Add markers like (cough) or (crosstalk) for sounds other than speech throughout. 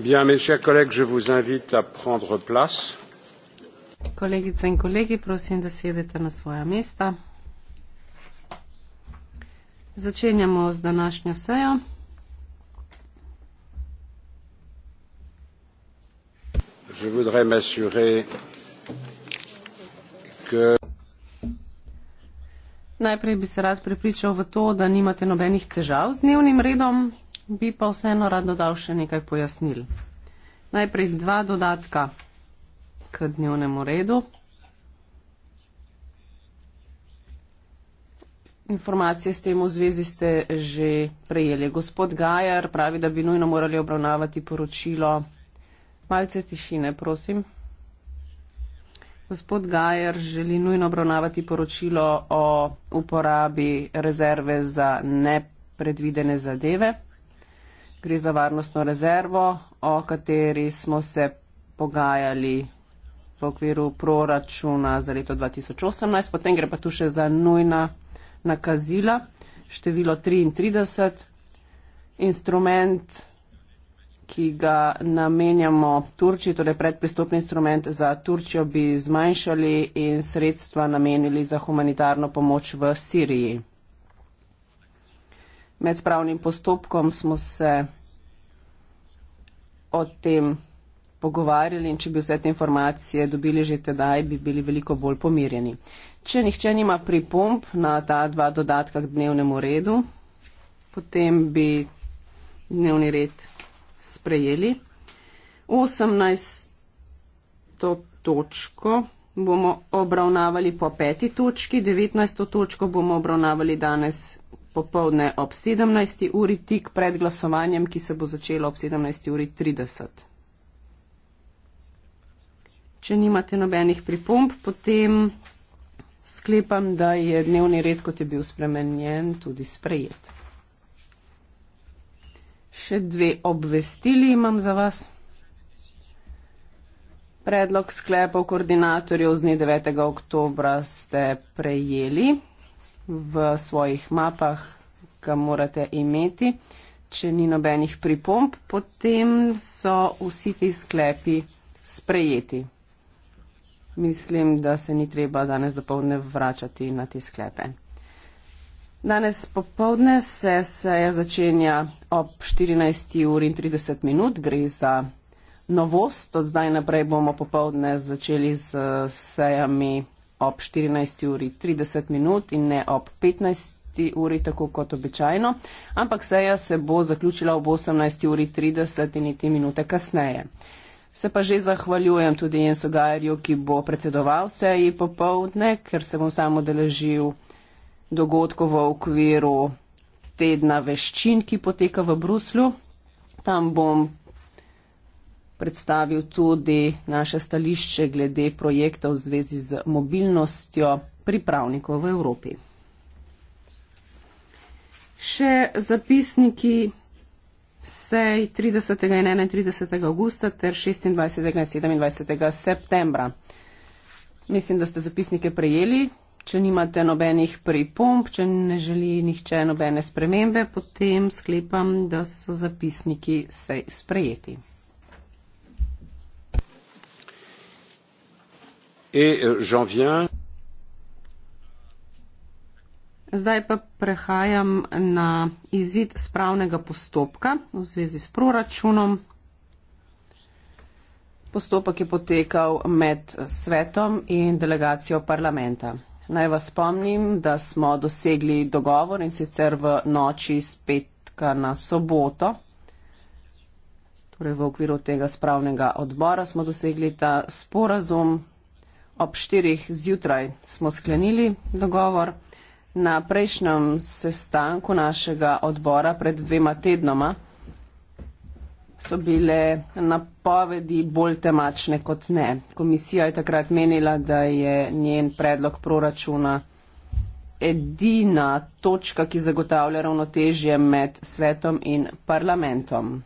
Bien, mes chers collègues, je vous invite à prendre place. Kolegice in kolegi, prosim, da sedete na svoja mesta. Začenjamo z današnjo sejo. Je voudrais m'assurer que Najprej bi se rad prepričal v to, da nimate nobenih težav z dnevnim redom, bi pa vseeno rad dodal še nekaj pojasnil. Najprej dva dodatka k dnevnemu redu. Informacije s tem v zvezi ste že prejeli. Gospod Gajar pravi, da bi nujno morali obravnavati poročilo. Malce tišine, prosim. Gospod Gajer želi nujno obravnavati poročilo o uporabi rezerve za nepredvidene zadeve gre za varnostno rezervo, o kateri smo se pogajali v okviru proračuna za leto 2018, potem gre pa tu še za nujna nakazila, število 33, instrument, ki ga namenjamo Turčiji, torej predpristopni instrument za Turčijo bi zmanjšali in sredstva namenili za humanitarno pomoč v Siriji. Med spravnim postopkom smo se o tem pogovarjali in če bi vse te informacije dobili že tedaj, bi bili veliko bolj pomirjeni. Če nihče nima pripomp na ta dva dodatka k dnevnemu redu, potem bi dnevni red sprejeli. 18. točko bomo obravnavali po peti točki, 19. točko bomo obravnavali danes popovdne ob 17. uri, tik pred glasovanjem, ki se bo začelo ob 17.30. Če nimate nobenih pripomb, potem sklepam, da je dnevni red, kot je bil spremenjen, tudi sprejet. Še dve obvestili imam za vas. Predlog sklepov koordinatorjev z dne 9. oktobra ste prejeli v svojih mapah, ga morate imeti. Če ni nobenih pripomb, potem so vsi ti sklepi sprejeti. Mislim, da se ni treba danes dopovdne vračati na te sklepe. Danes popovdne se seja začenja ob 14.30 minut, gre za novost. Od zdaj naprej bomo popovdne začeli s sejami ob 14.30 minut in ne ob 15. uri, tako kot običajno, ampak seja se bo zaključila ob 18.30 in niti minute kasneje. Se pa že zahvaljujem tudi Jensu Gajerju, ki bo predsedoval seji popovdne, ker se bom samo deležil dogodkov v okviru tedna veščin, ki poteka v Bruslju. Tam bom predstavil tudi naše stališče glede projekta v zvezi z mobilnostjo pripravnikov v Evropi. Še zapisniki sej 30. in 31. augusta ter 26. in 27. septembra. Mislim, da ste zapisnike prejeli. Če nimate nobenih pripomb, če ne želi nihče nobene spremembe, potem sklepam, da so zapisniki sej sprejeti. Euh, Zdaj pa prehajam na izid spravnega postopka v zvezi s proračunom. Postopek je potekal med svetom in delegacijo parlamenta. Naj vas spomnim, da smo dosegli dogovor in sicer v noči iz petka na soboto, torej v okviru tega spravnega odbora smo dosegli ta sporazum ob 4 zjutraj smo sklenili dogovor. Na prejšnjem sestanku našega odbora pred dvema tednoma so bile napovedi bolj temačne kot ne. Komisija je takrat menila, da je njen predlog proračuna edina točka, ki zagotavlja ravnotežje med svetom in parlamentom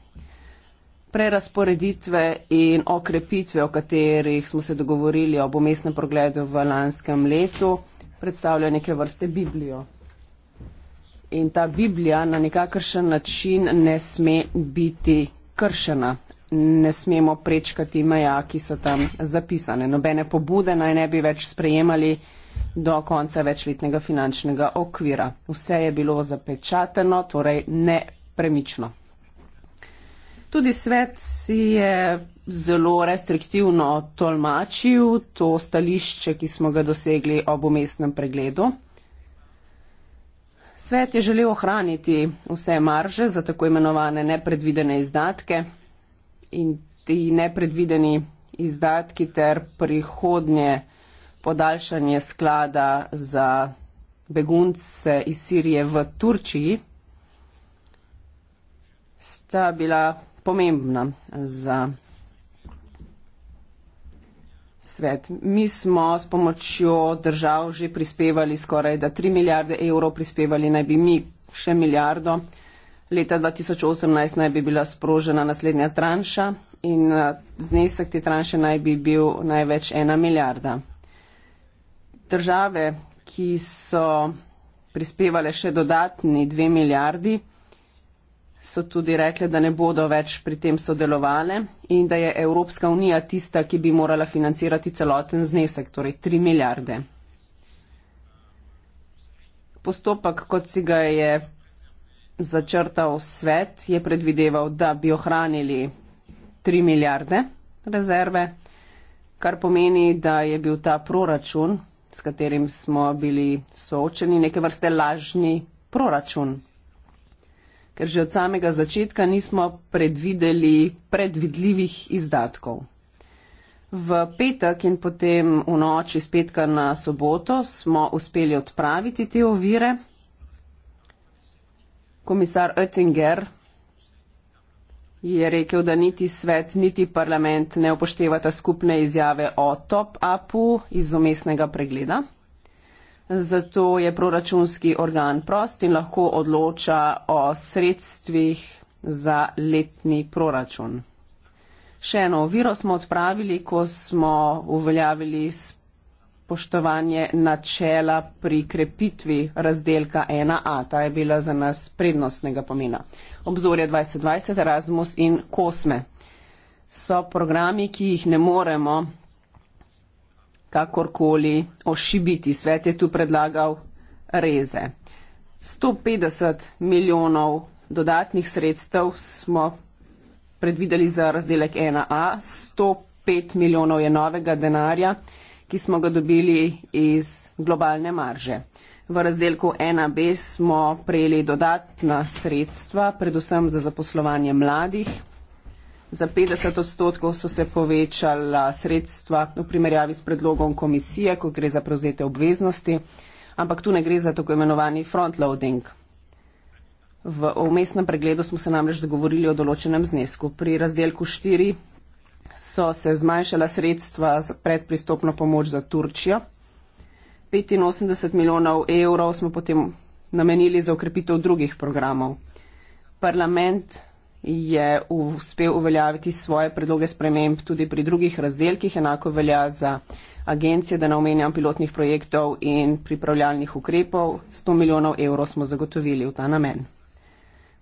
prerasporeditve in okrepitve, o katerih smo se dogovorili ob umestnem pregledu v lanskem letu, predstavlja neke vrste Biblijo. In ta Biblija na nekakršen način ne sme biti kršena. Ne smemo prečkati meja, ki so tam zapisane. Nobene pobude naj ne bi več sprejemali do konca večletnega finančnega okvira. Vse je bilo zapečateno, torej nepremično. Tudi svet si je zelo restriktivno tolmačil to stališče, ki smo ga dosegli ob umestnem pregledu. Svet je želel ohraniti vse marže za tako imenovane nepredvidene izdatke in ti nepredvideni izdatki ter prihodnje podaljšanje sklada za begunce iz Sirije v Turčiji sta bila pomembna za svet. Mi smo s pomočjo držav že prispevali skoraj da 3 milijarde evrov, prispevali naj bi mi še milijardo. Leta 2018 naj bi bila sprožena naslednja tranša in eh, znesek te tranše naj bi bil največ ena milijarda. Države, ki so prispevale še dodatni dve milijardi, so tudi rekle, da ne bodo več pri tem sodelovale in da je Evropska unija tista, ki bi morala financirati celoten znesek, torej 3 milijarde. Postopek, kot si ga je začrtal svet, je predvideval, da bi ohranili 3 milijarde rezerve, kar pomeni, da je bil ta proračun, s katerim smo bili soočeni, neke vrste lažni proračun ker že od samega začetka nismo predvideli predvidljivih izdatkov. V petek in potem v noči s petka na soboto smo uspeli odpraviti te ovire. Komisar Oettinger je rekel, da niti svet, niti parlament ne upoštevata skupne izjave o top-upu iz umestnega pregleda zato je proračunski organ prost in lahko odloča o sredstvih za letni proračun. Še eno oviro smo odpravili, ko smo uveljavili spoštovanje načela pri krepitvi razdelka 1A. Ta je bila za nas prednostnega pomena. Obzorje 2020, Erasmus in Kosme so programi, ki jih ne moremo kakorkoli ošibiti. Svet je tu predlagal reze. 150 milijonov dodatnih sredstev smo predvideli za razdelek 1A, 105 milijonov je novega denarja, ki smo ga dobili iz globalne marže. V razdelku 1B smo prejeli dodatna sredstva, predvsem za zaposlovanje mladih, Za 50 odstotkov so se povečala sredstva v primerjavi s predlogom komisije, ko gre za prevzete obveznosti, ampak tu ne gre za tako imenovani frontloading. V omestnem pregledu smo se namreč dogovorili o določenem znesku. Pri razdelku 4 so se zmanjšala sredstva za predpristopno pomoč za Turčijo. 85 milijonov evrov smo potem namenili za ukrepitev drugih programov. Parlament je uspel uveljaviti svoje predloge sprememb tudi pri drugih razdelkih, enako velja za agencije, da ne omenjam pilotnih projektov in pripravljalnih ukrepov. 100 milijonov evrov smo zagotovili v ta namen.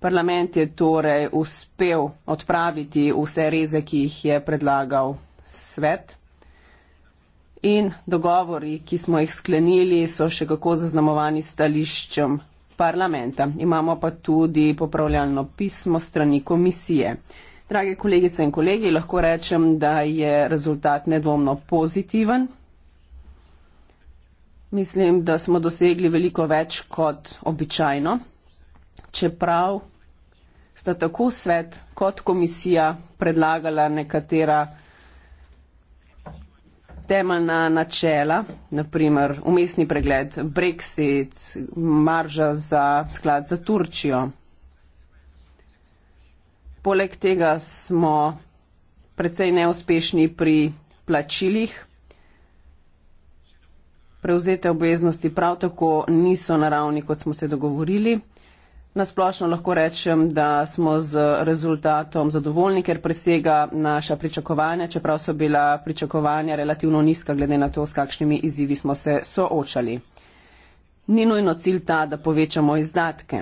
Parlament je torej uspel odpraviti vse reze, ki jih je predlagal svet. In dogovori, ki smo jih sklenili, so še kako zaznamovani stališčem parlamenta. Imamo pa tudi popravljalno pismo strani komisije. Drage kolegice in kolegi, lahko rečem, da je rezultat nedvomno pozitiven. Mislim, da smo dosegli veliko več kot običajno, čeprav sta tako svet kot komisija predlagala nekatera temeljna načela, naprimer umestni pregled, Brexit, marža za sklad za Turčijo. Poleg tega smo precej neuspešni pri plačilih. Preuzete obveznosti prav tako niso na ravni, kot smo se dogovorili. Na splošno lahko rečem, da smo z rezultatom zadovoljni, ker presega naša pričakovanja, čeprav so bila pričakovanja relativno nizka, glede na to, s kakšnimi izzivi smo se soočali. Ni nujno cilj ta, da povečamo izdatke.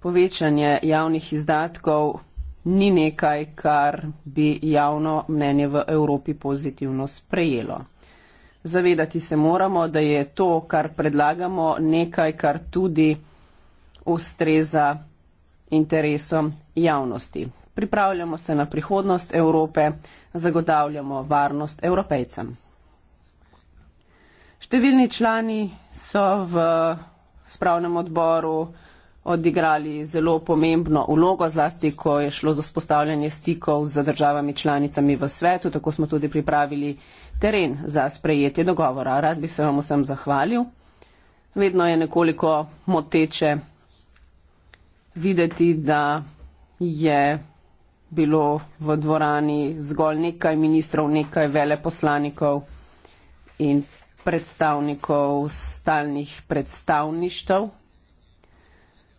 Povečanje javnih izdatkov ni nekaj, kar bi javno mnenje v Evropi pozitivno sprejelo. Zavedati se moramo, da je to, kar predlagamo, nekaj, kar tudi ustreza interesom javnosti. Pripravljamo se na prihodnost Evrope, zagotavljamo varnost evropejcem. Številni člani so v spravnem odboru odigrali zelo pomembno vlogo, zlasti ko je šlo za spostavljanje stikov z državami članicami v svetu, tako smo tudi pripravili teren za sprejetje dogovora. Rad bi se vam vsem zahvalil. Vedno je nekoliko moteče videti, da je bilo v dvorani zgolj nekaj ministrov, nekaj veleposlanikov in predstavnikov stalnih predstavništev.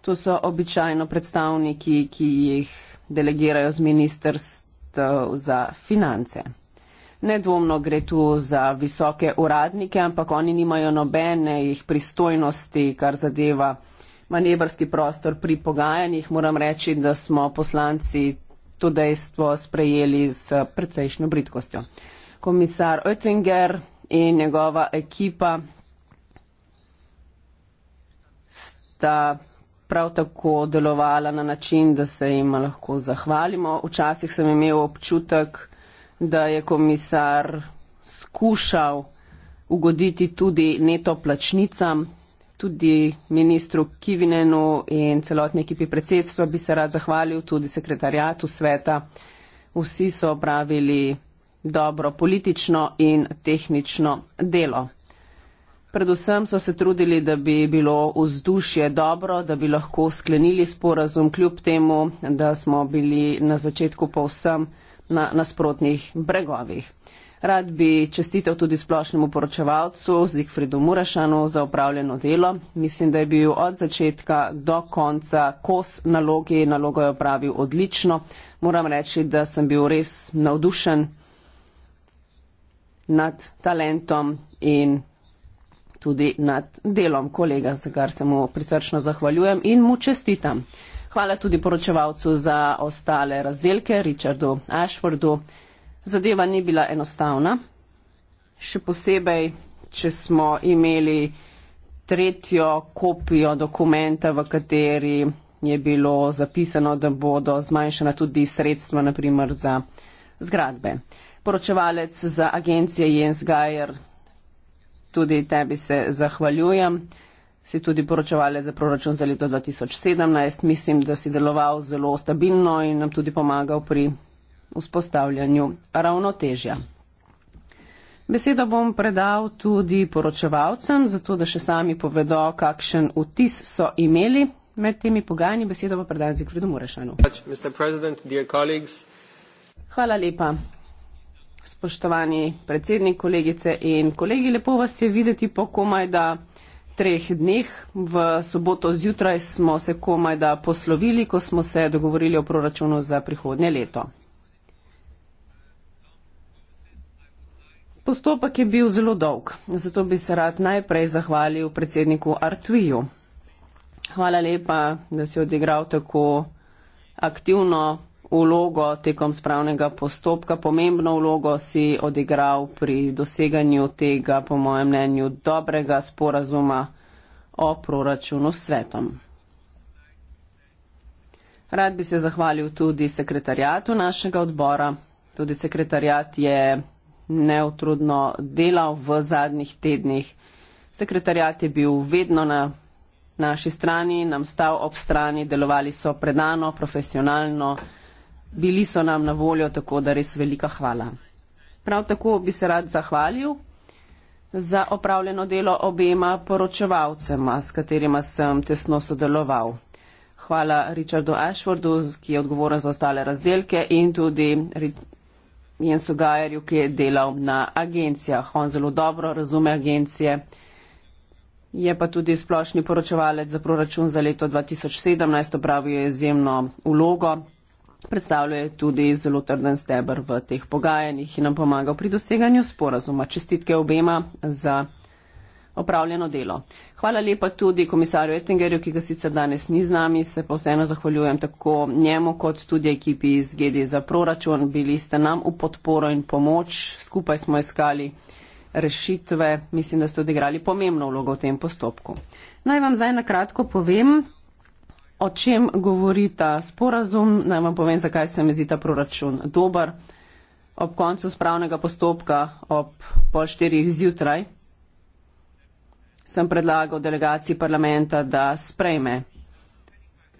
To so običajno predstavniki, ki jih delegirajo z ministrstv za finance. Nedvomno gre tu za visoke uradnike, ampak oni nimajo nobene jih pristojnosti, kar zadeva manevrski prostor pri pogajanjih, moram reči, da smo poslanci to dejstvo sprejeli z precejšnjo britkostjo. Komisar Oettinger in njegova ekipa sta prav tako delovala na način, da se jim lahko zahvalimo. Včasih sem imel občutek, da je komisar skušal ugoditi tudi neto plačnicam, tudi ministru Kivinenu in celotni ekipi predsedstva bi se rad zahvalil, tudi sekretarjatu sveta. Vsi so opravili dobro politično in tehnično delo. Predvsem so se trudili, da bi bilo vzdušje dobro, da bi lahko sklenili sporazum, kljub temu, da smo bili na začetku povsem na nasprotnih bregovih. Rad bi čestitev tudi splošnemu poročevalcu Zigfridu Murašanu za upravljeno delo. Mislim, da je bil od začetka do konca kos nalogi, nalogo je opravil odlično. Moram reči, da sem bil res navdušen nad talentom in tudi nad delom kolega, za kar se mu prisrčno zahvaljujem in mu čestitam. Hvala tudi poročevalcu za ostale razdelke, Richardu Ashfordu. Zadeva ni bila enostavna, še posebej, če smo imeli tretjo kopijo dokumenta, v kateri je bilo zapisano, da bodo zmanjšana tudi sredstva, naprimer za zgradbe. Poročevalec za agencije Jens Geier, tudi tebi se zahvaljujem, si tudi poročevalec za proračun za leto 2017, mislim, da si deloval zelo stabilno in nam tudi pomagal pri vzpostavljanju ravnotežja. Besedo bom predal tudi poročevalcem, zato da še sami povedo, kakšen vtis so imeli med temi pogajanji. Besedo bo predal Zikvidu Murešanu. Hvala lepa. Spoštovani predsednik, kolegice in kolegi, lepo vas je videti po komaj da treh dneh. V soboto zjutraj smo se komaj da poslovili, ko smo se dogovorili o proračunu za prihodnje leto. Postopek je bil zelo dolg, zato bi se rad najprej zahvalil predsedniku Artviju. Hvala lepa, da si odigral tako aktivno vlogo tekom spravnega postopka. Pomembno vlogo si odigral pri doseganju tega, po mojem mnenju, dobrega sporazuma o proračunu s svetom. Rad bi se zahvalil tudi sekretarjatu našega odbora. Tudi sekretarjat je neutrudno delal v zadnjih tednih. Sekretarjat je bil vedno na naši strani, nam stal ob strani, delovali so predano, profesionalno, bili so nam na voljo, tako da res velika hvala. Prav tako bi se rad zahvalil za opravljeno delo obema poročevalcema, s katerima sem tesno sodeloval. Hvala Richardu Ashfordu, ki je odgovoren za ostale razdelke in tudi Jensu Gajerju, ki je delal na agencijah. On zelo dobro razume agencije. Je pa tudi splošni poročevalec za proračun za leto 2017, opravil je izjemno ulogo, predstavlja je tudi zelo trden steber v teh pogajanjih in nam pomagal pri doseganju sporazuma. Čestitke obema za opravljeno delo. Hvala lepa tudi komisarju Ettingerju, ki ga sicer danes ni z nami, se pa vseeno zahvaljujem tako njemu kot tudi ekipi iz GD za proračun. Bili ste nam v podporo in pomoč, skupaj smo iskali rešitve, mislim, da ste odigrali pomembno vlogo v tem postopku. Naj vam zdaj na kratko povem, o čem govori ta sporazum, naj vam povem, zakaj se mi zdi ta proračun dober. Ob koncu spravnega postopka ob pol štirih zjutraj sem predlagal delegaciji parlamenta, da sprejme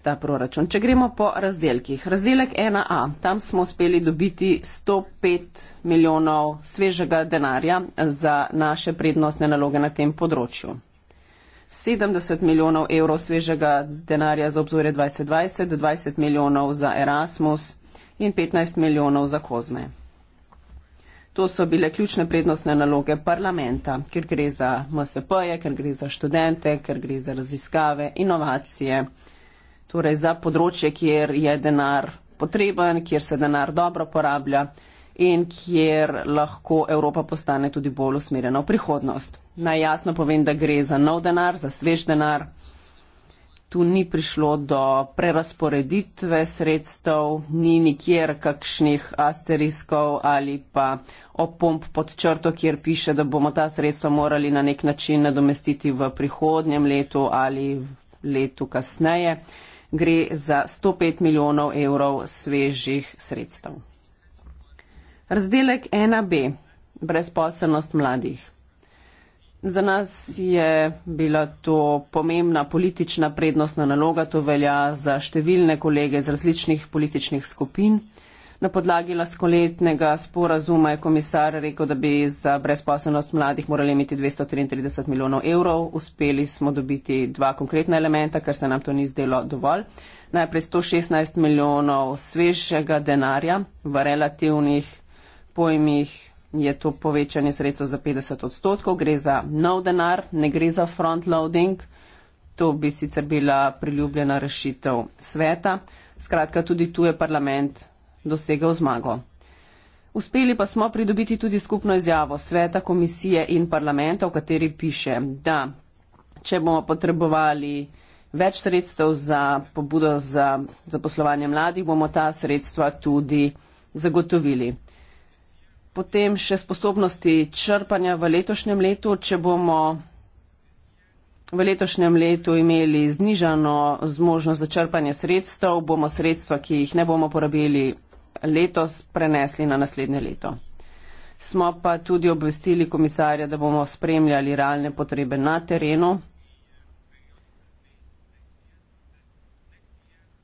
ta proračun. Če gremo po razdelkih. Razdelek 1a. Tam smo uspeli dobiti 105 milijonov svežega denarja za naše prednostne naloge na tem področju. 70 milijonov evrov svežega denarja za obzorje 2020, 20 milijonov za Erasmus in 15 milijonov za Kozme. To so bile ključne prednostne naloge parlamenta, ker gre za MSP-je, ker gre za študente, ker gre za raziskave, inovacije, torej za področje, kjer je denar potreben, kjer se denar dobro porablja in kjer lahko Evropa postane tudi bolj usmerjena v prihodnost. Najjasno povem, da gre za nov denar, za svež denar tu ni prišlo do prerasporeditve sredstev, ni nikjer kakšnih asteriskov ali pa opomp pod črto, kjer piše, da bomo ta sredstva morali na nek način nadomestiti v prihodnjem letu ali letu kasneje. Gre za 105 milijonov evrov svežih sredstev. Razdelek 1b. Brezposelnost mladih. Za nas je bila to pomembna politična prednostna naloga, to velja za številne kolege iz različnih političnih skupin. Na podlagi lastkoletnega sporazuma je komisar rekel, da bi za brezposobnost mladih morali imeti 233 milijonov evrov. Uspeli smo dobiti dva konkretna elementa, ker se nam to ni zdelo dovolj. Najprej 116 milijonov svežega denarja v relativnih pojmih je to povečanje sredstva za 50 odstotkov, gre za nov denar, ne gre za front loading. To bi sicer bila priljubljena rešitev sveta. Skratka, tudi tu je parlament dosegel zmago. Uspeli pa smo pridobiti tudi skupno izjavo sveta, komisije in parlamenta, v kateri piše, da če bomo potrebovali več sredstev za pobudo za zaposlovanje mladih, bomo ta sredstva tudi zagotovili potem še sposobnosti črpanja v letošnjem letu, če bomo v letošnjem letu imeli znižano zmožnost za črpanje sredstev, bomo sredstva, ki jih ne bomo porabili letos, prenesli na naslednje leto. Smo pa tudi obvestili komisarja, da bomo spremljali realne potrebe na terenu.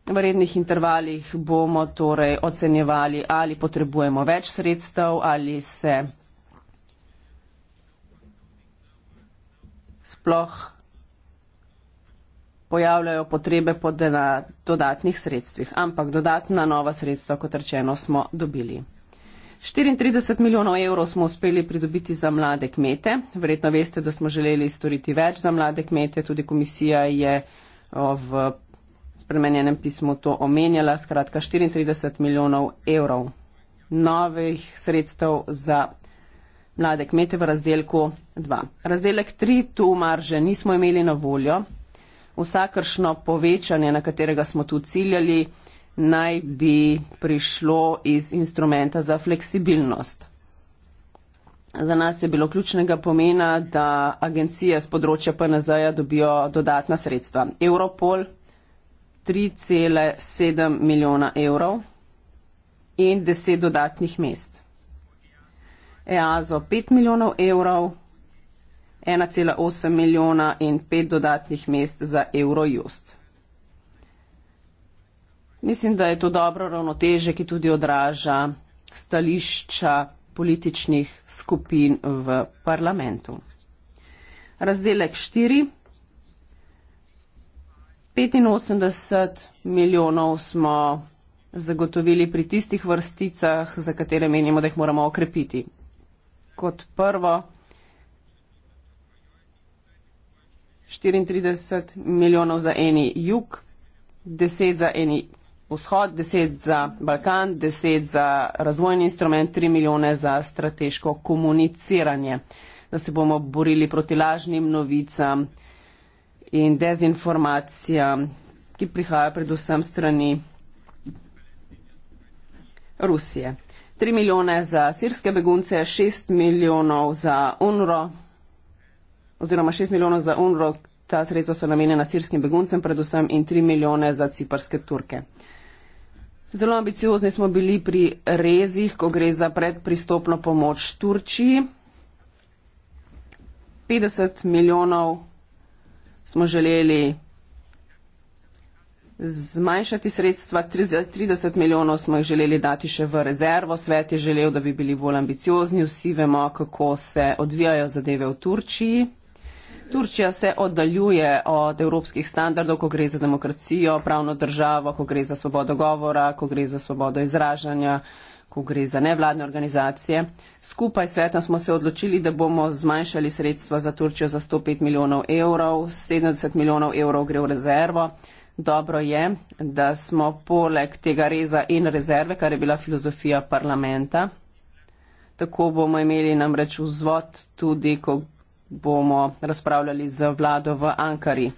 V rednih intervalih bomo torej ocenjevali, ali potrebujemo več sredstev, ali se sploh pojavljajo potrebe po dodatnih sredstvih. Ampak dodatna nova sredstva, kot rečeno, smo dobili. 34 milijonov evrov smo uspeli pridobiti za mlade kmete. Verjetno veste, da smo želeli storiti več za mlade kmete. Tudi komisija je v spremenjenem pismu to omenjala, skratka 34 milijonov evrov novih sredstev za mlade kmete v razdelku 2. Razdelek 3 tu marže nismo imeli na voljo. Vsakršno povečanje, na katerega smo tu ciljali, naj bi prišlo iz instrumenta za fleksibilnost. Za nas je bilo ključnega pomena, da agencije z področja PNZ-ja dobijo dodatna sredstva. Europol 3,7 milijona evrov in 10 dodatnih mest. EASO 5 milijonov evrov, 1,8 milijona in 5 dodatnih mest za Eurojust. Mislim, da je to dobro ravnoteže, ki tudi odraža stališča političnih skupin v parlamentu. Razdelek 4. 85 milijonov smo zagotovili pri tistih vrsticah, za katere menimo, da jih moramo okrepiti. Kot prvo, 34 milijonov za eni jug, 10 za eni vzhod, 10 za Balkan, 10 za razvojni instrument, 3 milijone za strateško komuniciranje, da se bomo borili proti lažnim novicam, in dezinformacijam, ki prihajajo predvsem strani Rusije. 3 milijone za sirske begunce, 6 milijonov za UNRO, oziroma 6 milijonov za UNRO, ta sredstva so namenjena sirskim beguncem predvsem in 3 milijone za ciparske turke. Zelo ambiciozni smo bili pri rezih, ko gre za predpristopno pomoč Turčiji. 50 milijonov smo želeli zmanjšati sredstva, 30 milijonov smo jih želeli dati še v rezervo, svet je želel, da bi bili bolj ambiciozni, vsi vemo, kako se odvijajo zadeve v Turčiji. Turčija se oddaljuje od evropskih standardov, ko gre za demokracijo, pravno državo, ko gre za svobodo govora, ko gre za svobodo izražanja, ko gre za nevladne organizacije. Skupaj s svetom smo se odločili, da bomo zmanjšali sredstva za Turčijo za 105 milijonov evrov, 70 milijonov evrov gre v rezervo. Dobro je, da smo poleg tega reza in rezerve, kar je bila filozofija parlamenta, tako bomo imeli namreč vzvod tudi, ko bomo razpravljali z vlado v Ankari.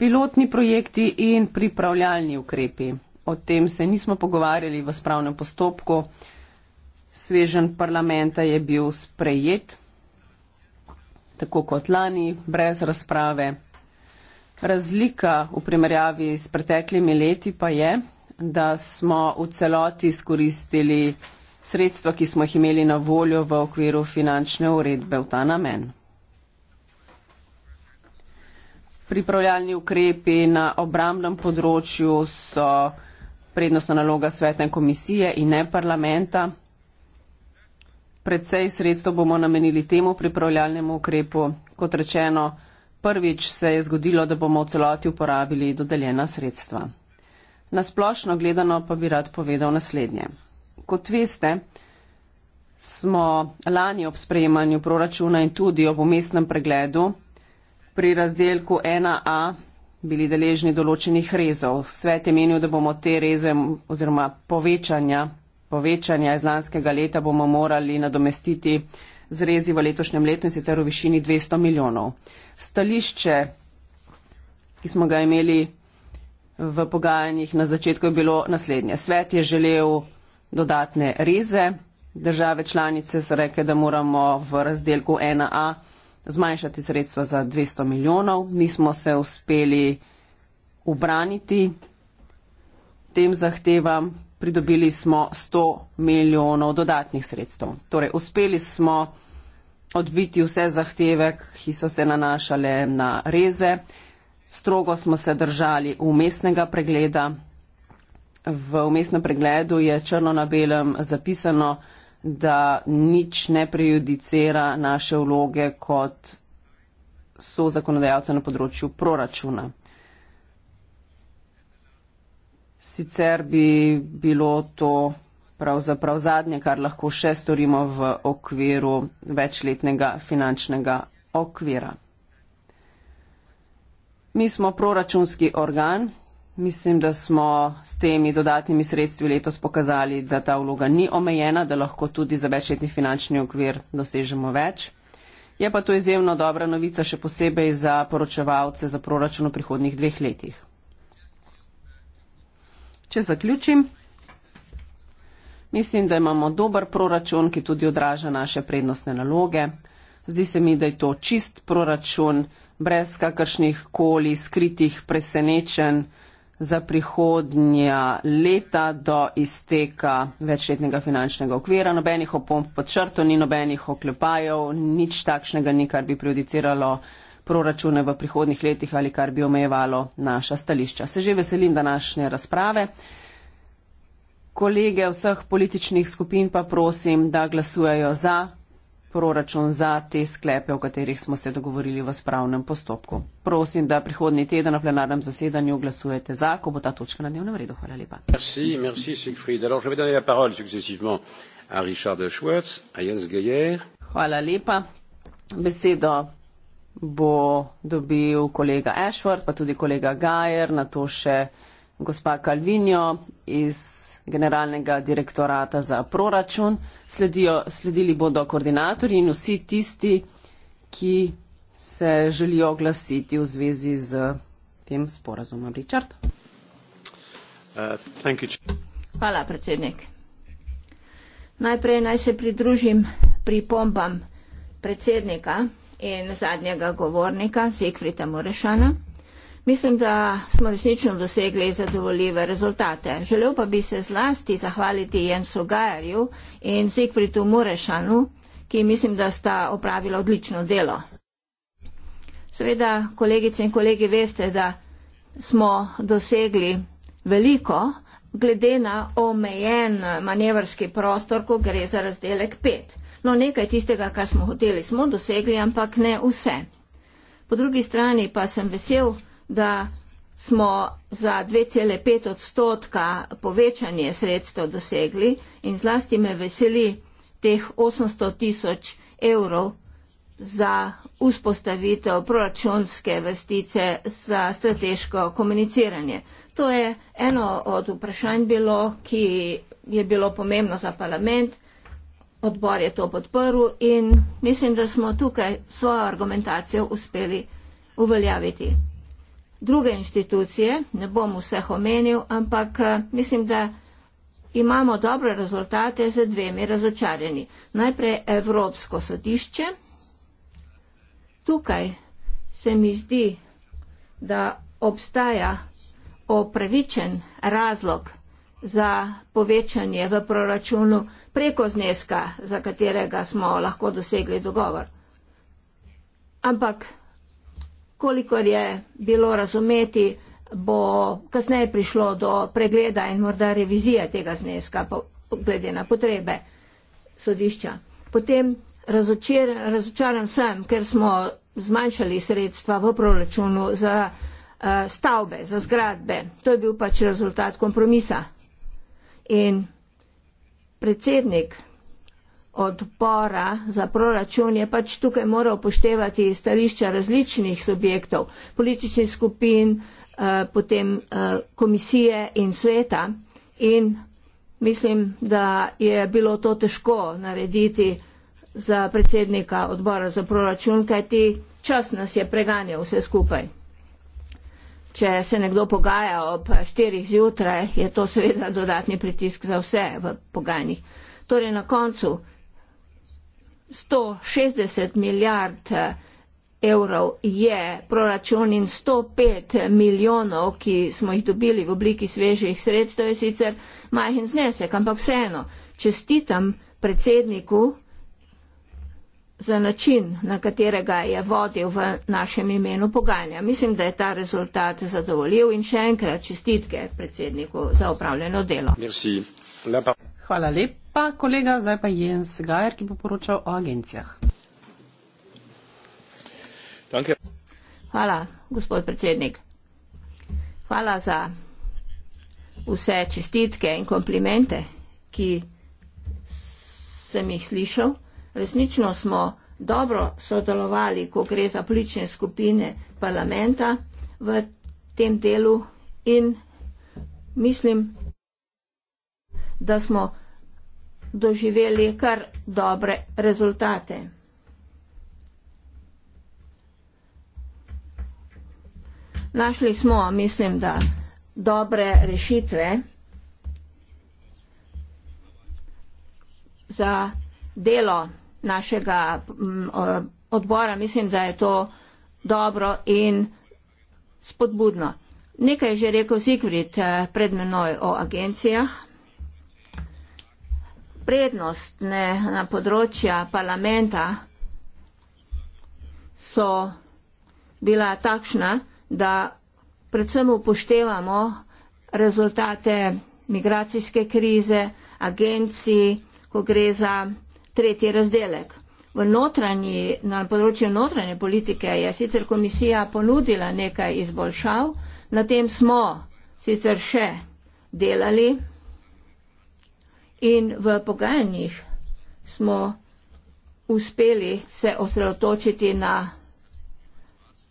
Pilotni projekti in pripravljalni ukrepi o tem se nismo pogovarjali v spravnem postopku. Svežen parlamenta je bil sprejet, tako kot lani, brez razprave. Razlika v primerjavi s preteklimi leti pa je, da smo v celoti izkoristili sredstva, ki smo jih imeli na voljo v okviru finančne uredbe v ta namen. Pripravljalni ukrepi na obramnem področju so prednostna naloga svetne komisije in ne parlamenta. Predvsej sredstvo bomo namenili temu pripravljalnemu ukrepu. Kot rečeno, prvič se je zgodilo, da bomo v celoti uporabili dodeljena sredstva. Na splošno gledano pa bi rad povedal naslednje. Kot veste, smo lani ob sprejemanju proračuna in tudi ob umestnem pregledu pri razdelku 1a bili deležni določenih rezov. Svet je menil, da bomo te reze oziroma povečanja, povečanja iz lanskega leta bomo morali nadomestiti z rezi v letošnjem letu in sicer v višini 200 milijonov. Stališče, ki smo ga imeli v pogajanjih na začetku, je bilo naslednje. Svet je želel dodatne reze, države članice so rekle, da moramo v razdelku 1a zmanjšati sredstva za 200 milijonov. Nismo se uspeli ubraniti tem zahtevam, pridobili smo 100 milijonov dodatnih sredstev. Torej, uspeli smo odbiti vse zahteve, ki so se nanašale na reze. Strogo smo se držali umestnega pregleda. V umestnem pregledu je črno na belem zapisano, da nič ne prejudicira naše vloge kot so zakonodajalce na področju proračuna. Sicer bi bilo to pravzaprav zadnje, kar lahko še storimo v okviru večletnega finančnega okvira. Mi smo proračunski organ, Mislim, da smo s temi dodatnimi sredstvi letos pokazali, da ta vloga ni omejena, da lahko tudi za večletni finančni okvir dosežemo več. Je pa to izjemno dobra novica, še posebej za poročevalce za proračun v prihodnih dveh letih. Če zaključim, mislim, da imamo dober proračun, ki tudi odraža naše prednostne naloge. Zdi se mi, da je to čist proračun, brez kakršnih koli skritih presenečenj za prihodnja leta do izteka večletnega finančnega okvira. Nobenih opomp pod črto, ni nobenih oklepajev, nič takšnega ni, kar bi prejudiciralo proračune v prihodnih letih ali kar bi omejevalo naša stališča. Se že veselim današnje razprave. Kolege vseh političnih skupin pa prosim, da glasujejo za proračun za te sklepe, o katerih smo se dogovorili v spravnem postopku. Prosim, da prihodni teden na plenarnem zasedanju glasujete za, ko bo ta točka na dnevnem redu. Hvala lepa. Merci, merci, Siegfried. Alors, je vais donner la parole successivement à Richard de Schwartz, à Jens Geyer. Hvala lepa. Besedo bo dobil kolega Ashworth, pa tudi kolega Geyer, na to še gospa Calvinjo iz generalnega direktorata za proračun. Sledijo, sledili bodo koordinatorji in vsi tisti, ki se želijo oglasiti v zvezi z tem sporazumom. Richard. Uh, Hvala, predsednik. Najprej naj se pridružim pripombam predsednika in zadnjega govornika, Zikrita Morešana. Mislim, da smo resnično dosegli zadovoljive rezultate. Želel pa bi se zlasti zahvaliti Jensu Gajarju in Sigfridu Murešanu, ki mislim, da sta opravila odlično delo. Seveda, kolegice in kolegi, veste, da smo dosegli veliko glede na omejen manevrski prostor, ko gre za razdelek 5. No, nekaj tistega, kar smo hoteli, smo dosegli, ampak ne vse. Po drugi strani pa sem vesel, da smo za 2,5 odstotka povečanje sredstev dosegli in zlasti me veseli teh 800 tisoč evrov za vzpostavitev proračunske vrstice za strateško komuniciranje. To je eno od vprašanj bilo, ki je bilo pomembno za parlament. Odbor je to podprl in mislim, da smo tukaj svojo argumentacijo uspeli uveljaviti druge inštitucije, ne bom vseh omenil, ampak eh, mislim, da imamo dobre rezultate z dvemi razočarjeni. Najprej Evropsko sodišče. Tukaj se mi zdi, da obstaja opravičen razlog za povečanje v proračunu preko zneska, za katerega smo lahko dosegli dogovor. Ampak kolikor je bilo razumeti, bo kasneje prišlo do pregleda in morda revizije tega zneska, glede na potrebe sodišča. Potem razočer, razočaran sem, ker smo zmanjšali sredstva v proračunu za uh, stavbe, za zgradbe. To je bil pač rezultat kompromisa. In predsednik odpora za proračun je pač tukaj moral upoštevati stališča različnih subjektov, političnih skupin, eh, potem eh, komisije in sveta in mislim, da je bilo to težko narediti za predsednika odbora za proračun, kajti čas nas je preganjal vse skupaj. Če se nekdo pogaja ob štirih zjutraj, je to seveda dodatni pritisk za vse v pogajanjih. Torej na koncu 160 milijard eh, evrov je proračun in 105 milijonov, ki smo jih dobili v obliki svežih sredstev, je sicer majhen znesek, ampak vseeno čestitam predsedniku za način, na katerega je vodil v našem imenu pogajanja. Mislim, da je ta rezultat zadovoljiv in še enkrat čestitke predsedniku za upravljeno delo. Hvala lepa pa kolega, zdaj pa Jens Gajer, ki bo poročal o agencijah. Danke. Hvala, gospod predsednik. Hvala za vse čestitke in komplimente, ki sem jih slišal. Resnično smo dobro sodelovali, ko gre za politične skupine parlamenta v tem delu in mislim, da smo doživeli kar dobre rezultate. Našli smo, mislim, da dobre rešitve za delo našega mm, odbora. Mislim, da je to dobro in spodbudno. Nekaj je že rekel Zigrid eh, pred menoj o agencijah prednostne na področja parlamenta so bila takšna, da predvsem upoštevamo rezultate migracijske krize, agencij, ko gre za tretji razdelek. V notranji, na področju notranje politike je sicer komisija ponudila nekaj izboljšav, na tem smo sicer še delali. In v pogajanjih smo uspeli se osredotočiti na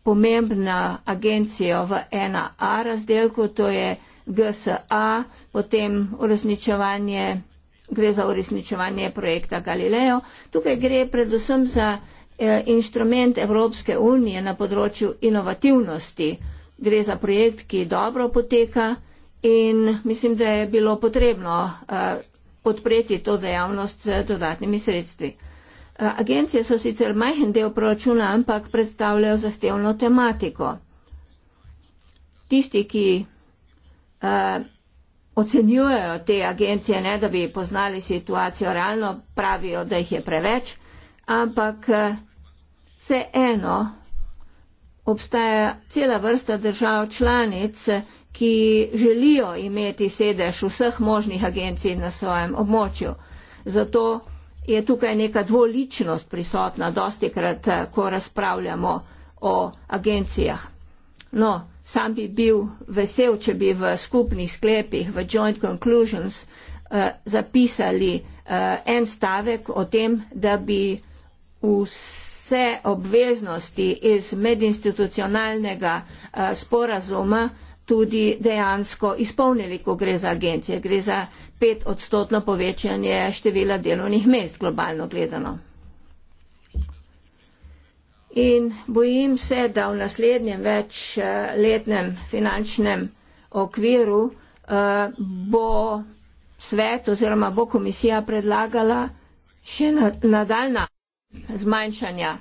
pomembno agencijo v 1A razdelku, to je GSA, potem uresničevanje, gre za uresničevanje projekta Galileo. Tukaj gre predvsem za e, inštrument Evropske unije na področju inovativnosti. Gre za projekt, ki dobro poteka in mislim, da je bilo potrebno e, podpreti to dejavnost z dodatnimi sredstvi. E, agencije so sicer majhen del proračuna, ampak predstavljajo zahtevno tematiko. Tisti, ki uh, ocenjujejo te agencije, ne da bi poznali situacijo realno, pravijo, da jih je preveč, ampak uh, vseeno obstaja cela vrsta držav članic, ki želijo imeti sedež vseh možnih agencij na svojem območju. Zato je tukaj neka dvoličnost prisotna dosti krat, eh, ko razpravljamo o agencijah. No, sam bi bil vesel, če bi v skupnih sklepih, v joint conclusions, eh, zapisali eh, en stavek o tem, da bi vse obveznosti iz medinstitucionalnega eh, sporazuma tudi dejansko izpolnili, ko gre za agencije. Gre za pet odstotno povečanje števila delovnih mest, globalno gledano. In bojim se, da v naslednjem večletnem finančnem okviru eh, bo svet oziroma bo komisija predlagala še nadaljna zmanjšanja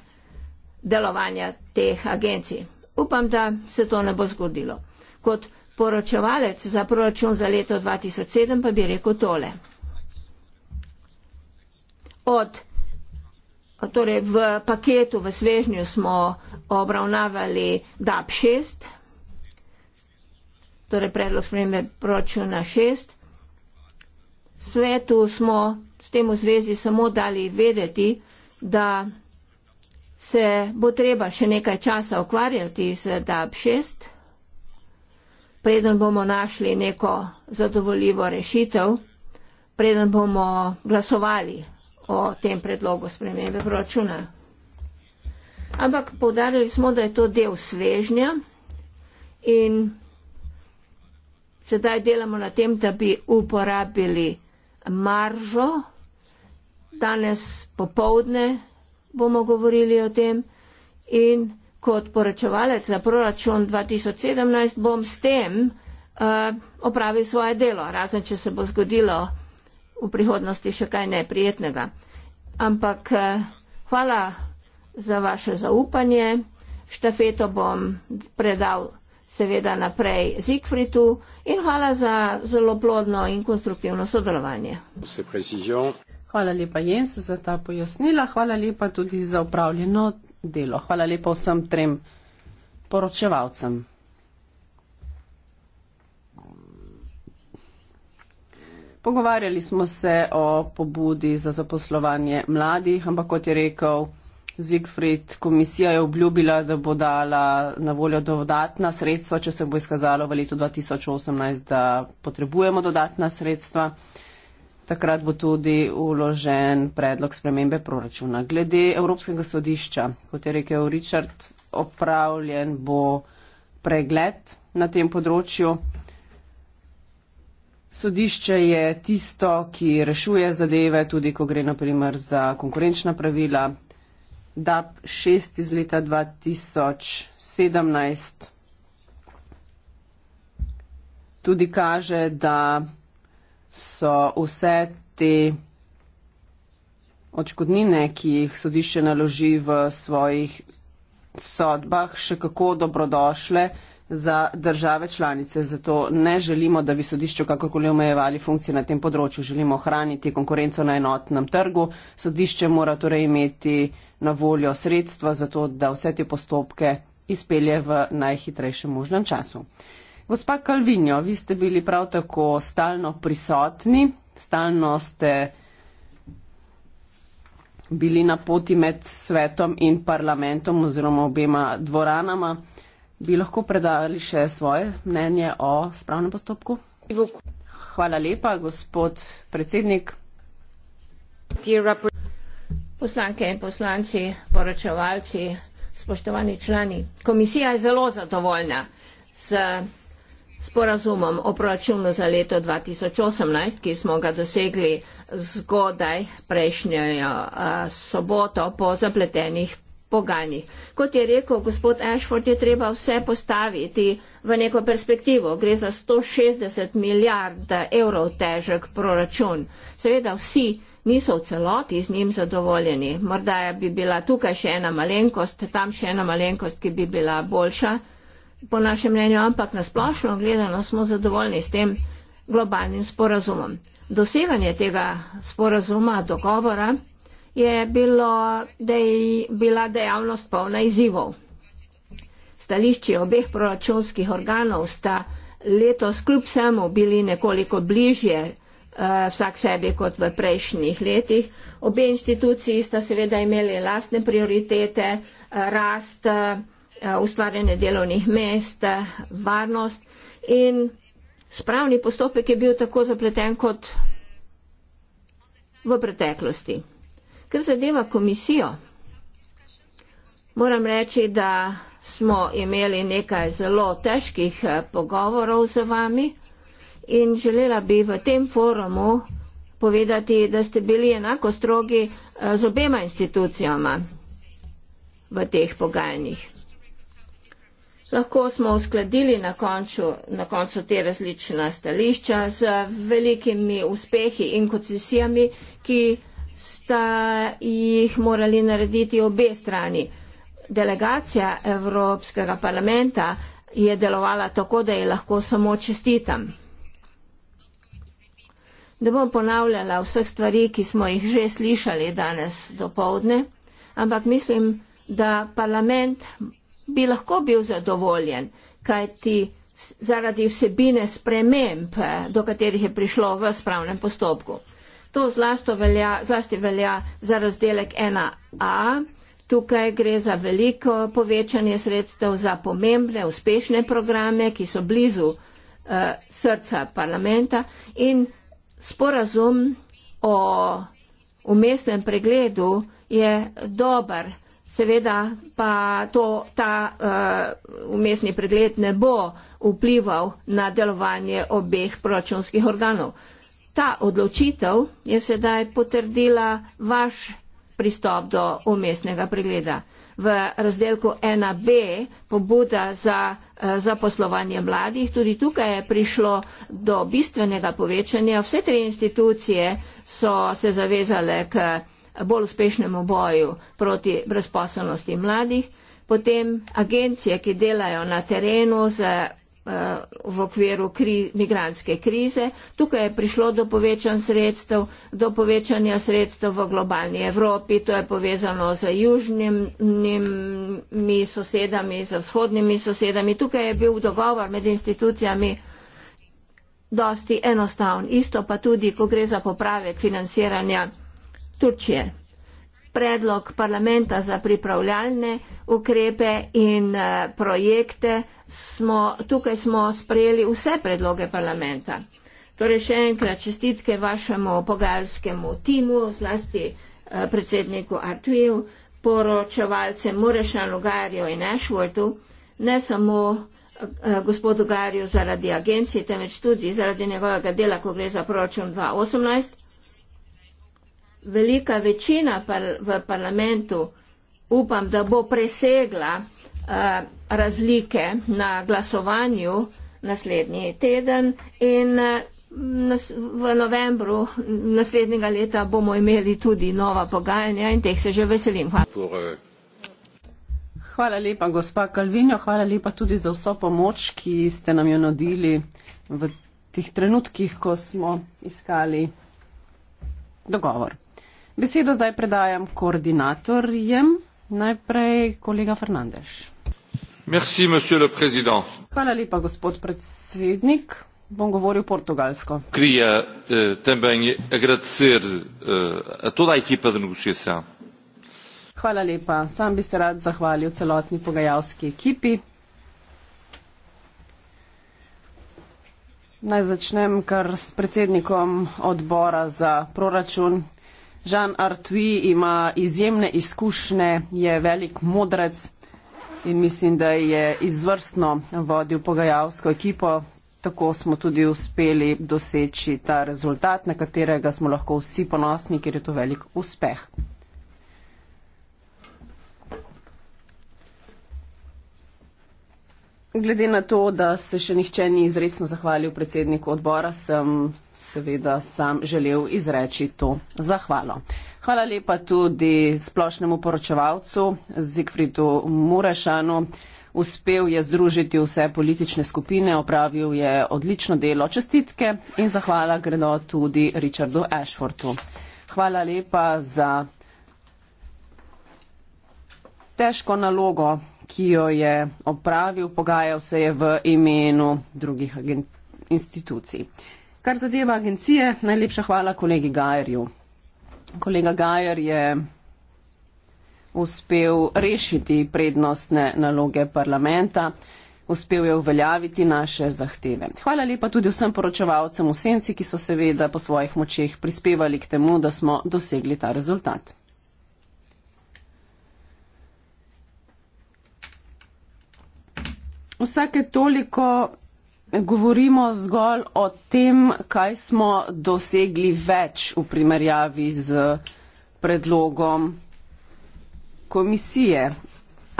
delovanja teh agencij. Upam, da se to ne bo zgodilo kot poročevalec za proračun za leto 2007 pa bi rekel tole. Od, torej v paketu v svežnju smo obravnavali DAP 6, torej predlog spremembe proračuna 6. Svetu smo s tem v zvezi samo dali vedeti, da se bo treba še nekaj časa ukvarjati z DAP 6 preden bomo našli neko zadovoljivo rešitev, preden bomo glasovali o tem predlogu spremembe proračuna. Ampak povdarili smo, da je to del svežnja in sedaj delamo na tem, da bi uporabili maržo. Danes popovdne bomo govorili o tem in kot poročevalec za proračun 2017 bom s tem uh, opravil svoje delo, razen če se bo zgodilo v prihodnosti še kaj neprijetnega. Ampak uh, hvala za vaše zaupanje. Štafeto bom predal seveda naprej Zigfridu in hvala za zelo plodno in konstruktivno sodelovanje. Hvala lepa Jens za ta pojasnila, hvala lepa tudi za upravljeno delo. Hvala lepa vsem trem poročevalcem. Pogovarjali smo se o pobudi za zaposlovanje mladih, ampak kot je rekel Zigfrid, komisija je obljubila, da bo dala na voljo dodatna sredstva, če se bo izkazalo v letu 2018, da potrebujemo dodatna sredstva takrat bo tudi uložen predlog spremembe proračuna. Glede Evropskega sodišča, kot je rekel Richard, opravljen bo pregled na tem področju. Sodišče je tisto, ki rešuje zadeve, tudi ko gre naprimer za konkurenčna pravila. DAP 6 iz leta 2017 tudi kaže, da so vse te odškodnine, ki jih sodišče naloži v svojih sodbah, še kako dobrodošle za države članice. Zato ne želimo, da bi sodišče kakorkoli omejevali funkcije na tem področju. Želimo ohraniti konkurenco na enotnem trgu. Sodišče mora torej imeti na voljo sredstva za to, da vse te postopke izpelje v najhitrejšem možnem času. Gospa Kalvinjo, vi ste bili prav tako stalno prisotni, stalno ste bili na poti med svetom in parlamentom oziroma obema dvoranama. Bi lahko predali še svoje mnenje o spravnem postopku? Hvala lepa, gospod predsednik. Poslanke in poslanci, poročevalci, spoštovani člani. Komisija je zelo zadovoljna z Sporazumom o proračunu za leto 2018, ki smo ga dosegli zgodaj prejšnjo eh, soboto po zapletenih pogajanjih. Kot je rekel gospod Ashford, je treba vse postaviti v neko perspektivo. Gre za 160 milijard evrov težek proračun. Seveda vsi niso v celoti z njim zadovoljeni. Morda bi bila tukaj še ena malenkost, tam še ena malenkost, ki bi bila boljša po našem mnenju, ampak nasplošno gledano smo zadovoljni s tem globalnim sporazumom. Doseganje tega sporazuma, dogovora, je bilo, da je bila dejavnost polna izzivov. Stališči obeh proračunskih organov sta letos kljub vsemu bili nekoliko bližje eh, vsak sebi kot v prejšnjih letih. Obe instituciji sta seveda imeli lastne prioritete, eh, rast. Eh, Eh, ustvarjanje delovnih mest, varnost in spravni postopek je bil tako zapleten kot v preteklosti. Ker zadeva komisijo, moram reči, da smo imeli nekaj zelo težkih eh, pogovorov z vami in želela bi v tem forumu povedati, da ste bili enako strogi eh, z obema institucijama v teh pogajanjih. Lahko smo uskladili na, konču, na koncu te različna stališča z velikimi uspehi in koncesijami, ki sta jih morali narediti obe strani. Delegacija Evropskega parlamenta je delovala tako, da je lahko samo čestitam. Ne bom ponavljala vseh stvari, ki smo jih že slišali danes do povdne, ampak mislim, da parlament bi lahko bil zadovoljen, kajti zaradi vsebine sprememb, eh, do katerih je prišlo v spravnem postopku. To velja, zlasti velja za razdelek 1a. Tukaj gre za veliko povečanje sredstev za pomembne, uspešne programe, ki so blizu eh, srca parlamenta in sporazum o umestnem pregledu je dober Seveda pa to, ta uh, umestni pregled ne bo vplival na delovanje obeh proračunskih organov. Ta odločitev je sedaj potrdila vaš pristop do umestnega pregleda. V razdelku 1b pobuda za uh, eh, zaposlovanje mladih, tudi tukaj je prišlo do bistvenega povečanja. Vse tri institucije so se zavezale k. Uh, bolj uspešnemu boju proti brezposelnosti mladih, potem agencije, ki delajo na terenu z, eh, v okviru kri, migranske krize. Tukaj je prišlo do povečanj sredstev, do povečanja sredstev v globalni Evropi, to je povezano z južnimi sosedami, z vzhodnimi sosedami. Tukaj je bil dogovor med institucijami dosti enostavn. Isto pa tudi, ko gre za popravek financiranja Turčije. Predlog parlamenta za pripravljalne ukrepe in eh, projekte smo, tukaj smo sprejeli vse predloge parlamenta. Torej še enkrat čestitke vašemu pogajalskemu timu, zlasti eh, predsedniku Artviju, poročevalcem Murešanu Garju in Ashwortu, ne samo eh, gospodu Garju zaradi agencije, temveč tudi zaradi njegovega dela, ko gre za proračun 2018 velika večina par v parlamentu upam, da bo presegla uh, razlike na glasovanju naslednji teden in eh, nas, v novembru naslednjega leta bomo imeli tudi nova pogajanja in teh se že veselim. Hvala. Eh, hvala lepa, gospa Kalvinjo, hvala lepa tudi za vso pomoč, ki ste nam jo nudili v tih trenutkih, ko smo iskali dogovor. Besedo zdaj predajam koordinatorjem, najprej kolega Fernandez. Merci, monsieur le président. Hvala lepa, gospod predsednik. Bom govoril portugalsko. Queria eh, também agradecer eh, a toda a equipa de negociação. Hvala lepa. Sam bi se rad zahvalil celotni pogajalski ekipi. Naj začnem kar s predsednikom odbora za proračun. Žan Artui ima izjemne izkušnje, je velik modrec in mislim, da je izvrstno vodil pogajalsko ekipo. Tako smo tudi uspeli doseči ta rezultat, na katerega smo lahko vsi ponosni, ker je to velik uspeh. Glede na to, da se še nihče ni izredno zahvalil predsedniku odbora, sem seveda sam želel izreči to zahvalo. Hvala lepa tudi splošnemu poročevalcu Zigfridu Murešanu. Uspel je združiti vse politične skupine, opravil je odlično delo. Čestitke in zahvala gredo tudi Richardu Ashfordu. Hvala lepa za težko nalogo ki jo je opravil, pogajal se je v imenu drugih institucij. Kar zadeva agencije, najlepša hvala kolegi Gajerju. Kolega Gajer je uspel rešiti prednostne naloge parlamenta, uspel je uveljaviti naše zahteve. Hvala lepa tudi vsem poročevalcem v senci, ki so seveda po svojih močeh prispevali k temu, da smo dosegli ta rezultat. vsake toliko govorimo zgolj o tem, kaj smo dosegli več v primerjavi z predlogom komisije.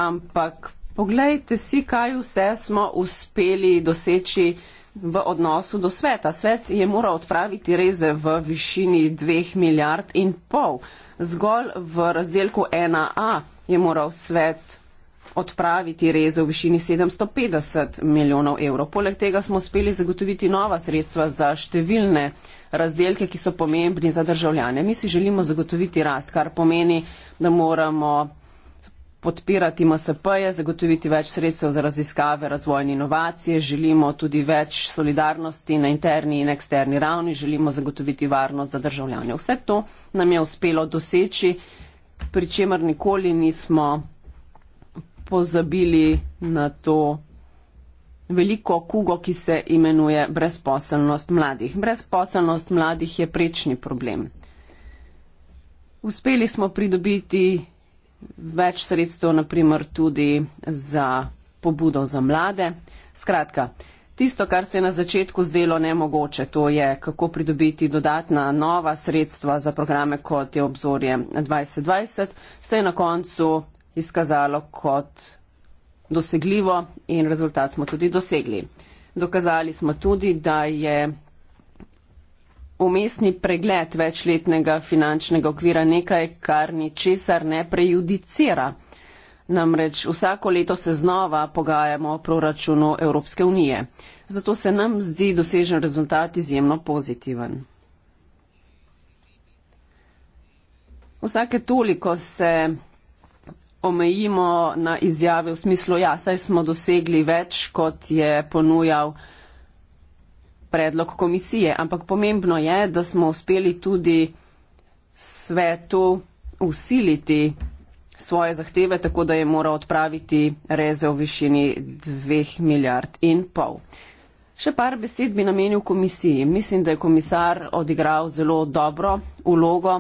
Ampak poglejte si, kaj vse smo uspeli doseči v odnosu do sveta. Svet je moral odpraviti reze v višini dveh milijard in pol. Zgolj v razdelku 1a je moral svet odpraviti reze v višini 750 milijonov evrov. Poleg tega smo uspeli zagotoviti nova sredstva za številne razdelke, ki so pomembni za državljane. Mi si želimo zagotoviti rast, kar pomeni, da moramo podpirati MSP-je, zagotoviti več sredstev za raziskave, razvojne inovacije, želimo tudi več solidarnosti na interni in eksterni ravni, želimo zagotoviti varnost za državljane. Vse to nam je uspelo doseči, pri čemer nikoli nismo pozabili na to veliko kugo, ki se imenuje brezposelnost mladih. Brezposelnost mladih je prečni problem. Uspeli smo pridobiti več sredstev, naprimer tudi za pobudo za mlade. Skratka, tisto, kar se je na začetku zdelo nemogoče, to je, kako pridobiti dodatna nova sredstva za programe, kot je obzorje 2020, se je na koncu izkazalo kot dosegljivo in rezultat smo tudi dosegli. Dokazali smo tudi, da je umestni pregled večletnega finančnega okvira nekaj, kar ni česar ne prejudicira. Namreč vsako leto se znova pogajamo o proračunu Evropske unije. Zato se nam zdi dosežen rezultat izjemno pozitiven. Vsake toliko se omejimo na izjave v smislu, ja, saj smo dosegli več, kot je ponujal predlog komisije. Ampak pomembno je, da smo uspeli tudi svetu usiliti svoje zahteve, tako da je moral odpraviti reze v višini dveh milijard in pol. Še par besed bi namenil komisiji. Mislim, da je komisar odigral zelo dobro ulogo,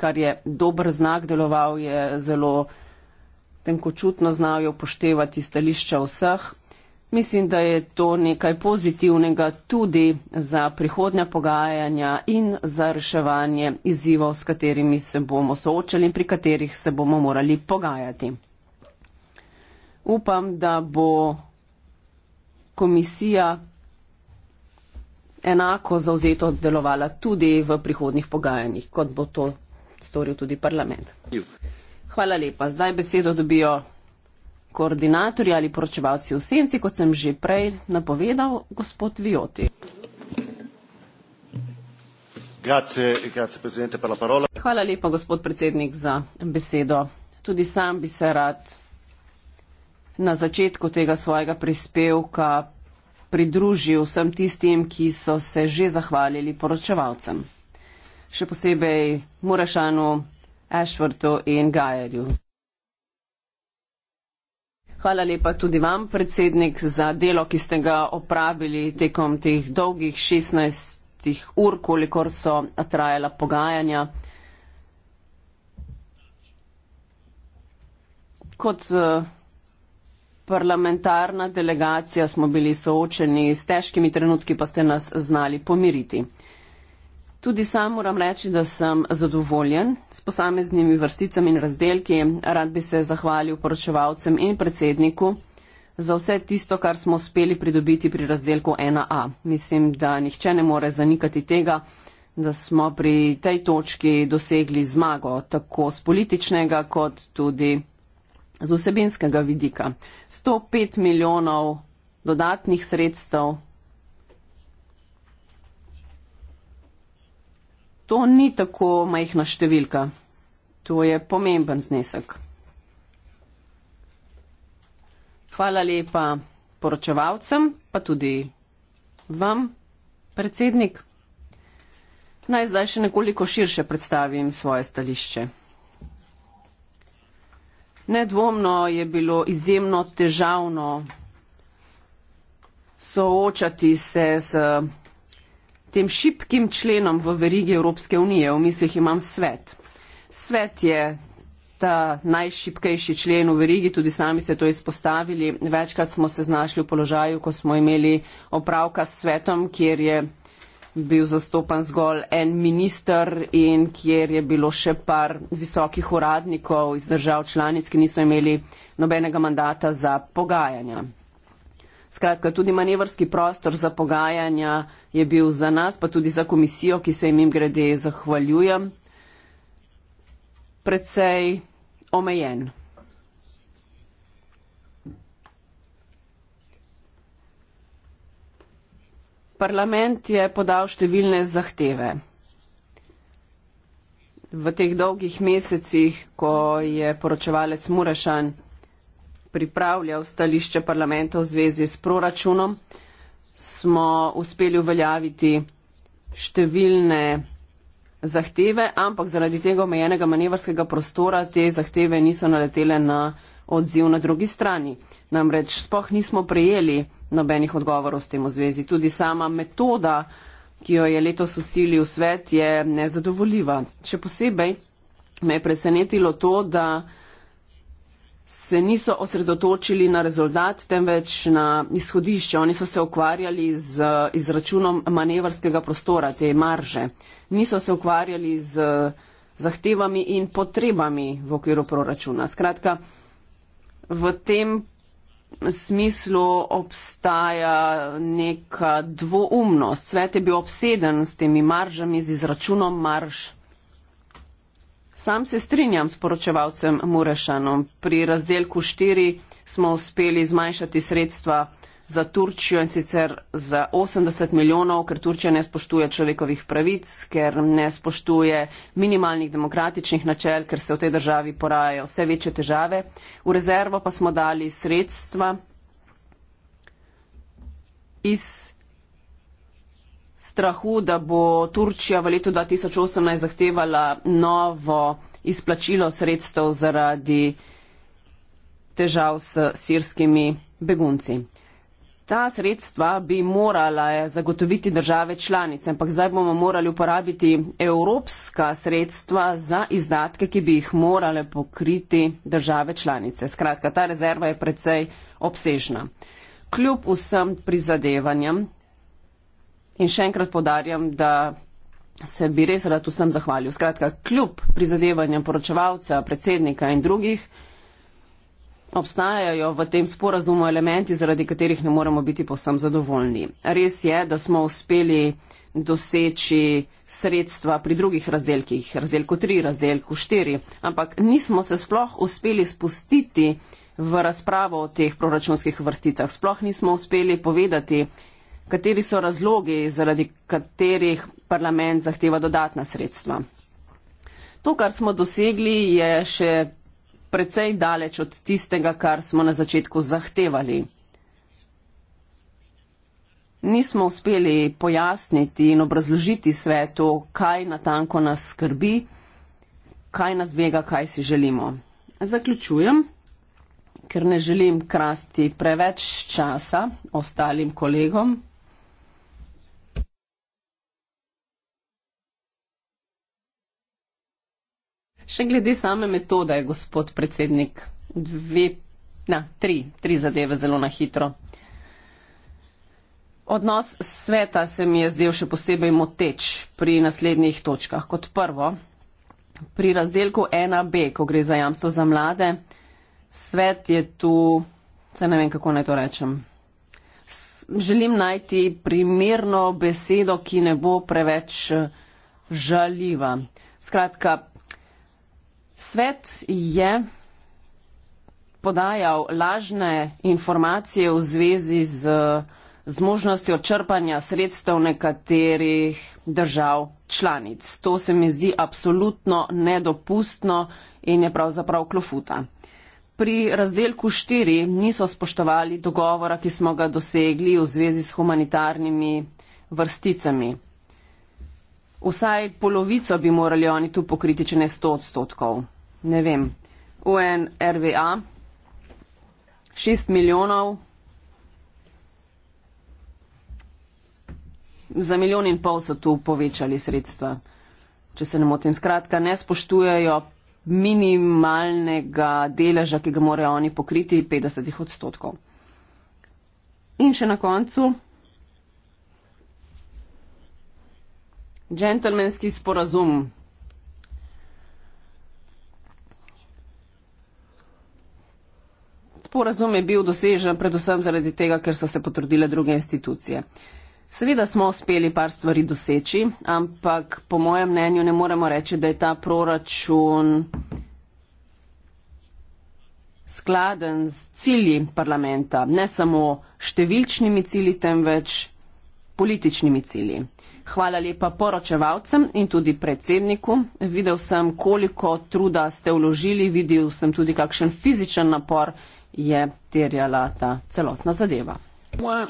kar je dober znak, deloval je zelo tenkočutno znajo upoštevati stališča vseh. Mislim, da je to nekaj pozitivnega tudi za prihodnja pogajanja in za reševanje izzivov, s katerimi se bomo soočali in pri katerih se bomo morali pogajati. Upam, da bo komisija enako zauzeto delovala tudi v prihodnih pogajanjih, kot bo to storil tudi parlament. Juh. Hvala lepa. Zdaj besedo dobijo koordinatorji ali poročevalci v senci, kot sem že prej napovedal, gospod Vijoti. Grazie, grazie, presidente, per la parola. Hvala lepa, gospod predsednik, za besedo. Tudi sam bi se rad na začetku tega svojega prispevka pridružil vsem tistim, ki so se že zahvalili poročevalcem. Še posebej Murešanu Ashwortu in Gajerju. Hvala lepa tudi vam, predsednik, za delo, ki ste ga opravili tekom teh dolgih 16 ur, kolikor so trajala pogajanja. Kot eh, parlamentarna delegacija smo bili soočeni s težkimi trenutki, pa ste nas znali pomiriti. Tudi sam moram reči, da sem zadovoljen s posameznimi vrsticami in razdelki. Rad bi se zahvalil poročevalcem in predsedniku za vse tisto, kar smo uspeli pridobiti pri razdelku 1A. Mislim, da nihče ne more zanikati tega, da smo pri tej točki dosegli zmago, tako z političnega kot tudi z vsebinskega vidika. 105 milijonov dodatnih sredstev To ni tako majhna številka. To je pomemben znesek. Hvala lepa poročevalcem, pa tudi vam, predsednik. Naj zdaj še nekoliko širše predstavim svoje stališče. Nedvomno je bilo izjemno težavno soočati se s tem šipkim členom v verigi Evropske unije. V mislih imam svet. Svet je ta najšipkejši člen v verigi, tudi sami ste to izpostavili. Večkrat smo se znašli v položaju, ko smo imeli opravka s svetom, kjer je bil zastopan zgolj en minister in kjer je bilo še par visokih uradnikov iz držav članic, ki niso imeli nobenega mandata za pogajanja. Skratka, tudi manevrski prostor za pogajanja je bil za nas, pa tudi za komisijo, ki se jim jim grede zahvaljujem, predvsej omejen. Parlament je podal številne zahteve. V teh dolgih mesecih, ko je poročevalec Murešan pripravljal stališče parlamenta v zvezi s proračunom, smo uspeli uveljaviti številne zahteve, ampak zaradi tega omejenega manevrskega prostora te zahteve niso naletele na odziv na drugi strani. Namreč spoh nismo prejeli nobenih odgovorov s tem v zvezi. Tudi sama metoda, ki jo je letos usilil svet, je nezadovoljiva. Še posebej me je presenetilo to, da se niso osredotočili na rezultat, temveč na izhodišče. Oni so se ukvarjali z izračunom manevrskega prostora, te marže. Niso se ukvarjali z zahtevami in potrebami v okviru proračuna. Skratka, v tem smislu obstaja neka dvoumnost. Svet je bil obseden s temi maržami, z izračunom marž Sam se strinjam s poročevalcem Murešanom. Pri razdelku 4 smo uspeli zmanjšati sredstva za Turčijo in sicer za 80 milijonov, ker Turčija ne spoštuje človekovih pravic, ker ne spoštuje minimalnih demokratičnih načel, ker se v tej državi porajajo vse večje težave. V rezervo pa smo dali sredstva iz strahu, da bo Turčija v letu 2018 zahtevala novo izplačilo sredstev zaradi težav s sirskimi begunci. Ta sredstva bi morala zagotoviti države članice, ampak zdaj bomo morali uporabiti evropska sredstva za izdatke, ki bi jih morale pokriti države članice. Skratka, ta rezerva je precej obsežna. Kljub vsem prizadevanjem In še enkrat podarjam, da se bi res rad vsem zahvalil. Skratka, kljub prizadevanjem poročevalca, predsednika in drugih, obstajajo v tem sporazumu elementi, zaradi katerih ne moremo biti povsem zadovoljni. Res je, da smo uspeli doseči sredstva pri drugih razdelkih, razdelku 3, razdelku 4, ampak nismo se sploh uspeli spustiti v razpravo o teh proračunskih vrsticah. Sploh nismo uspeli povedati, kateri so razlogi, zaradi katerih parlament zahteva dodatna sredstva. To, kar smo dosegli, je še precej daleč od tistega, kar smo na začetku zahtevali. Nismo uspeli pojasniti in obrazložiti svetu, kaj natanko nas skrbi, kaj nas vega, kaj si želimo. Zaključujem, ker ne želim krasti preveč časa ostalim kolegom. Še glede same metode, gospod predsednik, dve, na, tri, tri zadeve zelo na hitro. Odnos sveta se mi je zdel še posebej moteč pri naslednjih točkah. Kot prvo, pri razdelku 1b, ko gre za jamstvo za mlade, svet je tu, se ne vem, kako naj to rečem. Želim najti primerno besedo, ki ne bo preveč eh, žaljiva. Skratka, Svet je podajal lažne informacije v zvezi z zmožnostjo črpanja sredstev nekaterih držav članic. To se mi zdi absolutno nedopustno in je pravzaprav klofuta. Pri razdelku 4 niso spoštovali dogovora, ki smo ga dosegli v zvezi s humanitarnimi vrsticami vsaj polovico bi morali oni tu pokriti, če ne 100 odstotkov. Ne vem. UNRWA 6 milijonov. Za milijon in pol so tu povečali sredstva, če se ne motim. Skratka, ne spoštujejo minimalnega deleža, ki ga morajo oni pokriti, 50 odstotkov. In še na koncu. Džentlmenski sporazum. Sporazum je bil dosežen predvsem zaradi tega, ker so se potrudile druge institucije. Seveda smo uspeli par stvari doseči, ampak po mojem mnenju ne moremo reči, da je ta proračun skladen z cilji parlamenta, ne samo številčnimi cilji, temveč političnimi cilji. Hvala lepa poročevalcem in tudi predsedniku. Videl sem, koliko truda ste vložili, videl sem tudi, kakšen fizičen napor je terjala ta celotna zadeva. Hvala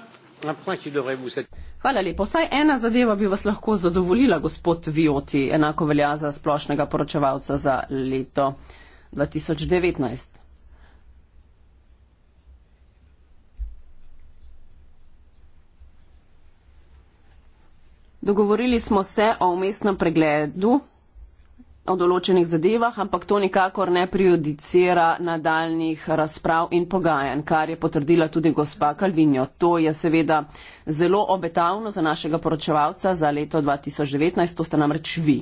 lepa. Vsaj ena zadeva bi vas lahko zadovoljila, gospod Vioti, enako velja za splošnega poročevalca za leto 2019. Dogovorili smo se o umestnem pregledu, o določenih zadevah, ampak to nikakor ne prejudicira nadaljnih razprav in pogajanj, kar je potrdila tudi gospa Kalvinjo. To je seveda zelo obetavno za našega poročevalca za leto 2019, to ste namreč vi.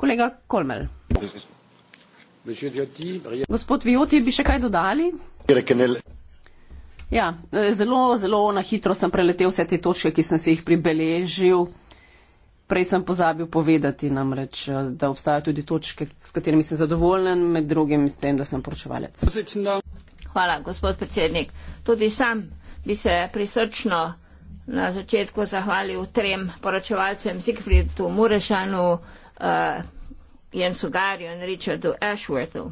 Kolega Kolmel. Gospod Vijoti, bi še kaj dodali? Ja, e, zelo, zelo na hitro sem preletel vse te točke, ki sem si jih pribeležil. Prej sem pozabil povedati namreč, e, da obstajajo tudi točke, s katerimi sem zadovoljen, med drugim s tem, da sem poročevalec. Hvala, gospod predsednik. Tudi sam bi se prisrčno na začetku zahvalil trem poročevalcem Zigfridu Murešanu, uh, Jensu Garju in Richardu Ashworthu.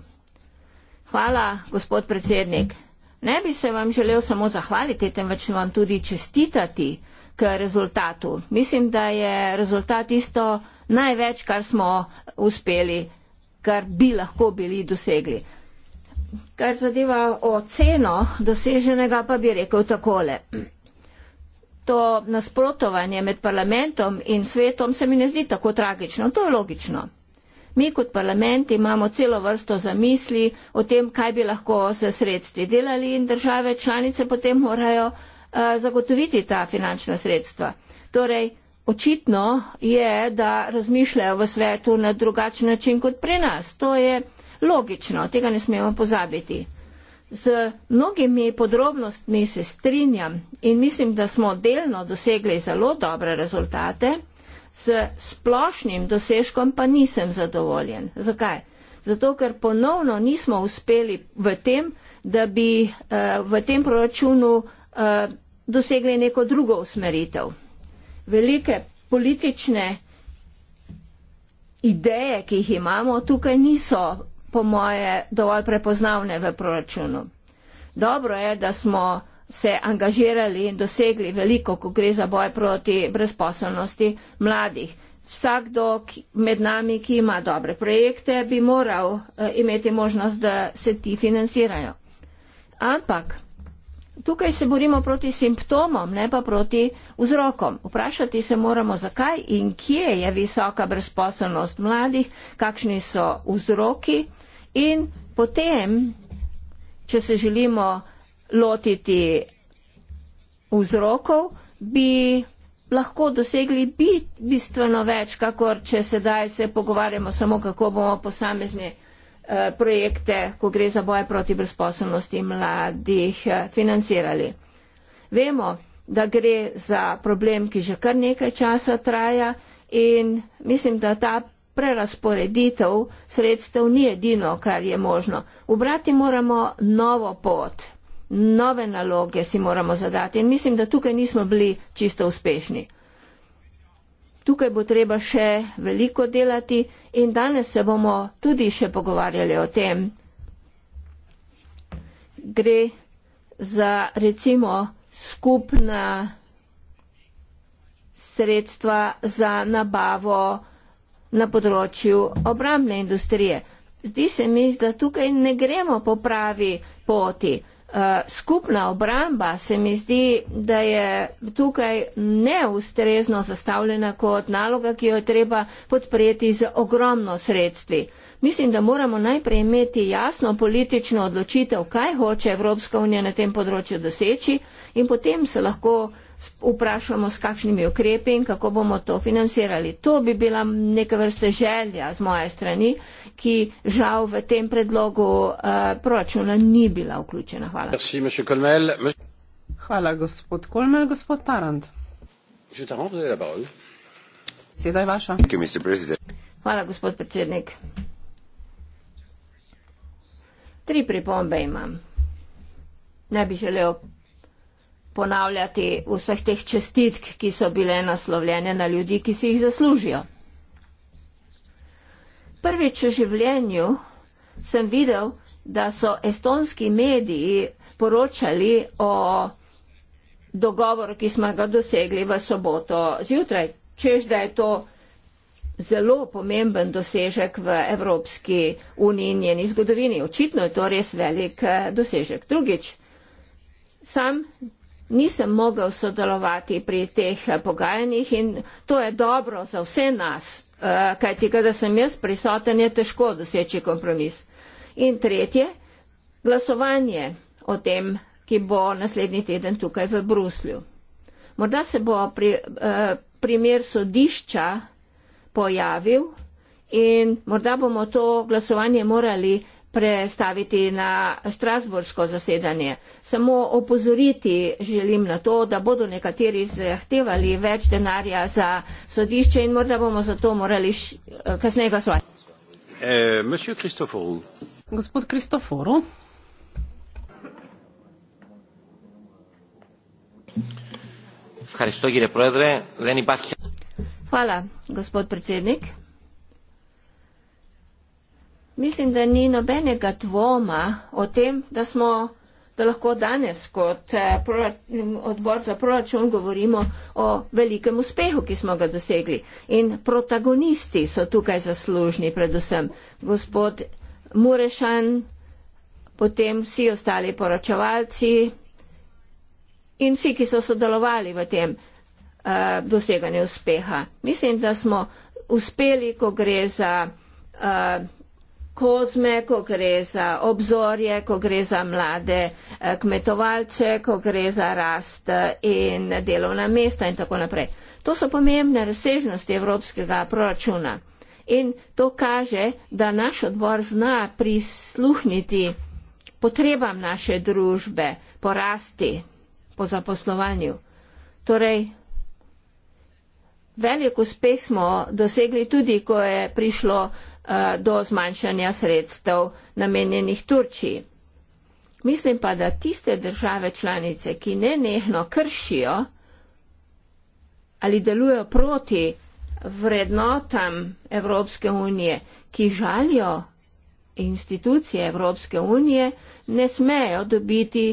Hvala, gospod predsednik. Hvala ne bi se vam želel samo zahvaliti, temveč vam tudi čestitati k rezultatu. Mislim, da je rezultat isto največ, kar smo uspeli, kar bi lahko bili dosegli. Kar zadeva oceno doseženega, pa bi rekel takole. To nasprotovanje med parlamentom in svetom se mi ne zdi tako tragično, to je logično. Mi kot parlament imamo celo vrsto zamisli o tem, kaj bi lahko s sredstvi delali in države članice potem morajo eh, zagotoviti ta finančna sredstva. Torej, očitno je, da razmišljajo v svetu na drugačen način kot pri nas. To je logično, tega ne smemo pozabiti. Z mnogimi podrobnostmi se strinjam in mislim, da smo delno dosegli zelo dobre rezultate. S splošnim dosežkom pa nisem zadovoljen. Zakaj? Zato, ker ponovno nismo uspeli v tem, da bi eh, v tem proračunu eh, dosegli neko drugo usmeritev. Velike politične ideje, ki jih imamo, tukaj niso, po moje, dovolj prepoznavne v proračunu. Dobro je, da smo se angažirali in dosegli veliko, ko gre za boj proti brezposelnosti mladih. Vsakdo med nami, ki ima dobre projekte, bi moral eh, imeti možnost, da se ti financirajo. Ampak tukaj se borimo proti simptomom, ne pa proti vzrokom. Vprašati se moramo, zakaj in kje je visoka brezposelnost mladih, kakšni so vzroki in potem, če se želimo lotiti vzrokov, bi lahko dosegli bistveno več, kakor če sedaj se pogovarjamo samo, kako bomo posamezni eh, projekte, ko gre za boje proti brezposobnosti mladih, eh, financirali. Vemo, da gre za problem, ki že kar nekaj časa traja in mislim, da ta prerasporeditev sredstev ni edino, kar je možno. Ubrati moramo novo pot, nove naloge si moramo zadati in mislim, da tukaj nismo bili čisto uspešni. Tukaj bo treba še veliko delati in danes se bomo tudi še pogovarjali o tem. Gre za recimo skupna sredstva za nabavo na področju obrambne industrije. Zdi se mi, da tukaj ne gremo po pravi poti. Eh, skupna obramba se mi zdi, da je tukaj neustrezno zastavljena kot naloga, ki jo je treba podpreti z ogromno sredstvi. Mislim, da moramo najprej imeti jasno politično odločitev, kaj hoče Evropska unija na tem področju doseči in potem se lahko vprašamo s kakšnimi ukrepi in kako bomo to financirali. To bi bila neka vrste želja z moje strani, ki žal v tem predlogu uh, proračuna ni bila vključena. Hvala. Hvala, gospod Kolmel. Gospod Tarant. Sedaj vaša. Hvala, gospod predsednik. Tri pripombe imam. Ne bi želel ponavljati vseh teh čestitk, ki so bile naslovljene na ljudi, ki si jih zaslužijo. Prvič v življenju sem videl, da so estonski mediji poročali o dogovoru, ki smo ga dosegli v soboto zjutraj, čež da je to zelo pomemben dosežek v Evropski uniji in njeni zgodovini. Očitno je to res velik eh, dosežek. Drugič, sam nisem mogel sodelovati pri teh pogajanjih in to je dobro za vse nas, eh, kajti kada sem jaz prisoten, je težko doseči kompromis. In tretje, glasovanje o tem, ki bo naslednji teden tukaj v Bruslju. Morda se bo pri, eh, primer sodišča pojavil in morda bomo to glasovanje morali prestaviti na Strasbursko zasedanje. Samo opozoriti želim na to, da bodo nekateri zahtevali več denarja za sodišče in morda bomo zato morali eh, kasneje glasovati. Eh, Gospod Kristoforu. Hvala, gospod predsednik. Mislim, da ni nobenega dvoma o tem, da smo, da lahko danes kot eh, odbor za proračun govorimo o velikem uspehu, ki smo ga dosegli. In protagonisti so tukaj zaslužni, predvsem gospod Murešan, potem vsi ostali poročevalci in vsi, ki so sodelovali v tem eh, doseganju uspeha. Mislim, da smo uspeli, ko gre za. Uh, kozme, ko gre za obzorje, ko gre za mlade eh, kmetovalce, ko gre za rast eh, in delovna mesta in tako naprej. To so pomembne razsežnosti evropskega proračuna in to kaže, da naš odbor zna prisluhniti potrebam naše družbe po rasti, po zaposlovanju. Torej, Velik uspeh smo dosegli tudi, ko je prišlo Eh, do zmanjšanja sredstev namenjenih Turčiji. Mislim pa, da tiste države članice, ki ne nehno kršijo ali delujejo proti vrednotam Evropske unije, ki žalijo institucije Evropske unije, ne smejo dobiti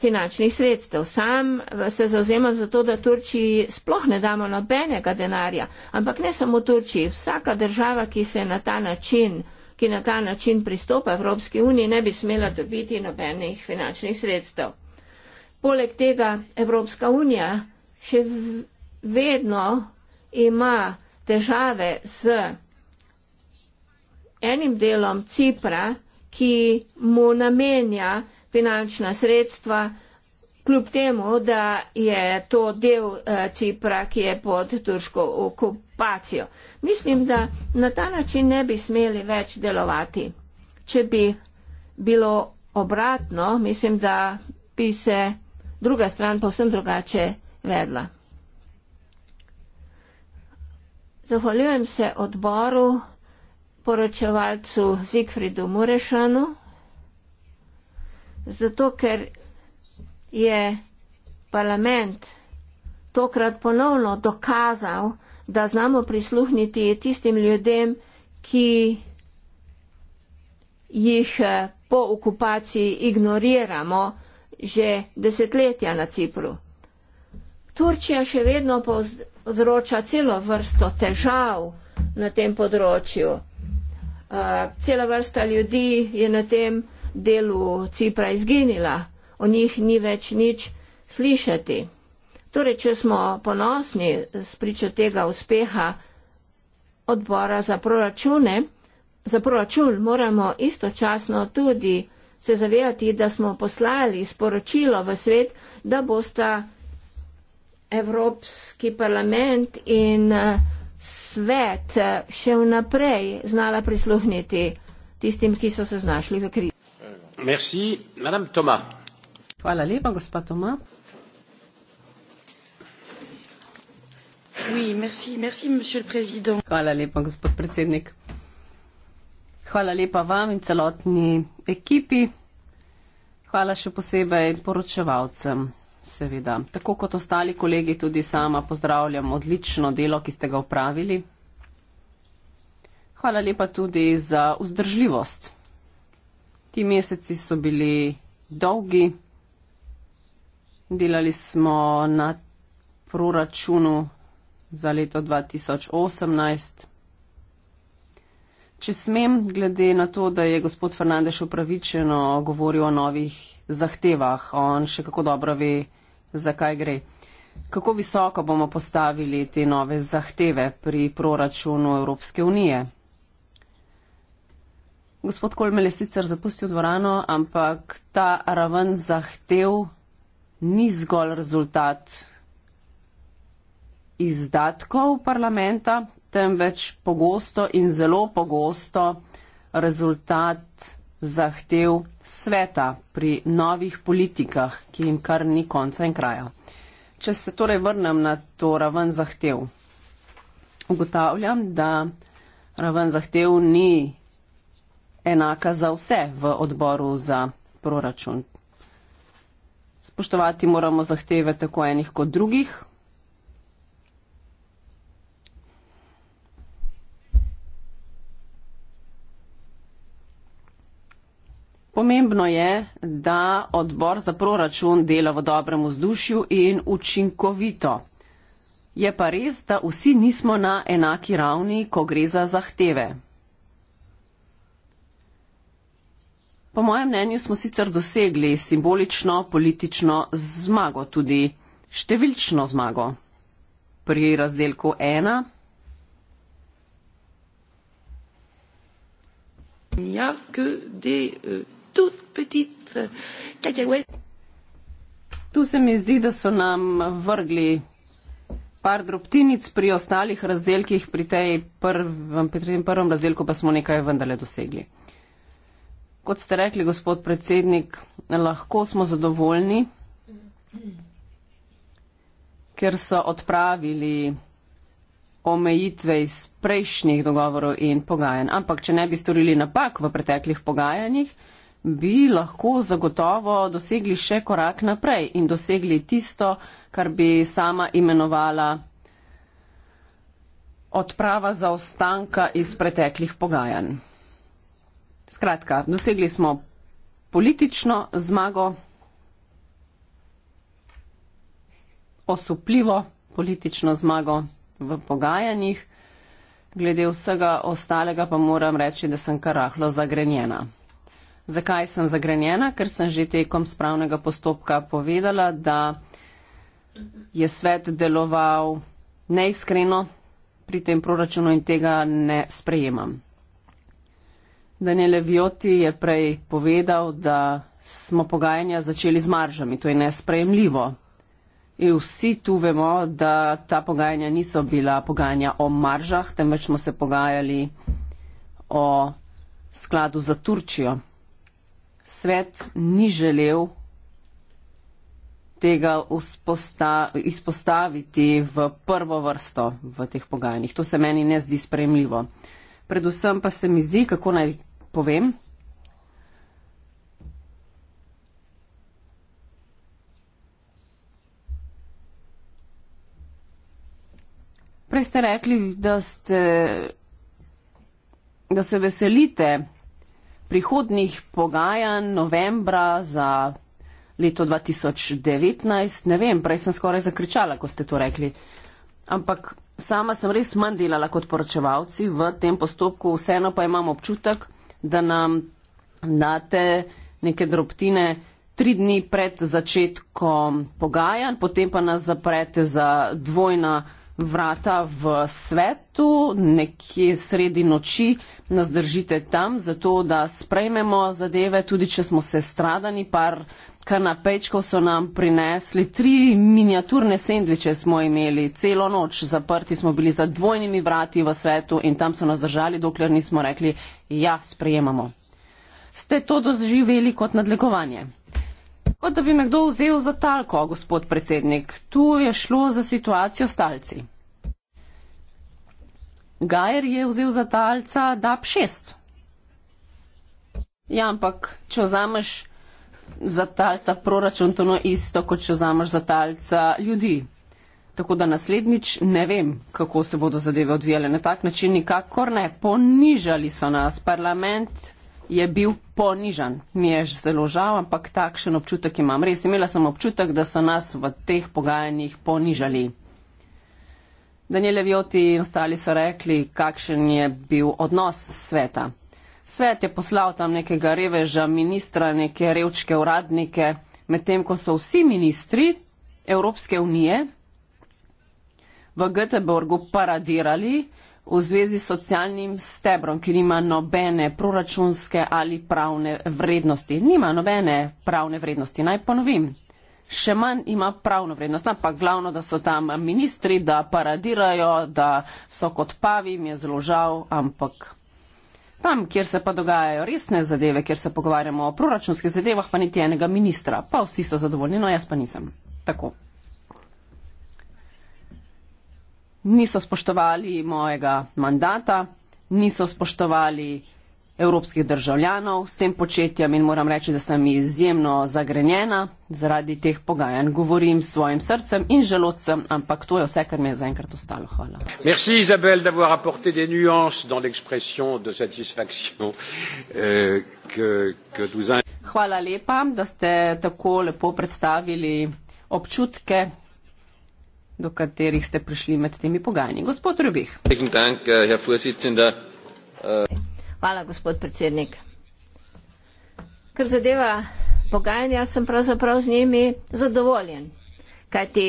finančnih sredstev. Sam se zauzemam za to, da Turčiji sploh ne damo nobenega denarja, ampak ne samo Turčiji, vsaka država, ki se na ta način, ki na ta način pristopa Evropski uniji, ne bi smela dobiti nobenih finančnih sredstev. Poleg tega Evropska unija še vedno ima težave z enim delom Cipra, ki mu namenja finančna sredstva, kljub temu, da je to del eh, Cipra, ki je pod turško okupacijo. Mislim, da na ta način ne bi smeli več delovati. Če bi bilo obratno, mislim, da bi se druga stran povsem drugače vedla. Zahvaljujem se odboru poročevalcu Zigfridu Murešanu zato ker je parlament tokrat ponovno dokazal, da znamo prisluhniti tistim ljudem, ki jih eh, po okupaciji ignoriramo že desetletja na Cipru. Turčija še vedno povzroča celo vrsto težav na tem področju. Uh, cela vrsta ljudi je na tem področju delu Cipra izginila, o njih ni več nič slišati. Torej, če smo ponosni s pričo tega uspeha odbora za proračune, za proračun moramo istočasno tudi se zavedati, da smo poslali sporočilo v svet, da bosta Evropski parlament in eh, svet eh, še vnaprej znala prisluhniti tistim, ki so se znašli v krizi. Merci. Madame Thomas. Hvala lepa, gospa Toma. Oui, merci, merci, monsieur le président. Hvala lepa, gospod predsednik. Hvala lepa vam in celotni ekipi. Hvala še posebej poročevalcem, seveda. Tako kot ostali kolegi, tudi sama pozdravljam odlično delo, ki ste ga upravili. Hvala lepa tudi za vzdržljivost Ti meseci so bili dolgi, delali smo na proračunu za leto 2018. Če smem, glede na to, da je gospod Fernandeš upravičeno govoril o novih zahtevah, on še kako dobro ve, zakaj gre. Kako visoko bomo postavili te nove zahteve pri proračunu Evropske unije? Gospod Kolmel je sicer zapustil dvorano, ampak ta raven zahtev ni zgolj rezultat izdatkov parlamenta, temveč pogosto in zelo pogosto rezultat zahtev sveta pri novih politikah, ki jim kar ni konca in kraja. Če se torej vrnem na to raven zahtev, ugotavljam, da raven zahtev ni enaka za vse v odboru za proračun. Spoštovati moramo zahteve tako enih kot drugih. Pomembno je, da odbor za proračun dela v dobrem vzdušju in učinkovito. Je pa res, da vsi nismo na enaki ravni, ko gre za zahteve. Po mojem mnenju smo sicer dosegli simbolično politično zmago, tudi številčno zmago. Pri razdelku ena. Euh, euh, tu se mi zdi, da so nam vrgli par drobtinic pri ostalih razdelkih, pri tem prv, prvem razdelku pa smo nekaj vendarle dosegli. Uh, Kot ste rekli, gospod predsednik, lahko smo zadovoljni, ker so odpravili omejitve iz prejšnjih dogovorov in pogajanj. Ampak, če ne bi storili napak v preteklih pogajanjih, bi lahko zagotovo dosegli še korak naprej in dosegli tisto, kar bi sama imenovala odprava zaostanka iz preteklih pogajanj. Skratka, dosegli smo politično zmago, osupljivo politično zmago v pogajanjih. Glede vsega ostalega pa moram reči, da sem kar rahlo zagrenjena. Zakaj sem zagrenjena? Ker sem že tekom spravnega postopka povedala, da je svet deloval neiskreno pri tem proračunu in tega ne sprejemam. Daniele Vioti je prej povedal, da smo pogajanja začeli z maržami. To je nesprejemljivo. In vsi tu vemo, da ta pogajanja niso bila pogajanja o maržah, temveč smo se pogajali o skladu za Turčijo. Svet ni želel tega izpostaviti v prvo vrsto v teh pogajanjih. To se meni ne zdi sprejemljivo predvsem pa se mi zdi, kako naj povem. Prej ste rekli, da, ste, da se veselite prihodnih pogajanj novembra za leto 2019. Ne vem, prej sem skoraj zakričala, ko ste to rekli. Ampak Sama sem res manj delala kot poročevalci v tem postopku, vseeno pa imam občutek, da nam date neke drobtine tri dni pred začetkom pogajanj, potem pa nas zaprete za dvojna vrata v svetu, nekje sredi noči nas držite tam, zato da sprejmemo zadeve, tudi če smo se stradani, par kanapečkov so nam prinesli, tri miniaturne sendviče smo imeli, celo noč zaprti smo bili za dvojnimi vrati v svetu in tam so nas držali, dokler nismo rekli, ja, sprejemamo. Ste to doživeli kot nadlegovanje? kot da bi me kdo vzel za talko, gospod predsednik. Tu je šlo za situacijo s talci. Gajer je vzel za talca DAP 6. Ja, ampak če vzameš za talca proračun, to no isto, kot če vzameš za talca ljudi. Tako da naslednjič ne vem, kako se bodo zadeve odvijale. Na tak način nikakor ne. Ponižali so nas parlament, je bil ponižen. Mi je zelo žal, ampak takšen občutek imam. Res imela sem občutek, da so nas v teh pogajanjih ponižali. Daniele Vjoti in ostali so rekli, kakšen je bil odnos sveta. Svet je poslal tam nekega reveža ministra, neke revčke uradnike, medtem ko so vsi ministri Evropske unije v Göteborgu paradirali, v zvezi s socialnim stebrom, ki nima nobene proračunske ali pravne vrednosti. Nima nobene pravne vrednosti, naj ponovim. Še manj ima pravno vrednost, ampak glavno, da so tam ministri, da paradirajo, da so kot pavi, mi je zelo žal, ampak tam, kjer se pa dogajajo resne zadeve, kjer se pogovarjamo o proračunskih zadevah, pa niti enega ministra, pa vsi so zadovoljni, no jaz pa nisem. Tako. niso spoštovali mojega mandata, niso spoštovali evropskih državljanov s tem početjem in moram reči, da sem izjemno zagrenjena zaradi teh pogajanj. Govorim s svojim srcem in želodcem, ampak to je vse, kar mi je zaenkrat ostalo. Hvala. Merci, Izabel, da vas aporte des nuances dans l'expression de satisfaction. Euh, Hvala lepa, da ste tako lepo predstavili občutke do katerih ste prišli med temi pogajanji. Gospod Rubih. Hvala, gospod predsednik. Kar zadeva pogajanja, sem pravzaprav z njimi zadovoljen, kajti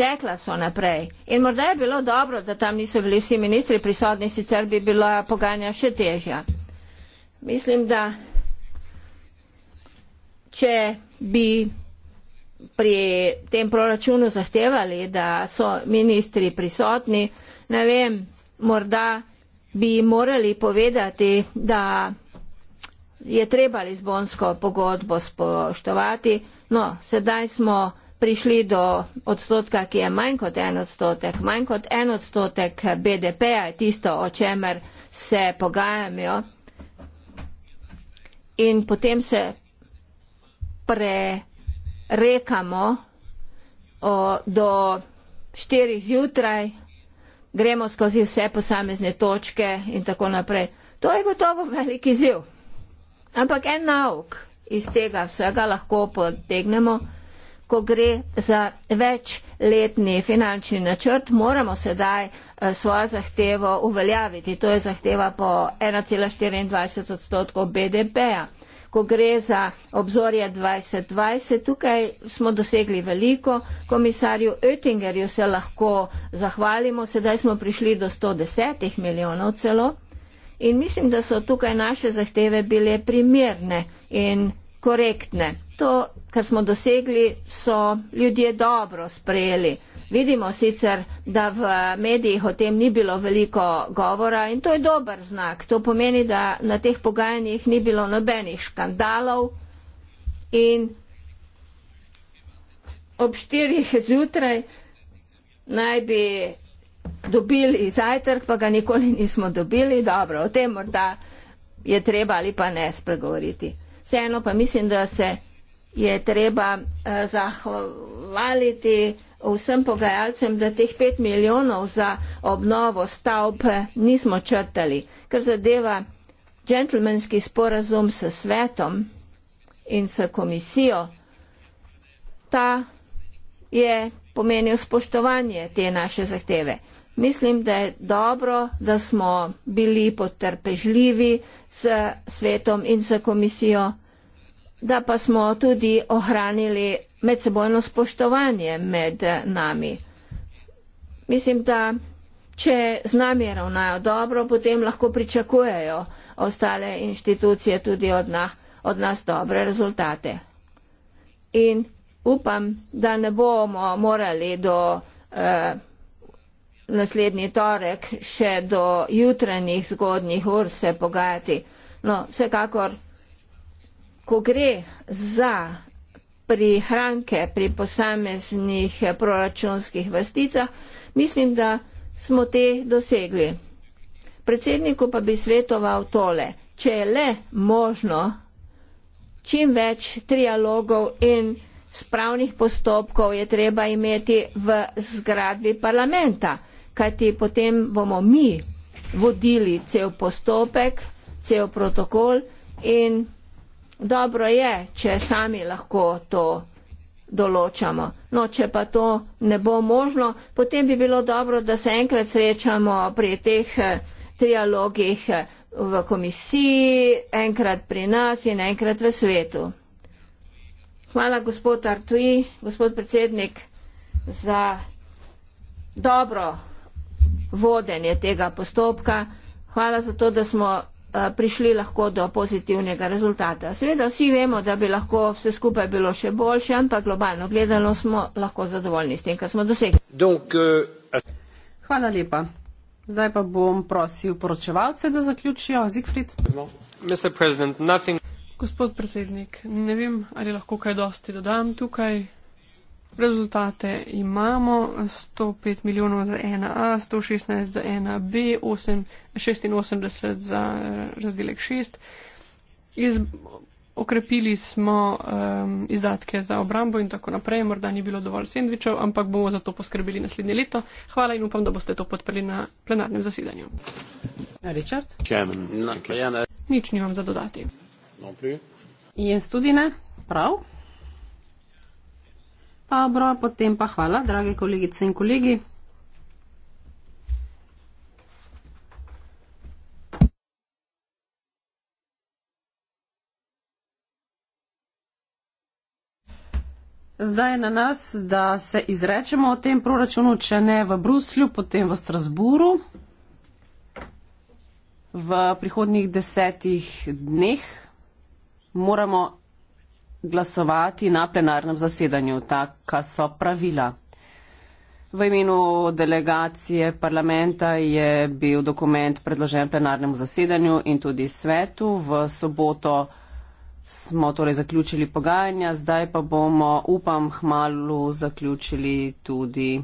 tekla so naprej. In morda je bilo dobro, da tam niso bili vsi ministri prisotni, sicer bi bila pogajanja še težja. Mislim, da če bi pri tem proračunu zahtevali, da so ministri prisotni. Ne vem, morda bi morali povedati, da je treba Lizbonsko pogodbo spoštovati. No, sedaj smo prišli do odstotka, ki je manj kot en odstotek. Manj kot en odstotek BDP-a je tisto, o čemer se pogajamo. In potem se pre rekamo o, do 4 zjutraj, gremo skozi vse posamezne točke in tako naprej. To je gotovo velik izziv. Ampak en nauk iz tega vsega lahko potegnemo, ko gre za večletni finančni načrt, moramo sedaj eh, svojo zahtevo uveljaviti. To je zahteva po 1,24 odstotkov BDP-a ko gre za obzorje 2020. Tukaj smo dosegli veliko. Komisarju Oettingerju se lahko zahvalimo. Sedaj smo prišli do 110 milijonov celo. In mislim, da so tukaj naše zahteve bile primerne in korektne. To, kar smo dosegli, so ljudje dobro sprejeli. Vidimo sicer, da v medijih o tem ni bilo veliko govora in to je dober znak. To pomeni, da na teh pogajanjih ni bilo nobenih škandalov in ob štirih zjutraj naj bi dobili zajtrk, pa ga nikoli nismo dobili. Dobro, o tem morda je treba ali pa ne spregovoriti. Vseeno pa mislim, da se je treba eh, zahvaliti vsem pogajalcem, da teh 5 milijonov za obnovo stavbe nismo črtali, ker zadeva džentlmenski sporazum s svetom in s komisijo. Ta je pomenil spoštovanje te naše zahteve. Mislim, da je dobro, da smo bili potrpežljivi s svetom in s komisijo, da pa smo tudi ohranili medsebojno spoštovanje med nami. Mislim, da če z nami ravnajo dobro, potem lahko pričakujejo ostale inštitucije tudi od, na, od nas dobre rezultate. In upam, da ne bomo morali do eh, naslednji torek, še do jutranjih zgodnjih ur se pogajati. No, vsekakor, ko gre za prihranke pri posameznih proračunskih vrsticah, mislim, da smo te dosegli. Predsedniku pa bi svetoval tole, če je le možno čim več trialogov in spravnih postopkov je treba imeti v zgradbi parlamenta, kajti potem bomo mi vodili cel postopek, cel protokol in dobro je, če sami lahko to določamo. No, če pa to ne bo možno, potem bi bilo dobro, da se enkrat srečamo pri teh eh, trialogih eh, v komisiji, enkrat pri nas in enkrat v svetu. Hvala, gospod Artui, gospod predsednik, za dobro vodenje tega postopka. Hvala za to, da smo Eh, prišli lahko do pozitivnega rezultata. Seveda vsi vemo, da bi lahko vse skupaj bilo še boljše, ampak globalno gledano smo lahko zadovoljni s tem, kar smo dosegli. Euh, Hvala lepa. Zdaj pa bom prosil poročevalce, da zaključijo. Zigfrid. Gospod predsednik, ne vem, ali lahko kaj dosti dodam tukaj rezultate imamo 105 milijonov za 1A, 116 za 1B, 8, 86 za eh, razdelek 6. Iz, okrepili smo um, izdatke za obrambo in tako naprej. Morda ni bilo dovolj sendvičev, ampak bomo za to poskrbeli naslednje leto. Hvala in upam, da boste to podprli na plenarnem zasedanju. Richard? No, ja Nič nimam za dodati. No, Jens tudi ne? Prav? Dobro, potem pa hvala, drage kolegice in kolegi. Zdaj je na nas, da se izrečemo o tem proračunu, če ne v Bruslju, potem v Strasburu v prihodnjih desetih dneh. Moramo glasovati na plenarnem zasedanju. Taka so pravila. V imenu delegacije parlamenta je bil dokument predložen plenarnemu zasedanju in tudi svetu. V soboto smo torej zaključili pogajanja, zdaj pa bomo, upam, hmalu zaključili tudi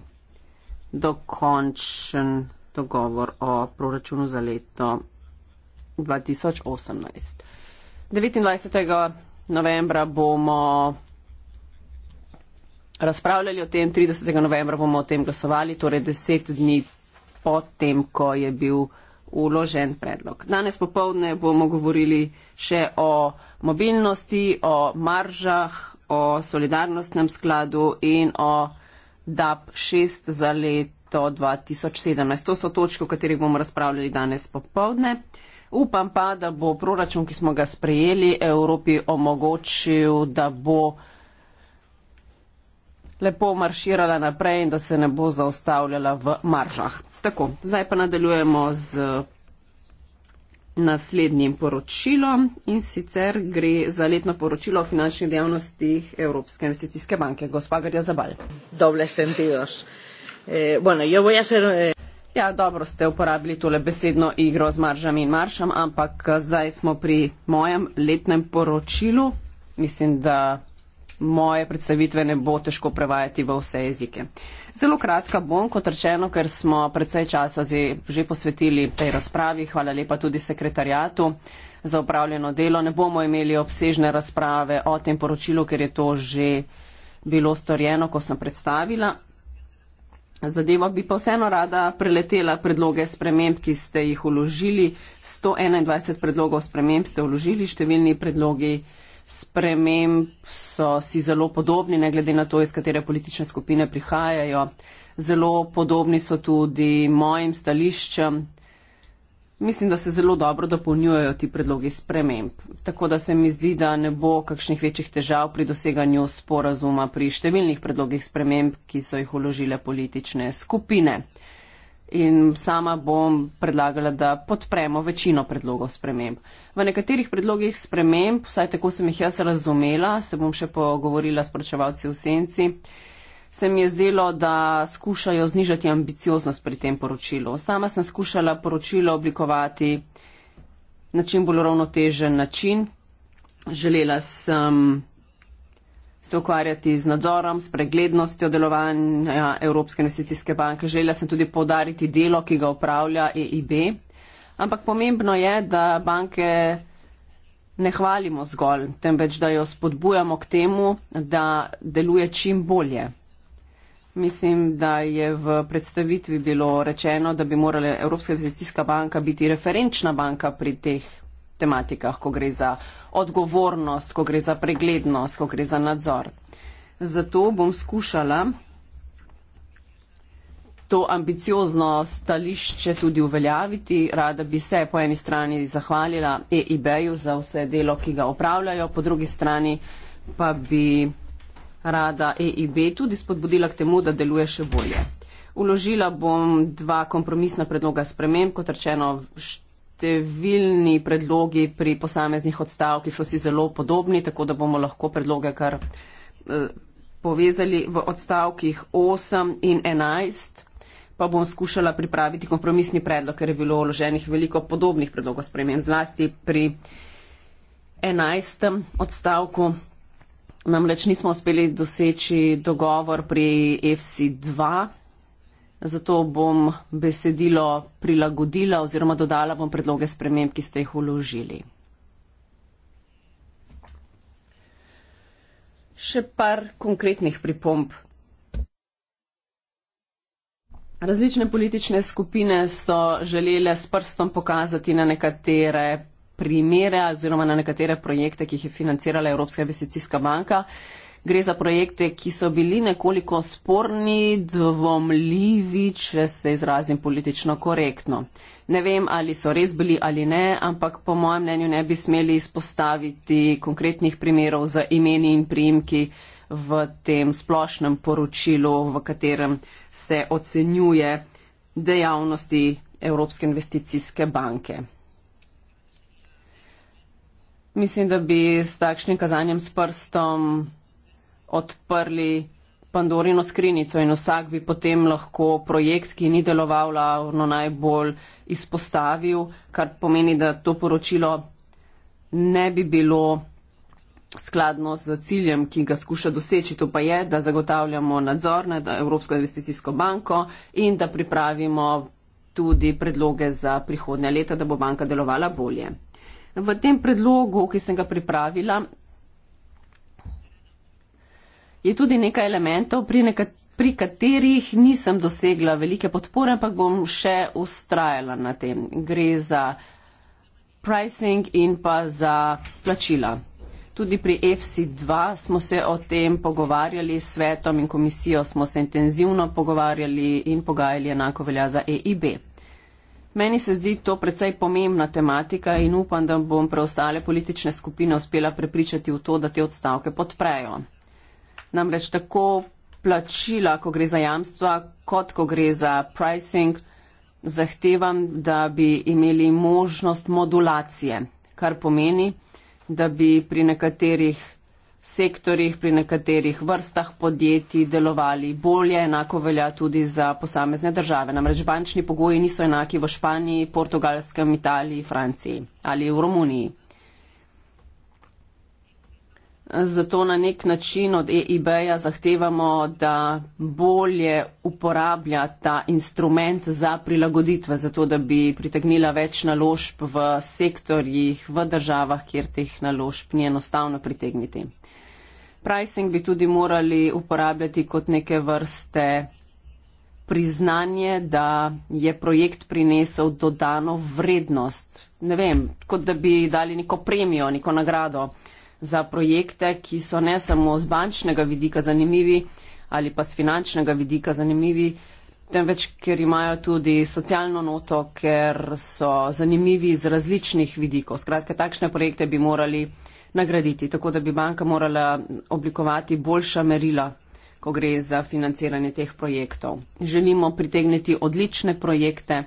dokončen dogovor o proračunu za leto 2018. 29 novembra bomo razpravljali o tem, 30. novembra bomo o tem glasovali, torej deset dni potem, ko je bil uložen predlog. Danes popovdne bomo govorili še o mobilnosti, o maržah, o solidarnostnem skladu in o DAP 6 za leto 2017. To so točke, o katerih bomo razpravljali danes popovdne. Upam pa, da bo proračun, ki smo ga sprejeli, Evropi omogočil, da bo lepo marširala naprej in da se ne bo zaustavljala v maržah. Tako, zdaj pa nadaljujemo z naslednjim poročilom in sicer gre za letno poročilo o finančnih dejavnostih Evropske investicijske banke. Gospa Garja Zabal. Doble sentidos. Eh, bueno, Ja, dobro ste uporabili tole besedno igro z maržami in maršam, ampak eh, zdaj smo pri mojem letnem poročilu. Mislim, da moje predstavitve ne bo težko prevajati v vse jezike. Zelo kratka bom, kot rečeno, ker smo predvsej časa zi, že posvetili tej razpravi. Hvala lepa tudi sekretarjatu za upravljeno delo. Ne bomo imeli obsežne razprave o tem poročilu, ker je to že bilo storjeno, ko sem predstavila zadevo, bi pa vseeno rada preletela predloge sprememb, ki ste jih uložili. 121 predlogov sprememb ste uložili, številni predlogi sprememb so si zelo podobni, ne glede na to, iz katere politične skupine prihajajo. Zelo podobni so tudi mojim stališčem, Mislim, da se zelo dobro dopolnjujejo ti predlogi sprememb, tako da se mi zdi, da ne bo kakšnih večjih težav pri doseganju sporazuma pri številnih predlogih sprememb, ki so jih uložile politične skupine. In sama bom predlagala, da podpremo večino predlogov sprememb. V nekaterih predlogih sprememb, vsaj tako sem jih jaz razumela, se bom še pogovorila s pročevalci v senci. Uh, se mi je zdelo, da skušajo znižati ambicioznost pri tem poročilu. Sama sem skušala poročilo oblikovati na čim bolj ravnotežen način. Želela sem se ukvarjati z nadzorom, s preglednostjo delovanja Evropske investicijske banke. Želela sem tudi podariti delo, ki ga upravlja EIB. Ampak pomembno je, da banke ne hvalimo zgolj, temveč da jo spodbujamo k temu, da deluje čim bolje. Mislim, da je v predstavitvi bilo rečeno, da bi morala Evropska investicijska banka biti referenčna banka pri teh tematikah, ko gre za odgovornost, ko gre za preglednost, ko gre za nadzor. Zato bom skušala to ambiciozno stališče tudi uveljaviti. Rada bi se po eni strani zahvalila EIB-ju za vse delo, ki ga opravljajo, po drugi strani pa bi rada EIB tudi spodbudila k temu, da deluje še bolje. Uložila bom dva kompromisna predloga sprememb, kot rečeno, številni predlogi pri posameznih odstavkih so si zelo podobni, tako da bomo lahko predloge kar eh, povezali v odstavkih 8 in 11, pa bom skušala pripraviti kompromisni predlog, ker je bilo vloženih veliko podobnih predlogov spremem, zlasti pri 11. odstavku Namreč nismo uspeli doseči dogovor pri FC2, zato bom besedilo prilagodila oziroma dodala bom predloge sprememb, ki ste jih uložili. Še par konkretnih pripomb. Različne politične skupine so želele s prstom pokazati na nekatere primere oziroma na nekatere projekte, ki jih je financirala Evropska investicijska banka. Gre za projekte, ki so bili nekoliko sporni, dvomljivi, če se izrazim politično korektno. Ne vem, ali so res bili ali ne, ampak po mojem mnenju ne bi smeli izpostaviti konkretnih primerov za imeni in priimki v tem splošnem poročilu, v katerem se ocenjuje dejavnosti Evropske investicijske banke. Mislim, da bi s takšnim kazanjem s prstom odprli Pandorino skrinico in vsak bi potem lahko projekt, ki ni deloval, lavno najbolj izpostavil, kar pomeni, da to poročilo ne bi bilo skladno z ciljem, ki ga skuša doseči. To pa je, da zagotavljamo nadzor nad Evropsko investicijsko banko in da pripravimo tudi predloge za prihodnje leta, da bo banka delovala bolje v tem predlogu, ki sem ga pripravila, je tudi nekaj elementov, pri, nekat, pri katerih nisem dosegla velike podpore, ampak bom še ustrajala na tem. Gre za pricing in pa za plačila. Tudi pri FC2 smo se o tem pogovarjali s svetom in komisijo, smo se intenzivno pogovarjali in pogajali enako velja za EIB. Meni se zdi to precej pomembna tematika in upam, da bom preostale politične skupine uspela prepričati v to, da te odstavke podprejo. Namreč tako plačila, ko gre za jamstva, kot ko gre za pricing, zahtevam, da bi imeli možnost modulacije, kar pomeni, da bi pri nekaterih sektorjih, pri nekaterih vrstah podjetij delovali bolje, enako velja tudi za posamezne države. Namreč bančni pogoji niso enaki v Španiji, Portugalskem, Italiji, Franciji ali v Romuniji. Zato na nek način od EIB-ja zahtevamo, da bolje uporablja ta instrument za prilagoditve, zato da bi pritegnila več naložb v sektorjih, v državah, kjer teh naložb ni enostavno pritegniti pricing bi tudi morali uporabljati kot neke vrste priznanje, da je projekt prinesel dodano vrednost. Ne vem, kot da bi dali neko premijo, neko nagrado za projekte, ki so ne samo z bančnega vidika zanimivi ali pa z finančnega vidika zanimivi, temveč ker imajo tudi socialno noto, ker so zanimivi iz različnih vidikov. Skratka, takšne projekte bi morali uh, nagraditi, tako da bi banka morala oblikovati boljša merila, ko gre za financiranje teh projektov. Želimo pritegniti odlične projekte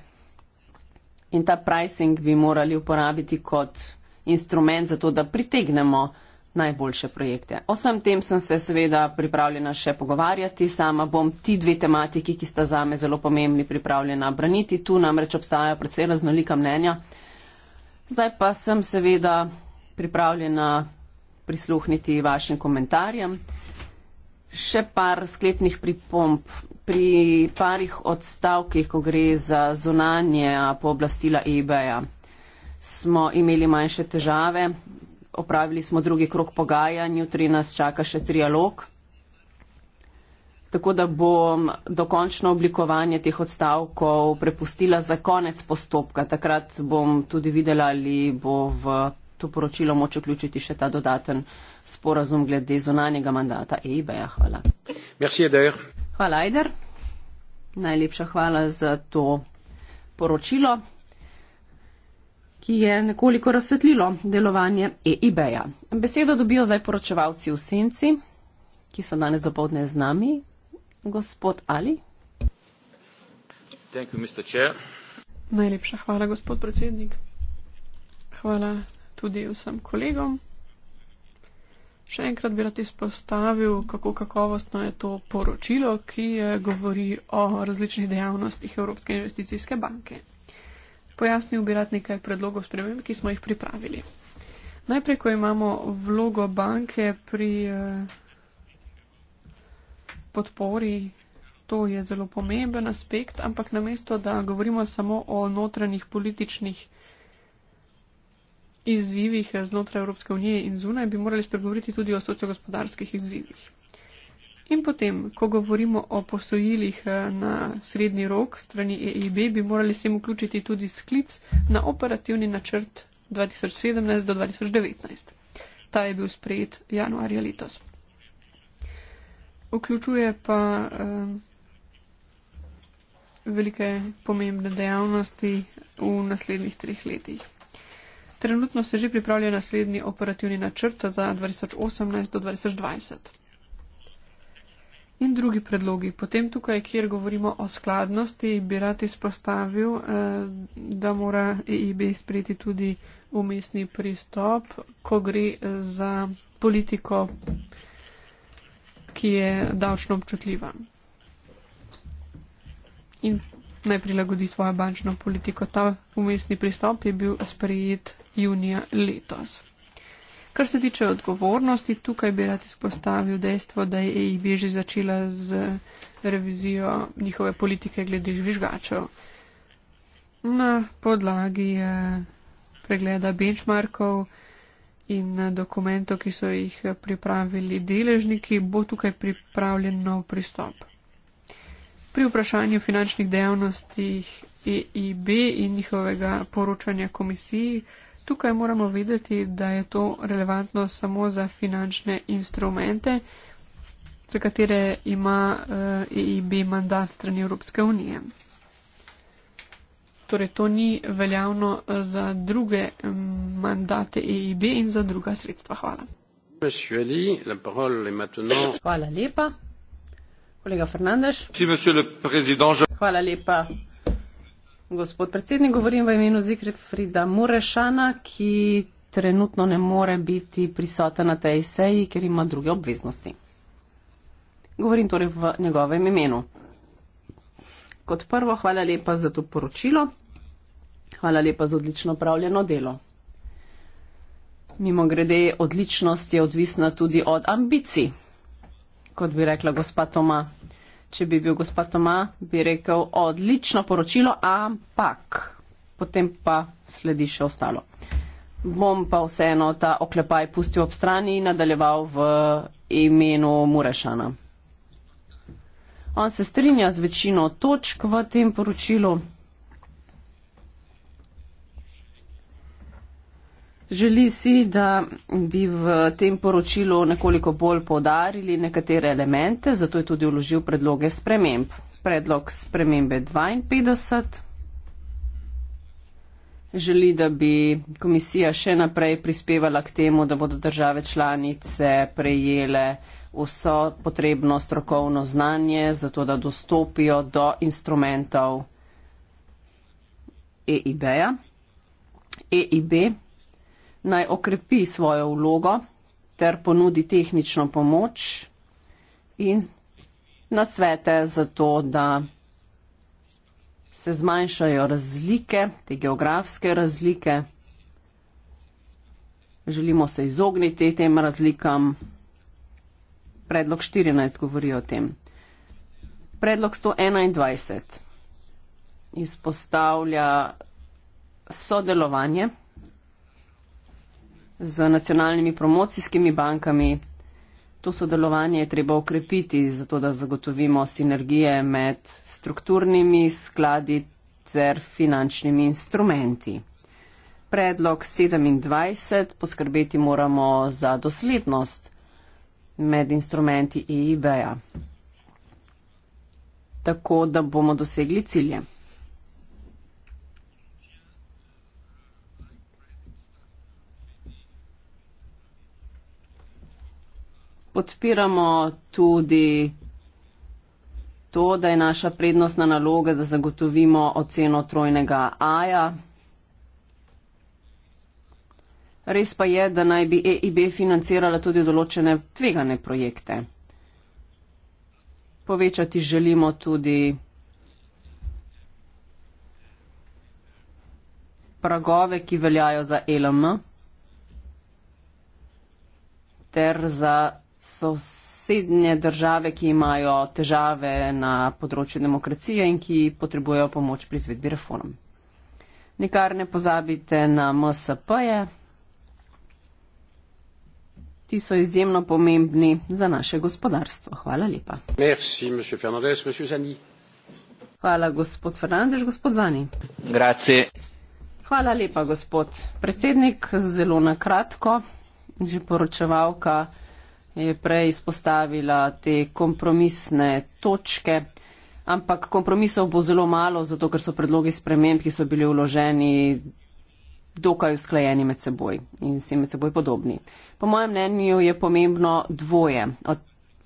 in ta pricing bi morali uporabiti kot instrument za to, da pritegnemo najboljše projekte. O vsem tem sem se seveda pripravljena še pogovarjati, sama bom ti dve tematiki, ki sta zame zelo pomembni, pripravljena braniti. Tu namreč obstajajo predvsej raznolika mnenja. Zdaj pa sem seveda pripravljena prisluhniti vašim komentarjem. Še par sklepnih pripomp. Pri parih odstavkih, ko gre za zunanje pooblastila eBay-a, smo imeli manjše težave, opravili smo drugi krok pogajanj, jutri nas čaka še trialog. Tako da bom dokončno oblikovanje teh odstavkov prepustila za konec postopka. Takrat bom tudi videla, ali bo v to poročilo moč vključiti še ta dodaten sporazum glede zunanjega mandata EIB-ja. Hvala. Merci, hvala, Ajder. Najlepša hvala za to poročilo, ki je nekoliko razsvetlilo delovanje EIB-ja. Besedo dobijo zdaj poročevalci v senci, ki so danes dopoledne z nami. Gospod Ali. Thank you, Mr. Chair. Najlepša hvala, gospod predsednik. Hvala tudi vsem kolegom. Še enkrat bi rad izpostavil, kako kakovostno je to poročilo, ki govori o različnih dejavnostih Evropske investicijske banke. Pojasnil bi rad nekaj predlogov sprememb, ki smo jih pripravili. Najprej, ko imamo vlogo banke pri eh, podpori, to je zelo pomemben aspekt, ampak namesto, da govorimo samo o notranjih političnih izzivih eh, znotraj Evropske unije in zunaj, bi morali spregovoriti tudi o sociogospodarskih izzivih. In potem, ko govorimo o posojilih eh, na srednji rok strani EIB, bi morali sem vključiti tudi sklic na operativni načrt 2017 do 2019. Ta je bil sprejet januarja letos. Vključuje pa eh, velike pomembne dejavnosti v naslednjih treh letih. Trenutno se že pripravlja naslednji operativni načrt za 2018 do 2020. In drugi predlogi. Potem tukaj, kjer govorimo o skladnosti, bi rad izpostavil, eh, da mora EIB sprejeti tudi umestni pristop, ko gre eh, za politiko, ki je davčno občutljiva. In naj prilagodi svojo bančno politiko. Ta umestni pristop je bil sprejet junija letos. Kar se tiče odgovornosti, tukaj bi rad izpostavil dejstvo, da je EIB že začela z revizijo njihove politike glede žvižgačev. Na podlagi eh, pregleda benchmarkov in eh, dokumentov, ki so jih eh, pripravili deležniki, bo tukaj pripravljen nov pristop. Pri vprašanju finančnih dejavnosti EIB in njihovega poročanja komisiji tukaj moramo vedeti, da je to relevantno samo za finančne instrumente, za katere ima EIB eh, e mandat strani Evropske unije. Torej, to ni veljavno eh, za druge mm, mandate EIB in za druga sredstva. Hvala. Hvala lepa. Kolega Fernandez. Hvala lepa. Gospod predsednik, govorim v imenu Zikre Frida Murešana, ki trenutno ne more biti prisoten na tej seji, ker ima druge obveznosti. Govorim torej v njegovem imenu. Kot prvo, hvala lepa za to poročilo. Hvala lepa za odlično upravljeno delo. Mimo grede, odličnost je odvisna tudi od ambicij, kot bi rekla gospa Toma če bi bil gospod Toma, bi rekel odlično poročilo, ampak potem pa sledi še ostalo. Bom pa vseeno ta oklepaj pustil ob strani in nadaljeval v imenu Murešana. On se strinja z večino točk v tem poročilu. Želi si, da bi v tem poročilu nekoliko bolj podarili nekatere elemente, zato je tudi uložil predloge sprememb. Predlog spremembe 52 želi, da bi komisija še naprej prispevala k temu, da bodo države članice prejele vso potrebno strokovno znanje, zato da dostopijo do instrumentov EIB-ja. EIB naj okrepi svojo vlogo ter ponudi tehnično pomoč in nasvete za to, da se zmanjšajo razlike, te geografske razlike. Želimo se izogniti tem razlikam. Predlog 14 govori o tem. Predlog 121 izpostavlja sodelovanje z nacionalnimi promocijskimi bankami. To sodelovanje je treba ukrepiti, zato da zagotovimo sinergije med strukturnimi skladi ter finančnimi instrumenti. Predlog 27. Poskrbeti moramo za doslednost med instrumenti EIB-ja, tako da bomo dosegli cilje. podpiramo tudi to, da je naša prednostna naloga, da zagotovimo oceno trojnega AJA. Res pa je, da naj bi EIB financirala tudi določene tvegane projekte. Povečati želimo tudi pragove, ki veljajo za e LM ter za sosednje države, ki imajo težave na področju demokracije in ki potrebujejo pomoč pri izvedbi reform. Nikar ne pozabite na MSP-je. Ti so izjemno pomembni za naše gospodarstvo. Hvala lepa. Merci, monsieur Fernandez, monsieur Zani. Hvala, gospod Fernandez, gospod Zani. Grazie. Hvala lepa, gospod predsednik. Zelo na kratko, že poročevalka je prej izpostavila te kompromisne točke, ampak kompromisov bo zelo malo, zato ker so predlogi sprememb, ki so bili vloženi, dokaj usklajeni med seboj in vsi med seboj podobni. Po mojem mnenju je pomembno dvoje. Od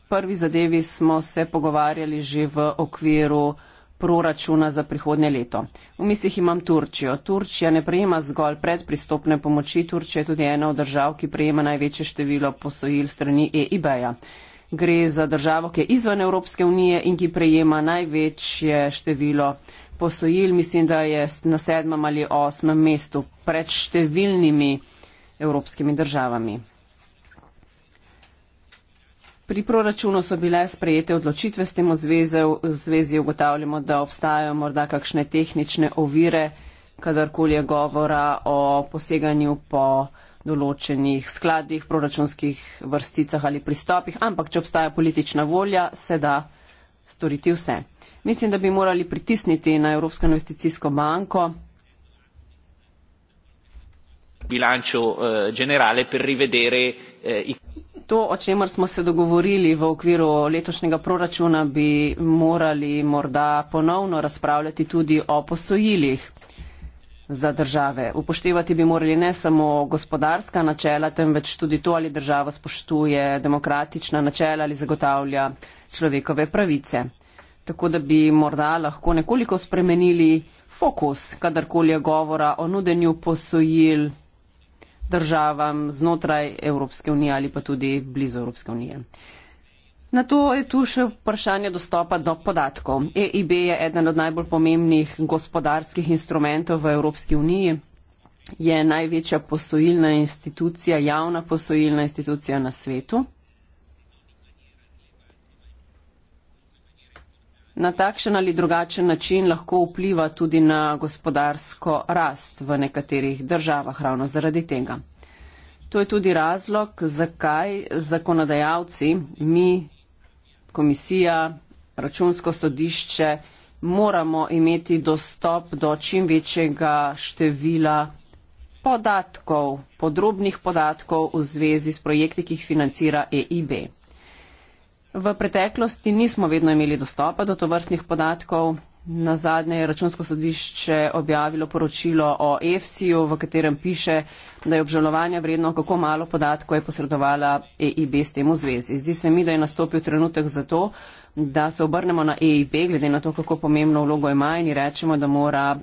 prvi zadevi smo se pogovarjali že v okviru proračuna za prihodnje leto. V mislih imam Turčijo. Turčija ne prejema zgolj predpristopne pomoči, Turčija je tudi ena od držav, ki prejema največje število posojil strani EIB-ja. Gre za državo, ki je izven Evropske unije in ki prejema največje število posojil. Mislim, da je na sedmem ali osmem mestu pred številnimi evropskimi državami. Pri proračunu so bile sprejete odločitve s tem v zvezi, v zvezi ugotavljamo, da obstajajo morda kakšne tehnične ovire, kadarkoli je govora o poseganju po določenih skladih, proračunskih vrsticah ali pristopih, ampak če obstaja politična volja, se da storiti vse. Mislim, da bi morali pritisniti na Evropsko investicijsko banko. Bilančo eh, generale per rivedere. Eh, to, o čemer smo se dogovorili v okviru letošnjega proračuna, bi morali morda ponovno razpravljati tudi o posojilih za države. Upoštevati bi morali ne samo gospodarska načela, temveč tudi to, ali država spoštuje demokratična načela ali zagotavlja človekove pravice. Tako da bi morda lahko nekoliko spremenili fokus, kadarkoli je govora o nudenju posojil državam znotraj Evropske unije ali pa tudi blizu Evropske unije. Na to je tu še vprašanje dostopa do podatkov. EIB je eden od najbolj pomembnih gospodarskih instrumentov v Evropski uniji, je največja posojilna institucija, javna posojilna institucija na svetu. na takšen ali drugačen način lahko vpliva tudi na gospodarsko rast v nekaterih državah ravno zaradi tega. To je tudi razlog, zakaj zakonodajalci, mi, komisija, računsko sodišče moramo imeti dostop do čim večjega števila podatkov, podrobnih podatkov v zvezi s projekti, ki jih financira EIB. V preteklosti nismo vedno imeli dostopa do tovrstnih podatkov. Na zadnje je računsko sodišče objavilo poročilo o EFSI-ju, v katerem piše, da je obžalovanja vredno, kako malo podatkov je posredovala EIB s tem v zvezi. Zdi se mi, da je nastopil trenutek za to, da se obrnemo na EIB, glede na to, kako pomembno vlogo ima in rečemo, da mora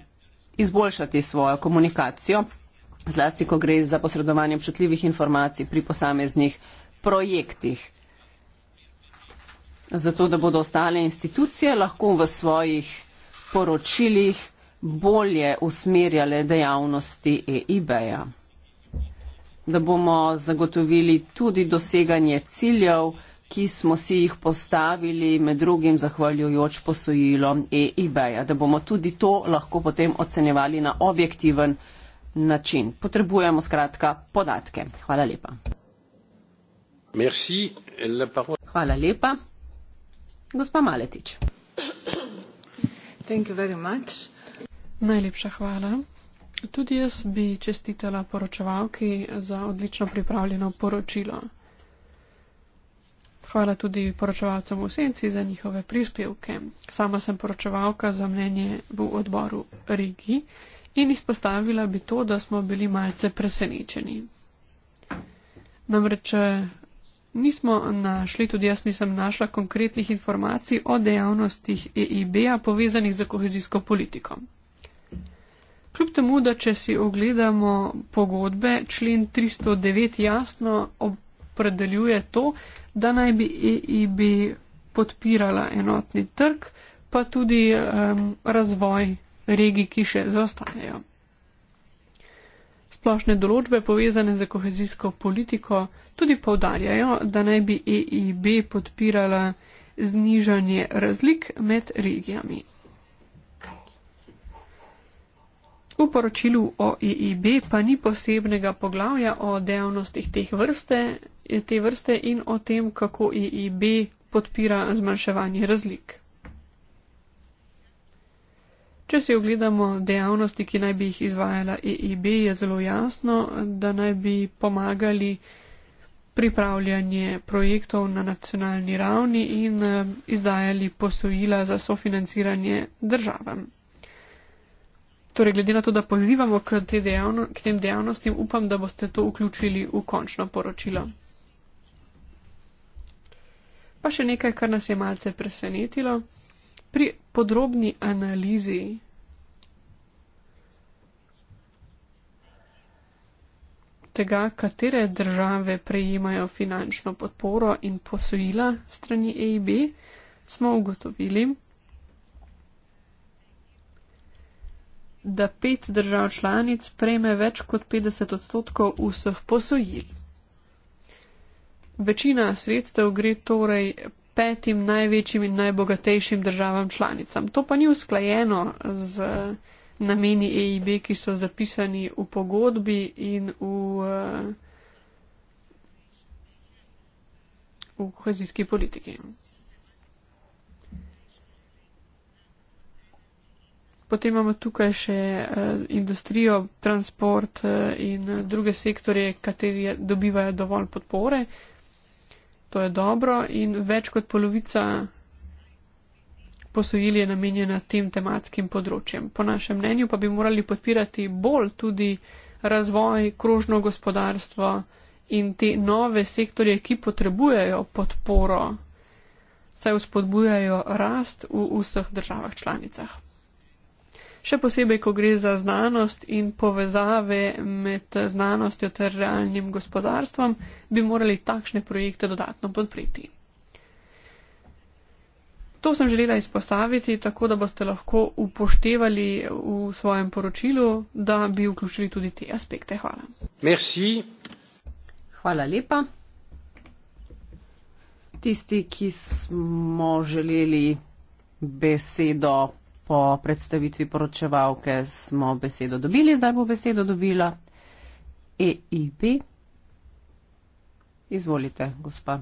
izboljšati svojo komunikacijo, zlasti, ko gre za posredovanje občutljivih informacij pri posameznih projektih zato da bodo ostale institucije lahko v svojih poročilih bolje usmerjale dejavnosti EIB-ja, da bomo zagotovili tudi doseganje ciljev, ki smo si jih postavili med drugim zahvaljujoč posojilom EIB-ja, da bomo tudi to lahko potem ocenjevali na objektiven način. Potrebujemo skratka podatke. Hvala lepa. Merci. Hvala lepa gospa Maletič. Najlepša hvala. Tudi jaz bi čestitela poročevalki za odlično pripravljeno poročilo. Hvala tudi poročevalcem v senci za njihove prispevke. Sama sem poročevalka za mnenje v odboru Rigi in izpostavila bi to, da smo bili malce presenečeni. Namreč Nismo našli, tudi jaz nisem našla konkretnih informacij o dejavnostih EIB-a povezanih z kohezijsko politiko. Kljub temu, da če si ogledamo pogodbe, člen 309 jasno opredeljuje to, da naj bi EIB podpirala enotni trg, pa tudi um, razvoj regij, ki še zaostajajo. Splošne določbe povezane z kohezijsko politiko tudi povdarjajo, da naj bi EIB podpirala znižanje razlik med regijami. V poročilu o EIB pa ni posebnega poglavja o dejavnostih vrste, te vrste in o tem, kako EIB podpira zmanjševanje razlik. Če si ogledamo dejavnosti, ki naj bi jih izvajala EIB, je zelo jasno, da naj bi pomagali pripravljanje projektov na nacionalni ravni in eh, izdajali posojila za sofinanciranje državam. Torej, glede na to, da pozivamo k, te dejavno, k tem dejavnostim, upam, da boste to vključili v končno poročilo. Pa še nekaj, kar nas je malce presenetilo. Pri podrobni analizi tega, katere države prejemajo finančno podporo in posojila strani EIB, smo ugotovili, da pet držav članic prejme več kot 50 odstotkov vseh posojil. Večina sredstev gre torej petim največjim in najbogatejšim državam članicam. To pa ni usklajeno z nameni EIB, ki so zapisani v pogodbi in v, eh, v kohezijski politiki. Potem imamo tukaj še uh, industrijo, transport uh, in druge sektorje, kateri dobivajo dovolj podpore. To je dobro in več kot polovica posojil je namenjena tem tematskim področjem. Po našem mnenju pa bi morali podpirati bolj tudi razvoj, krožno gospodarstvo in te nove sektorje, ki potrebujejo podporo, saj vzpodbujajo rast v vseh državah članicah. Še posebej, ko gre za znanost in povezave med znanostjo ter realnim gospodarstvom, bi morali takšne projekte dodatno podpreti. To sem želela izpostaviti, tako da boste lahko upoštevali v svojem poročilu, da bi vključili tudi te aspekte. Hvala. Merci. Hvala lepa. Tisti, ki smo želeli besedo po predstavitvi poročevalke, smo besedo dobili, zdaj bo besedo dobila EIB. Izvolite, gospa.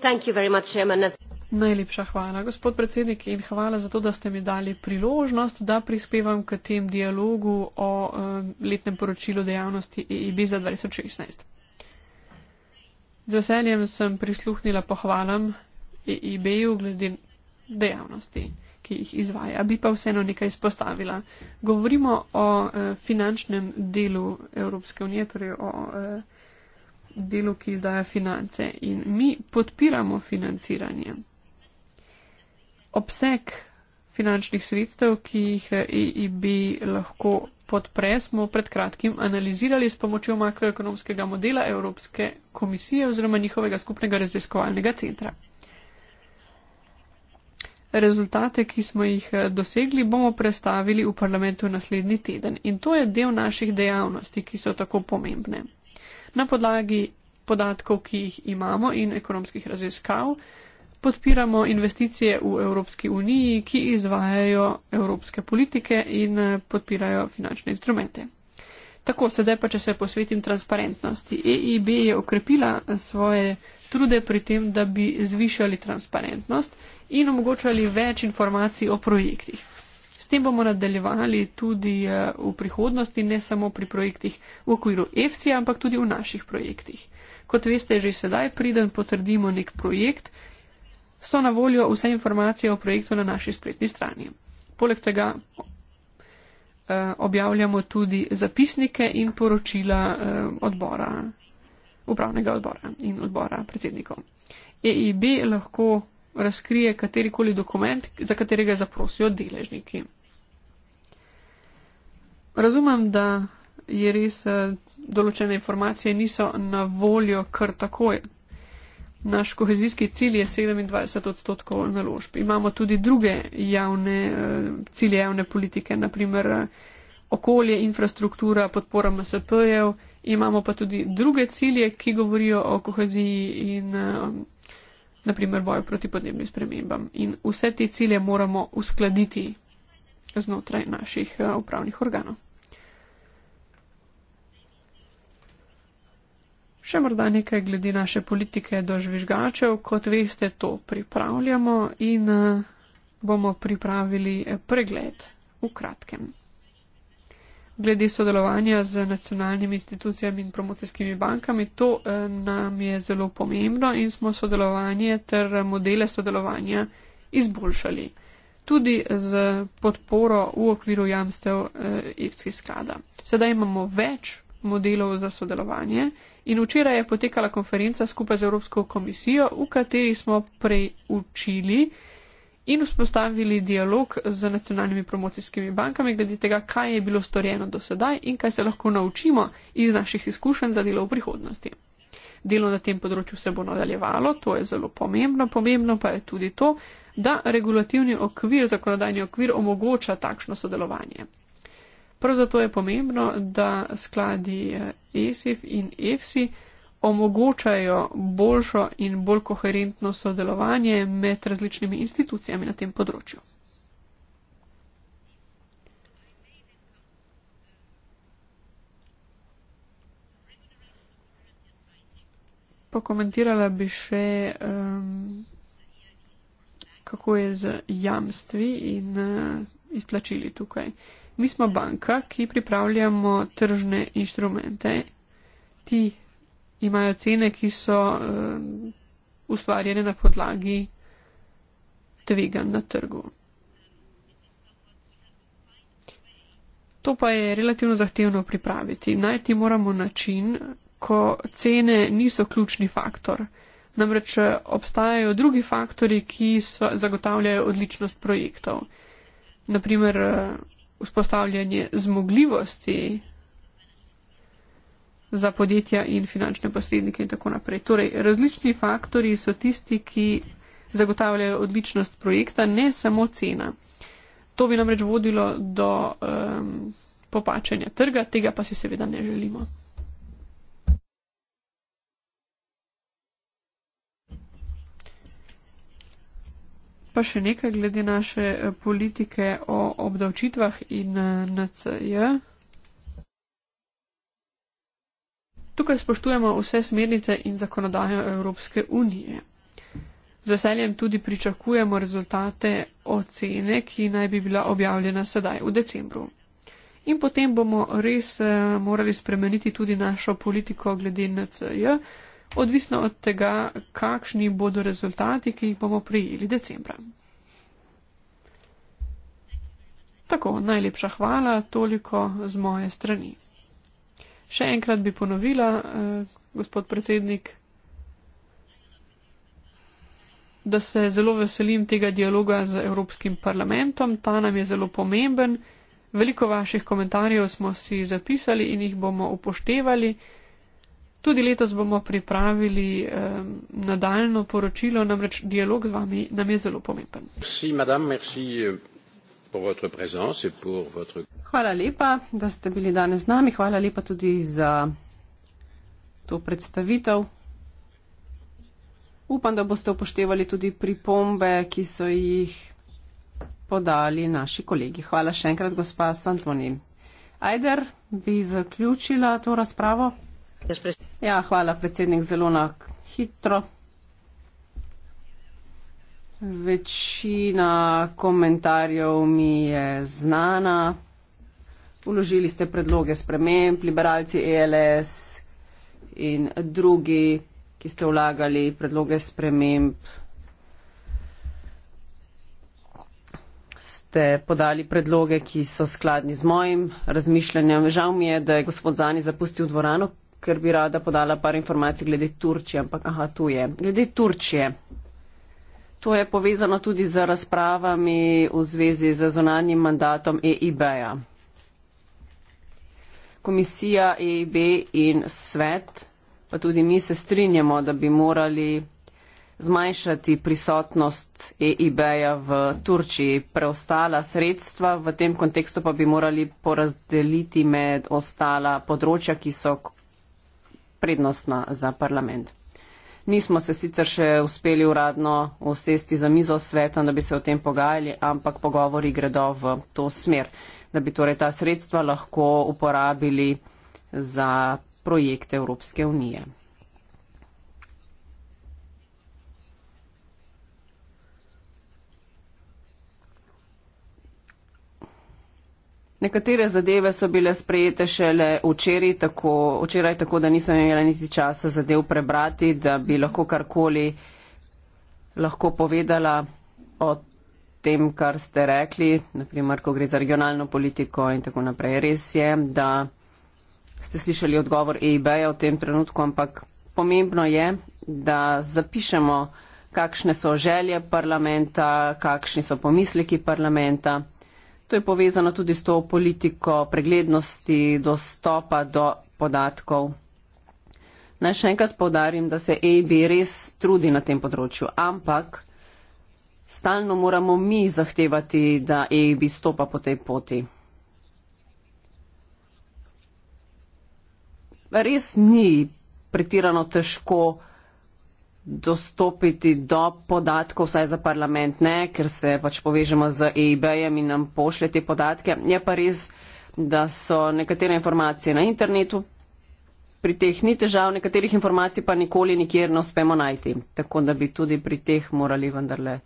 Thank you very much, Chairman. Najlepša hvala, gospod predsednik, in hvala za to, da ste mi dali priložnost, da prispevam k tem dialogu o eh, letnem poročilu dejavnosti EIB za 2016. Z veseljem sem prisluhnila pohvalam EIB-ju glede dejavnosti, ki jih izvaja. Bi pa vseeno nekaj izpostavila. Govorimo o eh, finančnem delu Evropske unije, torej o eh, delu, ki izdaja finance. In mi podpiramo financiranje obseg finančnih sredstev, ki jih EIB e lahko podpre, smo pred kratkim analizirali s pomočjo makroekonomskega modela Evropske komisije oziroma njihovega skupnega raziskovalnega centra. Rezultate, ki smo jih eh, dosegli, bomo predstavili v parlamentu naslednji teden in to je del naših dejavnosti, ki so tako pomembne. Na podlagi podatkov, ki jih imamo in ekonomskih raziskav, podpiramo investicije v Evropski uniji, ki izvajajo evropske politike in eh, podpirajo finančne instrumente. Tako, sedaj pa, če se posvetim transparentnosti. EIB je okrepila eh, svoje trude pri tem, da bi zvišali transparentnost in omogočali več informacij o projektih. S tem bomo nadaljevali tudi eh, v prihodnosti, ne samo pri projektih v okviru EFSI, ampak tudi v naših projektih. Kot veste, že sedaj priden potrdimo nek projekt, so na voljo vse informacije o projektu na naši spletni strani. Poleg tega eh, objavljamo tudi zapisnike in poročila eh, odbora, upravnega odbora in odbora predsednikov. EIB lahko razkrije katerikoli dokument, za katerega zaprosijo deležniki. Razumem, da je res eh, določene informacije niso na voljo kar takoj, Naš kohezijski cilj je 27 odstotkov naložb. Imamo tudi druge javne, eh, cilje javne politike, naprimer eh, okolje, infrastruktura, podpora MSP-jev. Imamo pa tudi druge cilje, ki govorijo o koheziji in eh, naprimer boju proti podnebnim spremembam. In vse te cilje moramo uskladiti znotraj naših upravnih organov. Še morda nekaj glede naše politike do žvižgačev. Kot veste, to pripravljamo in eh, bomo pripravili eh, pregled v kratkem. Glede sodelovanja z nacionalnimi institucijami in promocijskimi bankami, to eh, nam je zelo pomembno in smo sodelovanje ter modele sodelovanja izboljšali. Tudi z podporo v okviru jamstev Evskih sklada. Sedaj imamo več modelov za sodelovanje. In včeraj je potekala konferenca skupaj z Evropsko komisijo, v kateri smo preučili in vzpostavili dialog z nacionalnimi promocijskimi bankami glede tega, kaj je bilo storjeno do sedaj in kaj se lahko naučimo iz naših izkušenj za delo v prihodnosti. Delo na tem področju se bo nadaljevalo, to je zelo pomembno, pomembno pa je tudi to, da regulativni okvir, zakonodajni okvir omogoča takšno sodelovanje. Prav zato je pomembno, da skladi ESIF eh, e in EFSI omogočajo boljšo in bolj koherentno sodelovanje med različnimi institucijami na tem področju. Pokomentirala bi še, um, kako je z jamstvi in uh, izplačili tukaj. Uh, Mi smo banka, ki pripravljamo tržne inštrumente. Ti imajo cene, ki so uh, ustvarjene na podlagi tvega na trgu. To pa je relativno zahtevno pripraviti. Najti moramo način, ko cene niso ključni faktor. Namreč eh, obstajajo drugi faktori, ki so, zagotavljajo odličnost projektov. Naprimer, uh, eh, vzpostavljanje zmogljivosti za podjetja in finančne posrednike in tako naprej. Torej, različni faktori so tisti, ki zagotavljajo odličnost projekta, ne samo cena. To bi namreč vodilo do um, popačanja trga, tega pa si seveda ne želimo. Pa še nekaj glede naše eh, politike o obdavčitvah in eh, NCJ. Tukaj spoštujemo vse smernice in zakonodajo Evropske unije. Z veseljem tudi pričakujemo rezultate ocene, ki naj bi bila objavljena sedaj v decembru. In potem bomo res eh, morali spremeniti tudi našo politiko glede NCJ odvisno od tega, kakšni bodo rezultati, ki jih bomo prijeli decembra. Tako, najlepša hvala, toliko z moje strani. Še enkrat bi ponovila, eh, gospod predsednik, da se zelo veselim tega dialoga z Evropskim parlamentom, ta nam je zelo pomemben. Veliko vaših komentarjev smo si zapisali in jih bomo upoštevali. Tudi letos bomo pripravili um, nadaljno poročilo, namreč dialog z vami nam je zelo pomemben. Merci, madame, merci euh, pour votre présence et pour votre... Hvala lepa, da ste bili danes z nami. Hvala lepa tudi za to predstavitev. Upam, da boste upoštevali tudi pripombe, ki so jih podali naši kolegi. Hvala še enkrat, gospa Santoni. Ajder, bi zaključila to razpravo? Ja, hvala, predsednik, zelo na hitro. Večina komentarjev mi je znana. Uložili ste predloge sprememb, liberalci ELS in drugi, ki ste vlagali predloge sprememb. ste podali predloge, ki so skladni z mojim razmišljanjem. Žal mi je, da je gospod Zani zapustil dvorano, ker bi rada podala par informacij glede Turčije, ampak aha, tu je. Glede Turčije. To je povezano tudi z razpravami v zvezi z zonanjim mandatom EIB-a. Komisija EIB in svet, pa tudi mi se strinjamo, da bi morali zmanjšati prisotnost EIB-a v Turčiji. Preostala sredstva v tem kontekstu pa bi morali porazdeliti med ostala področja, ki so prednostna za parlament. Nismo se sicer še uspeli uradno usesti za mizo sveta, da bi se o tem pogajali, ampak pogovori gredo v to smer, da bi torej ta sredstva lahko uporabili za projekte Evropske unije. Nekatere zadeve so bile sprejete šele včeraj tako, včeraj, tako da nisem imela niti časa zadev prebrati, da bi lahko karkoli lahko povedala o tem, kar ste rekli, naprimer, ko gre za regionalno politiko in tako naprej. Res je, da ste slišali odgovor EIB-ja v tem trenutku, ampak pomembno je, da zapišemo, kakšne so želje parlamenta, kakšni so pomisleki parlamenta. To je povezano tudi s to politiko preglednosti dostopa do podatkov. Naj še enkrat povdarim, da se AB res trudi na tem področju, ampak stalno moramo mi zahtevati, da AB stopa po tej poti. Res ni pretirano težko dostopiti do podatkov, vsaj za parlament ne, ker se pač povežemo z EIB-jem in nam pošlje te podatke. Je pa res, da so nekatere informacije na internetu, pri teh ni težav, nekaterih informacij pa nikoli nikjer ne uspemo najti. Tako da bi tudi pri teh morali vendarle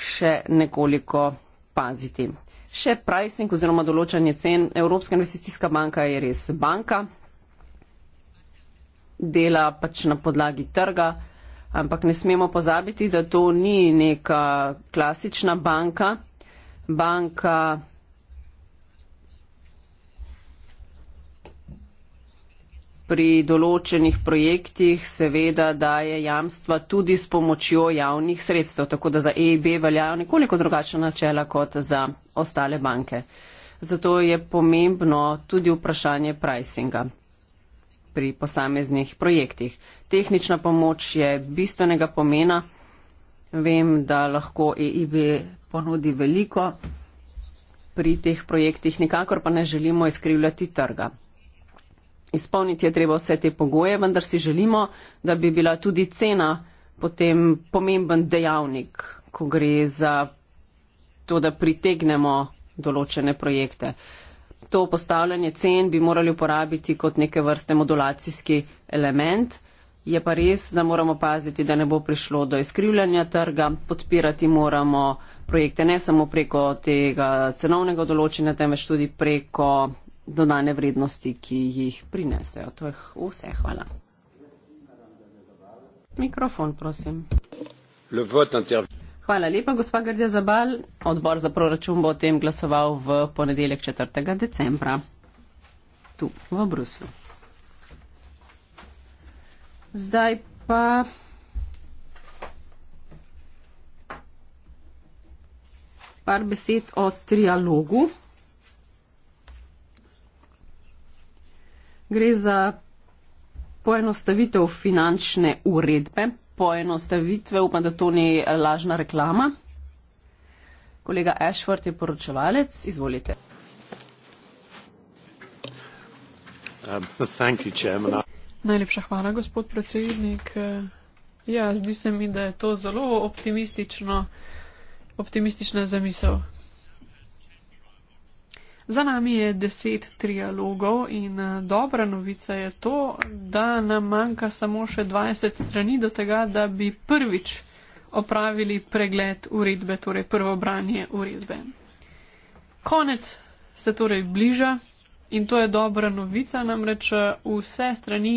še nekoliko paziti. Še pricing oziroma določanje cen. Evropska investicijska banka je res banka dela pač na podlagi trga, ampak ne smemo pozabiti, da to ni neka klasična banka. Banka pri določenih projektih seveda daje jamstva tudi s pomočjo javnih sredstev, tako da za EIB veljajo nekoliko drugačna načela kot za ostale banke. Zato je pomembno tudi vprašanje pricinga pri posameznih projektih. Tehnična pomoč je bistvenega pomena. Vem, da lahko EIB ponudi veliko pri teh projektih, nikakor pa ne želimo izkrivljati trga. Izpolniti je treba vse te pogoje, vendar si želimo, da bi bila tudi cena potem pomemben dejavnik, ko gre za to, da pritegnemo določene projekte. Uh, to postavljanje cen bi morali uporabiti kot neke vrste modulacijski element. Je pa res, da moramo paziti, da ne bo prišlo do izkrivljanja trga, podpirati moramo projekte ne samo preko tega cenovnega določenja, temveč tudi preko dodane vrednosti, ki jih prinesejo. To je vse. Hvala. Mikrofon, prosim. Le vote intervient. Hvala lepa, gospa Grdja Zabal. Odbor za proračun bo o tem glasoval v ponedeljek 4. decembra. Tu, v Bruslju. Zdaj pa. Par besed o trialogu. Gre za poenostavitev finančne uredbe, poenostavitve, upam, da to ni lažna reklama. Kolega Ashford je poročevalec, izvolite. Um, Najlepša hvala, gospod predsednik. Ja, zdi se mi, da je to zelo optimistično, optimistična zamisel. Za nami je deset trialogov in eh, dobra novica je to, da nam manjka samo še 20 strani do tega, da bi prvič opravili pregled uredbe, torej prvo branje uredbe. Konec se torej bliža in to je dobra novica, namreč eh, vse strani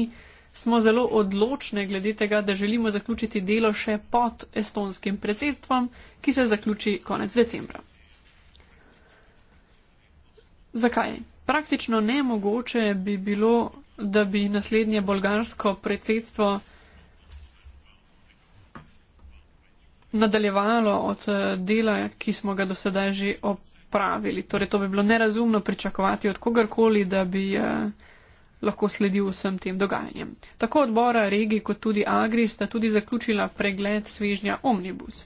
smo zelo odločne glede tega, da želimo zaključiti delo še pod estonskim predsedstvom, ki se zaključi konec decembra. Zakaj? Praktično nemogoče bi bilo, da bi naslednje bolgarsko predsedstvo nadaljevalo od eh, dela, ki smo ga do sedaj že opravili. Torej, to bi bilo nerazumno pričakovati od kogarkoli, da bi eh, lahko sledil vsem tem dogajanjem. Tako odbora regij kot tudi Agri sta tudi zaključila pregled svežnja Omnibus.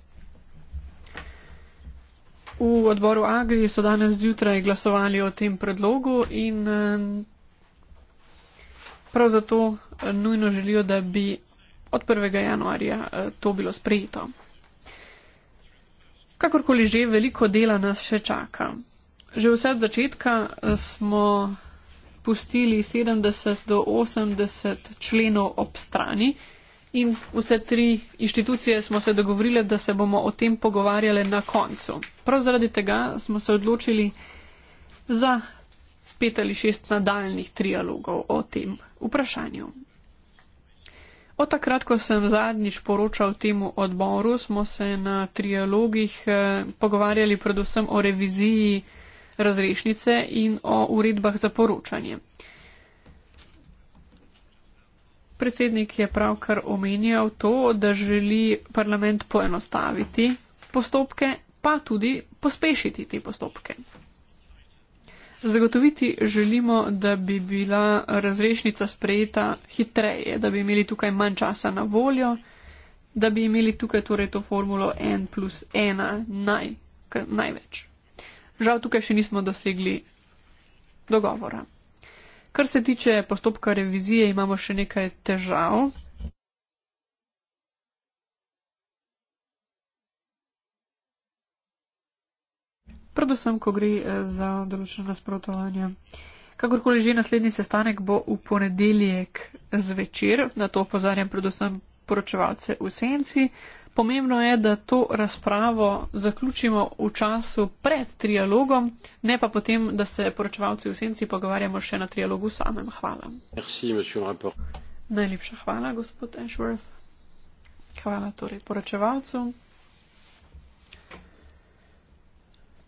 V odboru Agri so danes zjutraj glasovali o tem predlogu in eh, prav zato eh, nujno želijo, da bi od 1. januarja eh, to bilo sprejeto. Kakorkoli že, veliko dela nas še čaka. Že vse od začetka smo pustili 70 do 80 členov ob strani, in vse tri inštitucije smo se dogovorile, da se bomo o tem pogovarjale na koncu. Prav zaradi tega smo se odločili za pet ali šest nadaljnih trialogov o tem vprašanju. Od takrat, ko sem zadnjič poročal temu odboru, smo se na trialogih eh, pogovarjali predvsem o reviziji razrešnice in o uredbah za poročanje. Predsednik je pravkar omenjal to, da želi parlament poenostaviti postopke, pa tudi pospešiti te postopke. Zagotoviti želimo, da bi bila razrešnica sprejeta hitreje, da bi imeli tukaj manj časa na voljo, da bi imeli tukaj torej to formulo n plus 1 naj, največ. Žal tukaj še nismo dosegli dogovora. Kar se tiče postopka revizije, imamo še nekaj težav. Predvsem, ko gre eh, za določene nasprotovanja. Kakorkoli že naslednji sestanek bo v ponedeljek zvečer, na to opozarjam predvsem poročevalce v senci, Pomembno je, da to razpravo zaključimo v času pred trialogom, ne pa potem, da se poročevalci v senci pogovarjamo še na trialogu samem. Hvala. Merci, Najlepša hvala, gospod Ashworth. Hvala torej poročevalcu.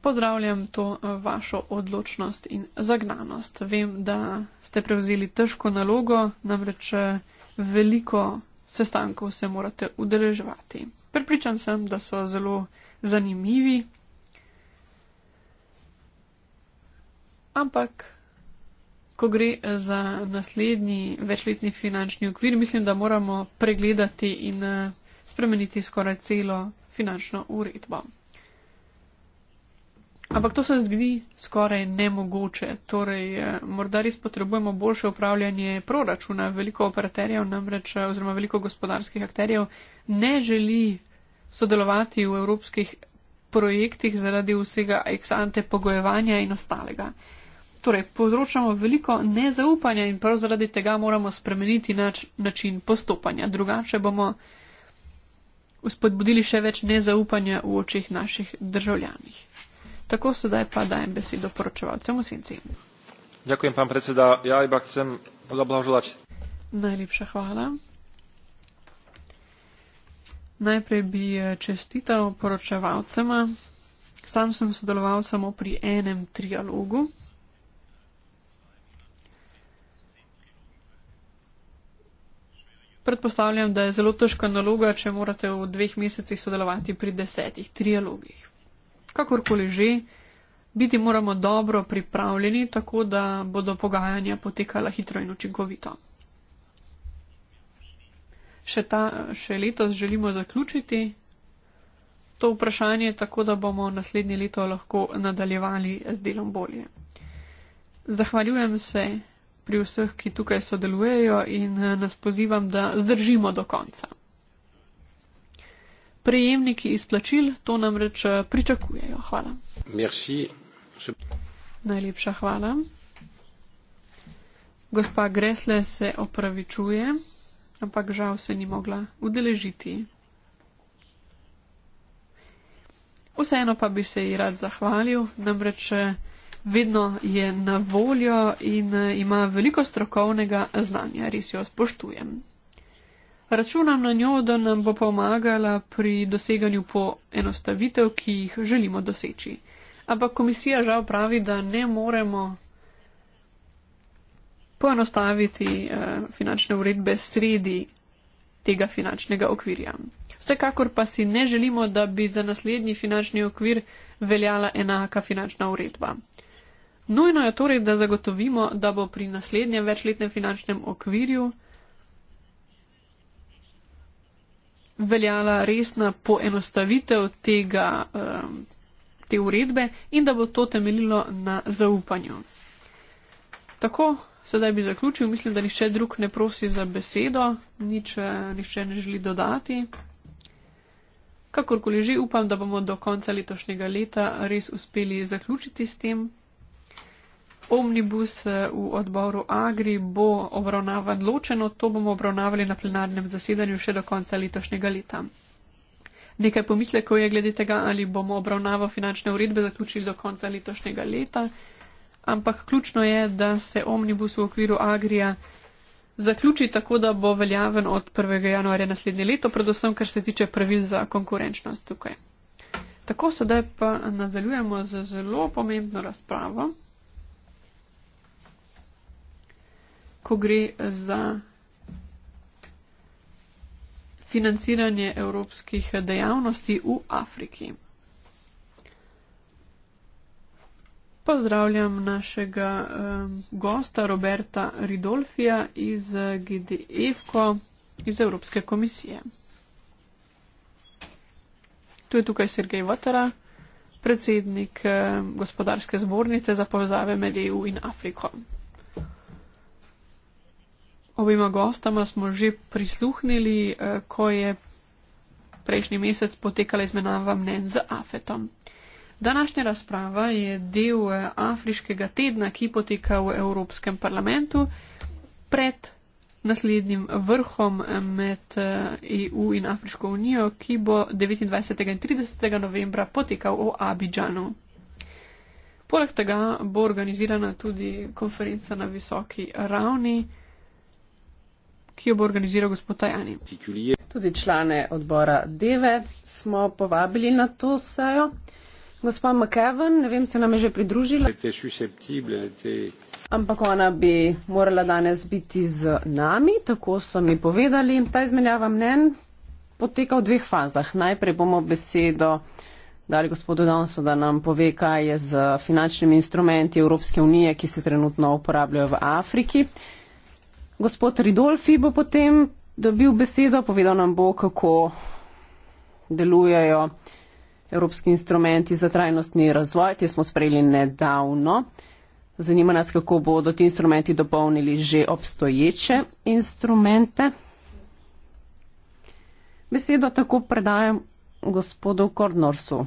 Pozdravljam to eh, vašo odločnost in zagnanost. Vem, da ste prevzeli težko nalogo, namreč eh, veliko sestankov se morate udeleževati. Pripričan sem, da so zelo zanimivi. Ampak, ko gre za naslednji večletni finančni okvir, mislim, da moramo pregledati in eh, spremeniti skoraj celo finančno uredbo. Ampak to se zdi skoraj nemogoče. Torej, eh, morda res potrebujemo boljše upravljanje proračuna. Veliko operaterjev, namreč eh, oziroma veliko gospodarskih akterjev, ne želi sodelovati v evropskih projektih zaradi vsega eksante pogojevanja in ostalega. Torej, povzročamo veliko nezaupanja in prav zaradi tega moramo spremeniti nač, način postopanja. Drugače bomo spodbudili še več nezaupanja v očih naših državljanih. Tako sedaj pa dajem besedo poročevalcem v senci. Ďakujem, pán predseda. Ja iba chcem zablahoželať. Najlepša hvala. Najprej bi eh, čestital poročevalcema. Sam sem sodeloval samo pri enem trialogu. Predpostavljam, da je zelo težka naloga, če morate v dveh mesecih sodelovati pri desetih trialogih kakorkoli že, biti moramo dobro pripravljeni, tako da bodo pogajanja potekala hitro in učinkovito. Še, ta, še letos želimo zaključiti to vprašanje, tako da bomo naslednje leto lahko nadaljevali z delom bolje. Zahvaljujem se pri vseh, ki tukaj sodelujejo in eh, nas pozivam, da zdržimo do konca prejemniki izplačil to namreč eh, pričakujejo. Hvala. Merci. Najlepša hvala. Gospa Gresle se opravičuje, ampak žal se ni mogla udeležiti. Vseeno pa bi se ji rad zahvalil, namreč eh, vedno je na voljo in eh, ima veliko strokovnega znanja, res jo spoštujem. Računam na njo, da nam bo pomagala pri doseganju poenostavitev, ki jih želimo doseči. Ampak komisija žal pravi, da ne moremo poenostaviti eh, finančne uredbe sredi tega finančnega okvirja. Vsekakor pa si ne želimo, da bi za naslednji finančni okvir veljala enaka finančna uredba. Nujno je torej, da zagotovimo, da bo pri naslednjem večletnem finančnem okvirju veljala resna poenostavitev tega, te uredbe in da bo to temeljilo na zaupanju. Tako, sedaj bi zaključil, mislim, da nišče drug ne prosi za besedo, nišče eh, ne želi dodati. Kakorkoli že, upam, da bomo do konca letošnjega leta res uspeli zaključiti s tem Omnibus eh, v odboru Agri bo obravnavan ločeno, to bomo obravnavali na plenarnem zasedanju še do konca letošnjega leta. Nekaj pomislekov je glede tega, ali bomo obravnavo finančne uredbe zaključili do konca letošnjega leta, ampak ključno je, da se omnibus v okviru Agrija zaključi tako, da bo veljaven od 1. januarja naslednje leto, predvsem kar se tiče pravil za konkurenčnost tukaj. Tako sedaj pa nadaljujemo z zelo pomembno razpravo. ko gre za financiranje evropskih dejavnosti v Afriki. Pozdravljam našega um, gosta Roberta Ridolfija iz uh, GDF-ko iz Evropske komisije. Tu je tukaj Sergej Votara, predsednik um, gospodarske zbornice za povezave med EU in Afriko obima gostama smo že prisluhnili, eh, ko je prejšnji mesec potekala izmenava mnen z Afetom. Današnja razprava je del eh, afriškega tedna, ki poteka v Evropskem parlamentu pred naslednjim vrhom eh, med EU e in Afriško unijo, ki bo 29. in 30. novembra potekal v Abidžanu. Poleg tega bo organizirana tudi konferenca na visoki ravni ki jo bo organiziral gospod Tajani. Tudi člane odbora Deve smo povabili na to sejo. Gospa McEwen, ne vem, se nam je že pridružila. Ampak ona bi morala danes biti z nami, tako so mi povedali. Ta izmenjava mnen poteka v dveh fazah. Najprej bomo besedo dali gospodu Donso, da nam pove, kaj je z finančnimi instrumenti Evropske unije, ki se trenutno uporabljajo v Afriki. Gospod Ridolfi bo potem dobil besedo, povedal nam bo, kako delujejo evropski instrumenti za trajnostni razvoj, ki smo sprejeli nedavno. Zanima nas, kako bodo ti instrumenti dopolnili že obstoječe instrumente. Besedo tako predajam gospodu Kornorsu,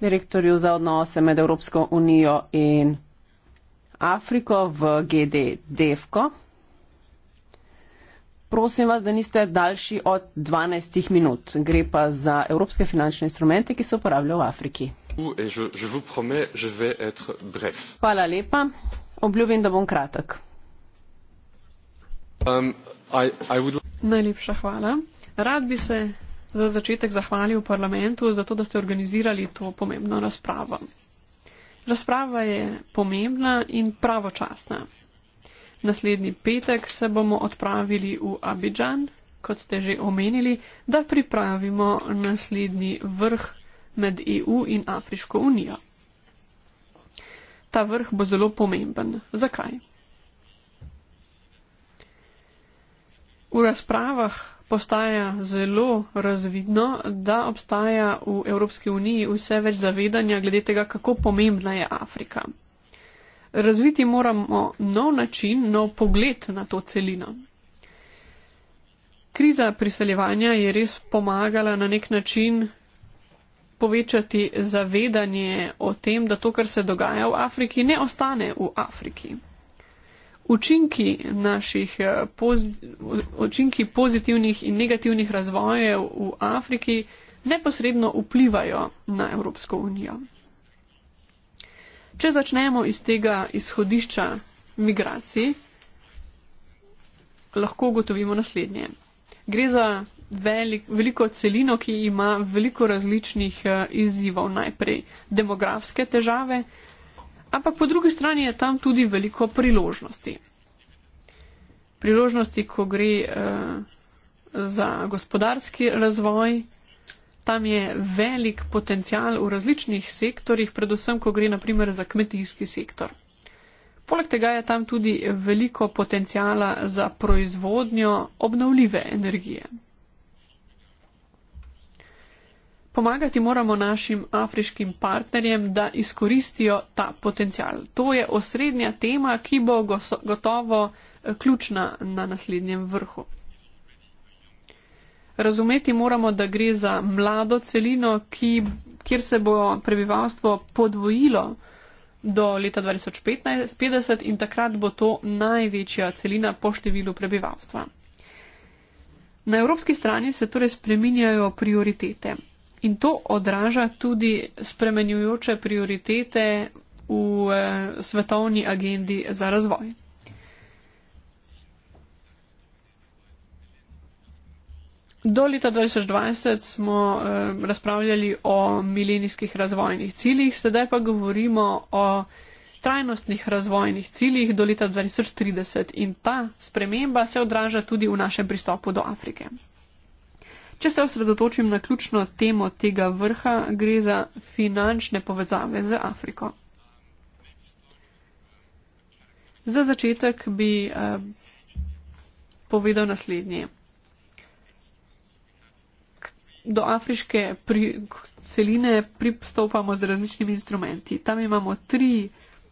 direktorju za odnose med Evropsko unijo in. Afriko v GD Defko. Prosim vas, da niste daljši od 12 minut. Gre pa za evropske finančne instrumente, ki se uporabljajo v Afriki. Hvala lepa. Obljubim, da bom kratek. Um, I, I would... Najlepša hvala. Rad bi se za začetek zahvalil parlamentu za to, da ste organizirali to pomembno razpravo. Razprava je pomembna in pravočasna. Naslednji petek se bomo odpravili v Abidžan, kot ste že omenili, da pripravimo naslednji vrh med EU in Afriško unijo. Ta vrh bo zelo pomemben. Zakaj? V razpravah postaja zelo razvidno, da obstaja v Evropski uniji vse več zavedanja glede tega, kako pomembna je Afrika. Razviti moramo nov način, nov pogled na to celino. Kriza priseljevanja je res pomagala na nek način povečati zavedanje o tem, da to, kar se dogaja v Afriki, ne ostane v Afriki učinki naših eh, pozit učinki pozitivnih in negativnih razvojev v Afriki neposredno vplivajo na Evropsko unijo. Če začnemo iz tega izhodišča migracij, lahko ugotovimo naslednje. Gre za velik, veliko celino, ki ima veliko različnih eh, izzivov. Najprej demografske težave, Ampak po drugi strani je tam tudi veliko priložnosti. Priložnosti, ko gre uh, za gospodarski razvoj, tam je velik potencial v različnih sektorjih, predvsem, ko gre naprimer za kmetijski sektor. Poleg tega je tam tudi veliko potencijala za proizvodnjo obnovljive energije. Pomagati moramo našim afriškim partnerjem, da izkoristijo ta potencial. To je osrednja tema, ki bo gotovo eh, ključna na naslednjem vrhu. Razumeti moramo, da gre za mlado celino, ki, kjer se bo prebivalstvo podvojilo do leta 2050 in takrat bo to največja celina po številu prebivalstva. Na evropski strani se torej spreminjajo prioritete. In to odraža tudi spremenjujoče prioritete v eh, svetovni agendi za razvoj. Do leta 2020 smo eh, razpravljali o milenijskih razvojnih ciljih, sedaj pa govorimo o trajnostnih razvojnih ciljih do leta 2030 in ta sprememba se odraža tudi v našem pristopu do Afrike. Če se osredotočim na ključno temo tega vrha, gre za finančne povezave z Afriko. Za začetek bi eh, povedal naslednje. Do afriške pri, celine pristopamo z različnimi instrumenti. Tam imamo tri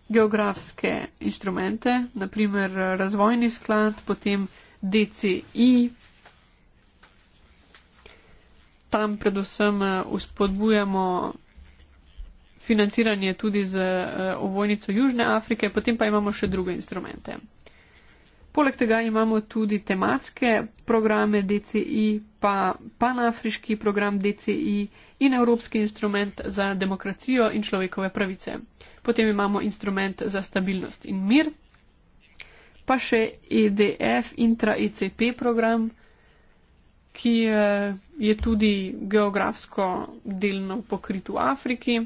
geografske instrumente, naprimer razvojni sklad, potem DCI, tam predvsem uspodbujamo eh, financiranje tudi z eh, ovojnico Južne Afrike, potem pa imamo še druge instrumente. Poleg tega imamo tudi tematske programe DCI, pa panafriški program DCI in evropski instrument za demokracijo in človekove pravice. Potem imamo instrument za stabilnost in mir, pa še EDF, intra-ECP program, ki je tudi geografsko delno pokrit v Afriki.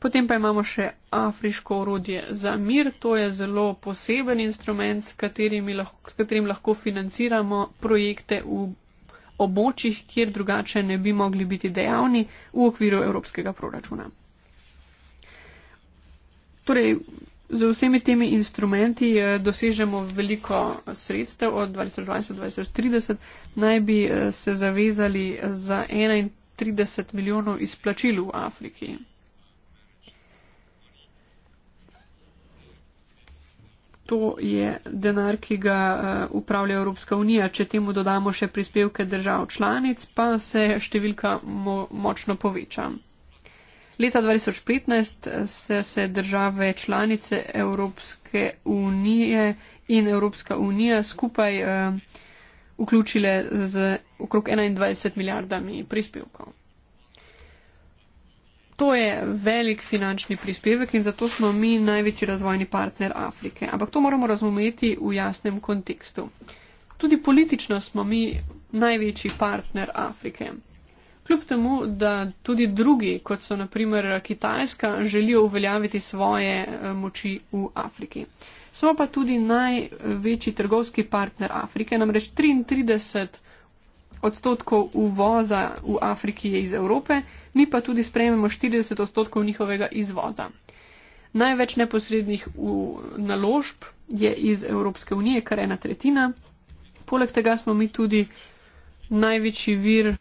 Potem pa imamo še afriško orodje za mir. To je zelo poseben instrument, s katerim lahko, s katerim lahko financiramo projekte v območjih, kjer drugače ne bi mogli biti dejavni v okviru evropskega proračuna. Torej, Z vsemi temi instrumenti eh, dosežemo veliko sredstev od 2020 do 2030. Naj bi eh, se zavezali eh, za 31 milijonov izplačil v Afriki. To je denar, ki ga upravlja Evropska unija. Če temu dodamo še prispevke držav članic, pa se številka mo močno poveča. Leta 2015 se, se države članice Evropske unije in Evropska unija skupaj uh, vključile z okrog 21 milijardami prispevkov. To je velik finančni prispevek in zato smo mi največji razvojni partner Afrike. Ampak to moramo razumeti v jasnem kontekstu. Tudi politično smo mi največji partner Afrike. Kljub temu, da tudi drugi, kot so naprimer Kitajska, želijo uveljaviti svoje eh, moči v Afriki. Smo pa tudi največji trgovski partner Afrike, namreč 33 odstotkov uvoza v Afriki je iz Evrope, mi pa tudi sprejmemo 40 odstotkov njihovega izvoza. Največ neposrednih naložb je iz Evropske unije, kar je ena tretjina. Poleg tega smo mi tudi največji vir.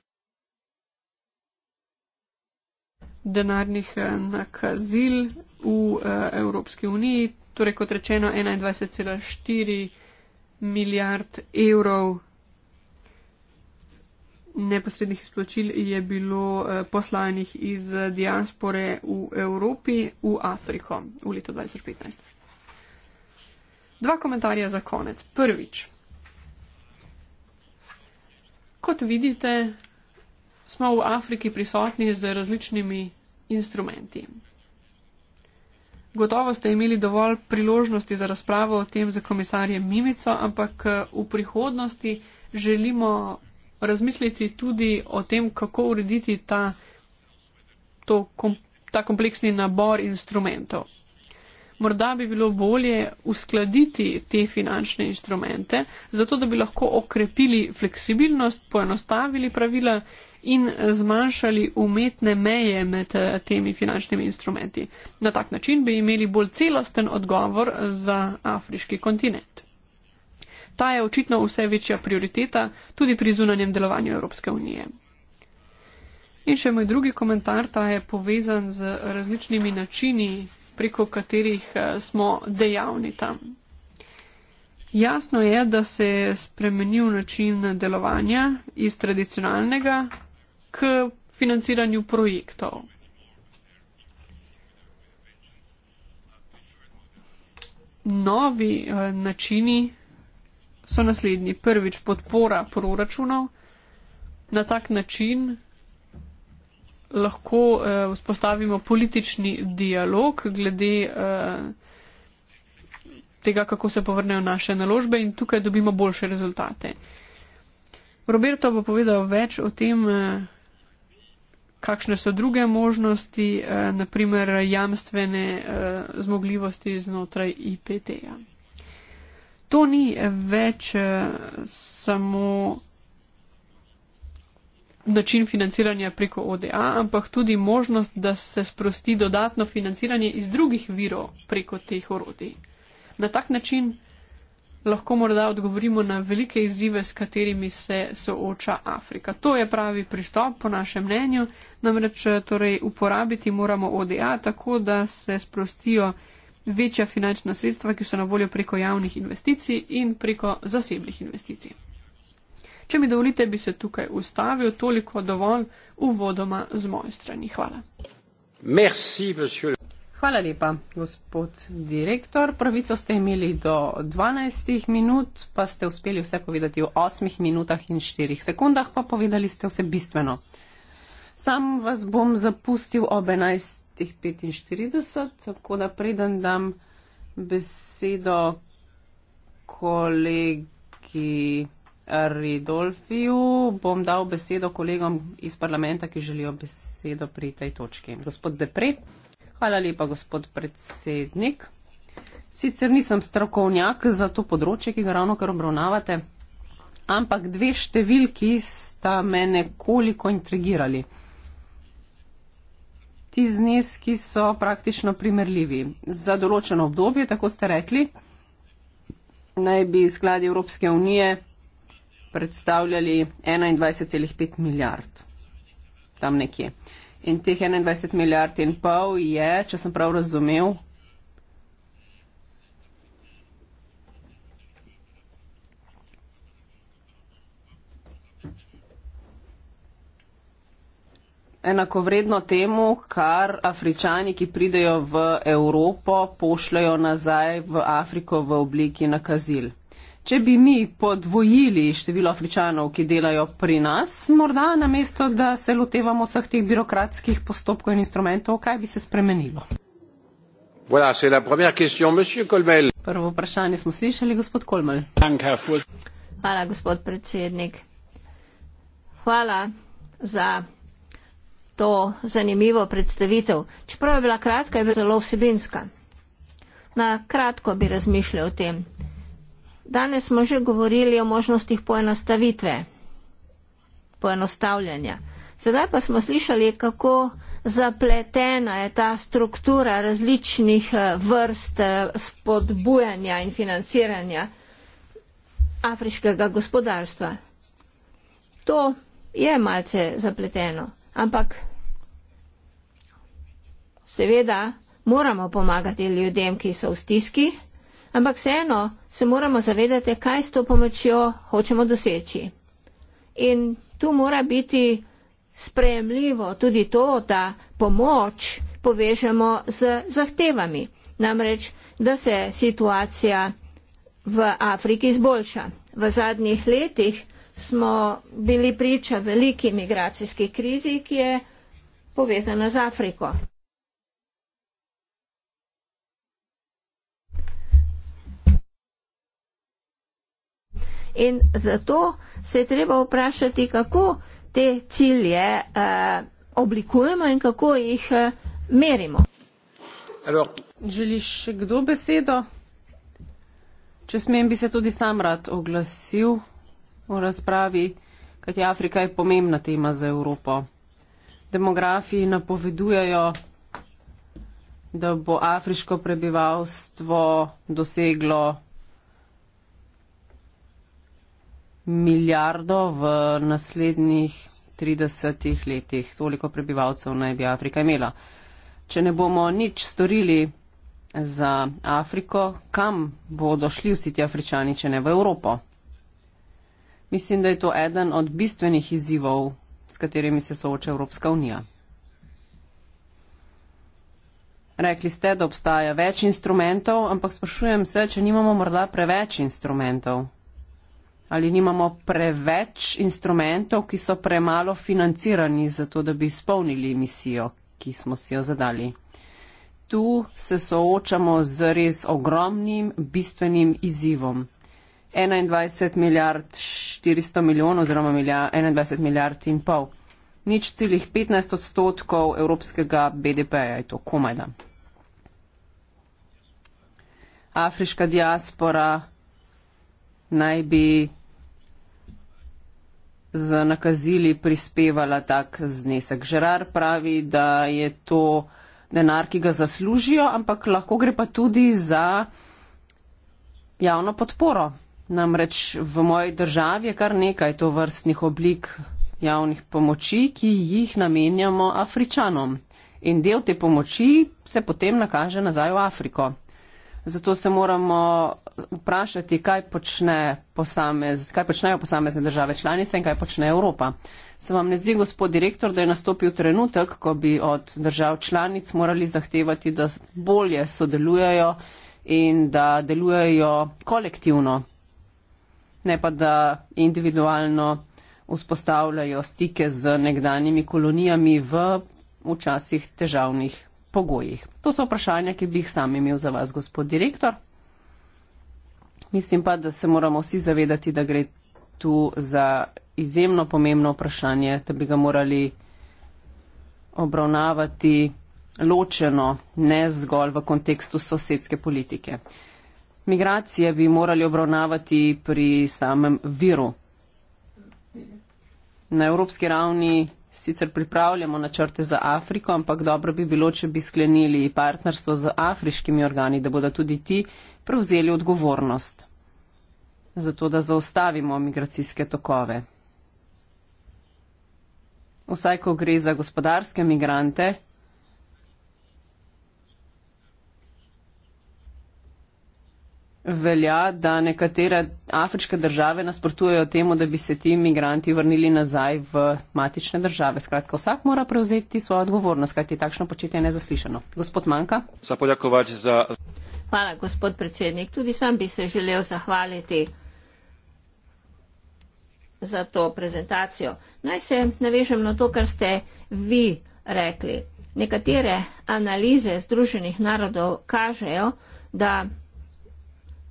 denarnih eh, nakazil v eh, Evropski uniji, torej kot rečeno 21,4 milijard evrov neposrednih izplačil je bilo eh, poslanih iz diaspore v Evropi v Afriko v letu 2015. Dva komentarja za konec. Prvič. Kot vidite, smo v Afriki prisotni z različnimi instrumenti. Gotovo ste imeli dovolj priložnosti za razpravo o tem za komisarje Mimico, ampak eh, v prihodnosti želimo razmisliti tudi o tem, kako urediti ta, to, kom, ta kompleksni nabor instrumentov. Morda bi bilo bolje uskladiti te finančne instrumente, zato da bi lahko okrepili fleksibilnost, poenostavili pravila in zmanjšali umetne meje med eh, temi finančnimi instrumenti. Na tak način bi imeli bolj celosten odgovor za afriški kontinent. Ta je očitno vse večja prioriteta tudi pri zunanjem delovanju Evropske unije. In še moj drugi komentar, ta je povezan z različnimi načini, preko katerih eh, smo dejavni tam. Jasno je, da se je spremenil način delovanja iz tradicionalnega k financiranju projektov. Novi eh, načini so naslednji. Prvič podpora proračunov. Na tak način lahko eh, vzpostavimo politični dialog glede eh, tega, kako se povrnejo naše naložbe in tukaj dobimo boljše rezultate. Roberto bo povedal več o tem kakšne so druge možnosti, eh, naprimer jamstvene eh, zmogljivosti znotraj IPT-ja. To ni več eh, samo način financiranja preko ODA, ampak tudi možnost, da se sprosti dodatno financiranje iz drugih virov preko teh orodij. Na tak način lahko morda odgovorimo na velike izzive, s katerimi se sooča Afrika. To je pravi pristop, po našem mnenju, namreč torej, uporabiti moramo ODA tako, da se sprostijo večja finančna sredstva, ki so na voljo preko javnih investicij in preko zasebnih investicij. Če mi dovolite, bi se tukaj ustavil toliko dovolj uvodoma z moje strani. Hvala. Merci, Hvala lepa, gospod direktor. Pravico ste imeli do 12 minut, pa ste uspeli vse povedati v 8 minutah in 4 sekundah, pa povedali ste vse bistveno. Sam vas bom zapustil ob 11.45, tako da preden dam besedo kolegi Ridolfiju, bom dal besedo kolegom iz parlamenta, ki želijo besedo pri tej točki. Gospod Depre. Hvala lepa, gospod predsednik. Sicer nisem strokovnjak za to področje, ki ga ravno kar obravnavate, ampak dve številki sta me nekoliko intrigirali. Ti zneski so praktično primerljivi. Za določeno obdobje, tako ste rekli, naj bi skladi Evropske unije predstavljali 21,5 milijard. Tam nekje. Uh, In teh 21 milijard in pol je, če sem prav razumel. Enako vredno temu, kar Afričani, ki pridejo v Evropo, pošljajo nazaj v Afriko v obliki nakazil. Če bi mi podvojili število afričanov, ki delajo pri nas, morda na mesto, da se lotevamo vseh teh birokratskih postopkov in instrumentov, kaj bi se spremenilo? Voilà, question, Prvo vprašanje smo slišali, gospod Kolmel. Hvala, gospod predsednik. Hvala za to zanimivo predstavitev. Čeprav je bila kratka, je bila zelo vsebinska. Na kratko bi razmišljal o tem. Danes smo že govorili o možnostih poenostavitve, poenostavljanja. Sedaj pa smo slišali, kako zapletena je ta struktura različnih eh, vrst eh, spodbujanja in financiranja afriškega gospodarstva. To je malce zapleteno, ampak seveda moramo pomagati ljudem, ki so v stiski. Ampak vseeno se moramo zavedati, kaj s to pomočjo hočemo doseči. In tu mora biti sprejemljivo tudi to, da pomoč povežemo z zahtevami. Namreč, da se situacija v Afriki izboljša. V zadnjih letih smo bili priča veliki migracijski krizi, ki je povezana z Afriko. In zato se je treba vprašati, kako te cilje eh, oblikujemo in kako jih eh, merimo. Želiš kdo besedo? Če smem, bi se tudi sam rad oglasil v razpravi, kajti Afrika je pomembna tema za Evropo. Demografi napovedujejo, da bo afriško prebivalstvo doseglo milijardo v naslednjih 30 letih. Toliko prebivalcev naj bi Afrika imela. Če ne bomo nič storili za Afriko, kam bodo šli vsi ti Afričani, če ne v Evropo? Mislim, da je to eden od bistvenih izzivov, s katerimi se sooča Evropska unija. Rekli ste, da obstaja več instrumentov, ampak sprašujem se, če nimamo morda preveč instrumentov ali nimamo preveč instrumentov, ki so premalo financirani za to, da bi izpolnili misijo, ki smo si jo zadali. Tu se soočamo z res ogromnim, bistvenim izzivom. 21 milijard 400 milijonov oziroma 21 milijard in pol. Nič celih 15 odstotkov evropskega BDP-ja je to komajda. Afriška diaspora naj bi z nakazili prispevala tak znesek. Žerar pravi, da je to denar, ki ga zaslužijo, ampak lahko gre pa tudi za javno podporo. Namreč v moji državi je kar nekaj to vrstnih oblik javnih pomoči, ki jih namenjamo Afričanom. In del te pomoči se potem nakaže nazaj v Afriko. Zato se moramo vprašati, kaj, počne posamez, kaj počnejo posamezne države članice in kaj počne Evropa. Se vam ne zdi, gospod direktor, da je nastopil trenutek, ko bi od držav članic morali zahtevati, da bolje sodelujejo in da delujejo kolektivno, ne pa da individualno vzpostavljajo stike z nekdanjimi kolonijami v včasih težavnih pogojih? To so vprašanja, ki bi jih sam imel za vas, gospod direktor. Mislim pa, da se moramo vsi zavedati, da gre tu za izjemno pomembno vprašanje, da bi ga morali obravnavati ločeno, ne zgolj v kontekstu sosedske politike. Migracije bi morali obravnavati pri samem viru. Na evropski ravni sicer pripravljamo načrte za Afriko, ampak dobro bi bilo, če bi sklenili partnerstvo z afriškimi organi, da bodo tudi ti prevzeli odgovornost za to, da zaustavimo migracijske tokove. Vsaj, ko gre za gospodarske migrante, velja, da nekatere afriške države nasprotujejo temu, da bi se ti imigranti vrnili nazaj v matične države. Skratka, vsak mora prevzeti svojo odgovornost, kajti takšno početje je nezaslišano. Gospod Manka. Za... Hvala, gospod predsednik. Tudi sam bi se želel zahvaliti za to prezentacijo. Naj se navežem na to, kar ste vi rekli. Nekatere analize Združenih narodov kažejo, da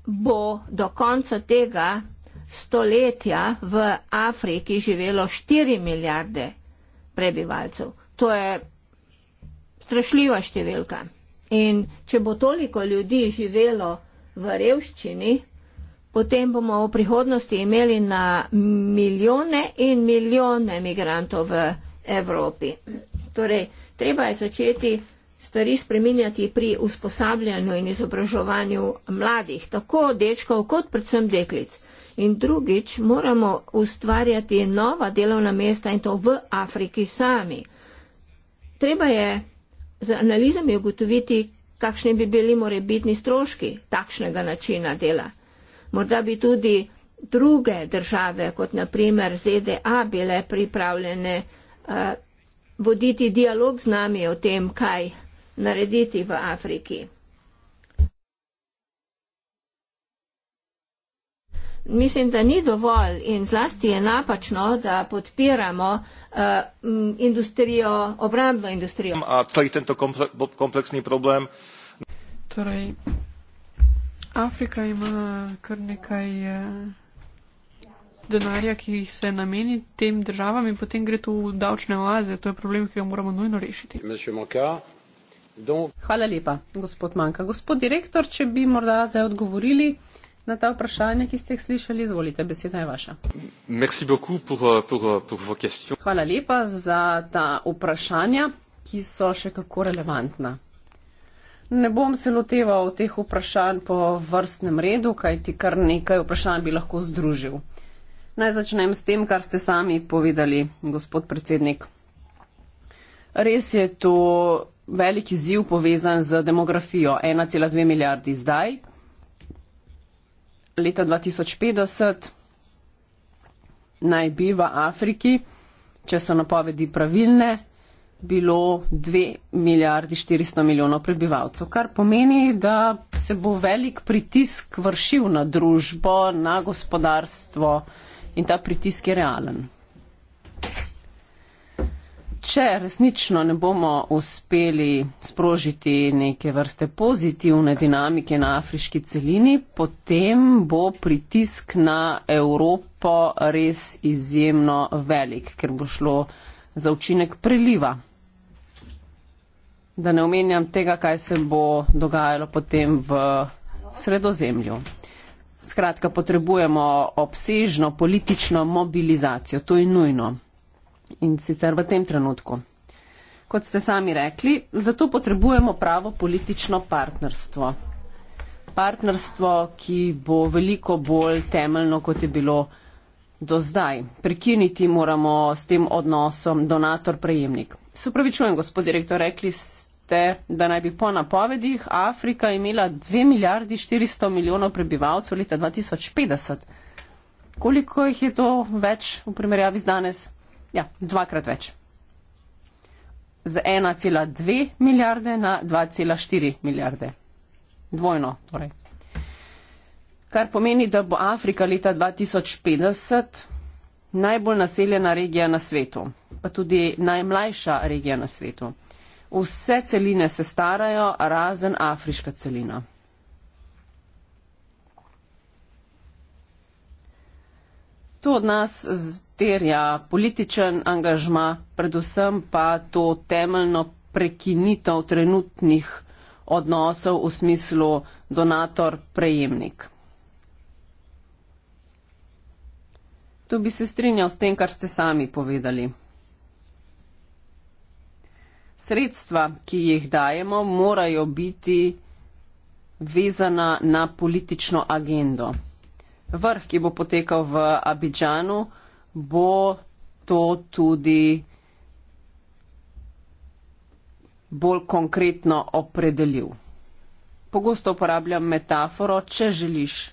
bo do konca tega stoletja v Afriki živelo 4 milijarde prebivalcev. To je strašljiva številka. In če bo toliko ljudi živelo v revščini, potem bomo v prihodnosti imeli na milijone in milijone migrantov v Evropi. Torej, treba je začeti stvari spreminjati pri usposabljanju in izobraževanju mladih, tako dečkov kot predvsem deklic. In drugič, moramo ustvarjati nova delovna mesta in to v Afriki sami. Treba je z analizami ugotoviti, kakšni bi bili morebitni stroški takšnega načina dela. Morda bi tudi druge države, kot naprimer ZDA, bile pripravljene uh, voditi dialog z nami o tem, kaj narediti v Afriki. Mislim, da ni dovolj in zlasti je napačno, da podpiramo uh, industrijo, obrambno industrijo. A celý tento komplexni problém. Torej, Afrika ima kar nekaj eh, denarja, ki se nameni tem državam in potem gre to v davčne oaze. To je problem, ki ga moramo nujno rešiti. Monsieur Moncar. Hvala lepa, gospod Manka. Gospod direktor, če bi morda zdaj odgovorili na ta vprašanja, ki ste jih slišali, izvolite, beseda je vaša. Pour, euh, pour, euh, pour Hvala lepa za ta vprašanja, ki so še kako relevantna. Ne bom se loteval teh vprašanj po vrstnem redu, kaj ti kar nekaj vprašanj bi lahko združil. Naj začnem s tem, kar ste sami povedali, gospod predsednik. Res je to velik izziv povezan z demografijo. 1,2 milijardi zdaj, leta 2050 naj bi v Afriki, če so napovedi pravilne, bilo 2 milijardi 400 milijonov prebivalcev, kar pomeni, da se bo velik pritisk vršil na družbo, na gospodarstvo in ta pritisk je realen če resnično ne bomo uspeli sprožiti neke vrste pozitivne dinamike na afriški celini, potem bo pritisk na Evropo res izjemno velik, ker bo šlo za učinek preliva. Da ne omenjam tega, kaj se bo dogajalo potem v sredozemlju. Skratka, potrebujemo obsežno politično mobilizacijo. To je nujno in sicer v tem trenutku. Kot ste sami rekli, zato potrebujemo pravo politično partnerstvo. Partnerstvo, ki bo veliko bolj temeljno, kot je bilo do zdaj. Prekiniti moramo s tem odnosom donator-prejemnik. Se upravičujem, gospod direktor, rekli ste, da naj bi po napovedih Afrika imela 2 milijardi 400 milijonov prebivalcev leta 2050. Koliko jih je to več v primerjavi z danes? Ja, dvakrat več. Z 1,2 milijarde na 2,4 milijarde. Dvojno torej. Kar pomeni, da bo Afrika leta 2050 najbolj naseljena regija na svetu, pa tudi najmlajša regija na svetu. Vse celine se starajo, razen afriška celina. To od nas terja političen angažma, predvsem pa to temeljno prekinitev trenutnih odnosov v smislu donator-prejemnik. Tu bi se strinjal s tem, kar ste sami povedali. Sredstva, ki jih dajemo, morajo biti vezana na politično agendo. Vrh, ki bo potekal v Abidžanu, bo to tudi bolj konkretno opredelil. Pogosto uporabljam metaforo, če želiš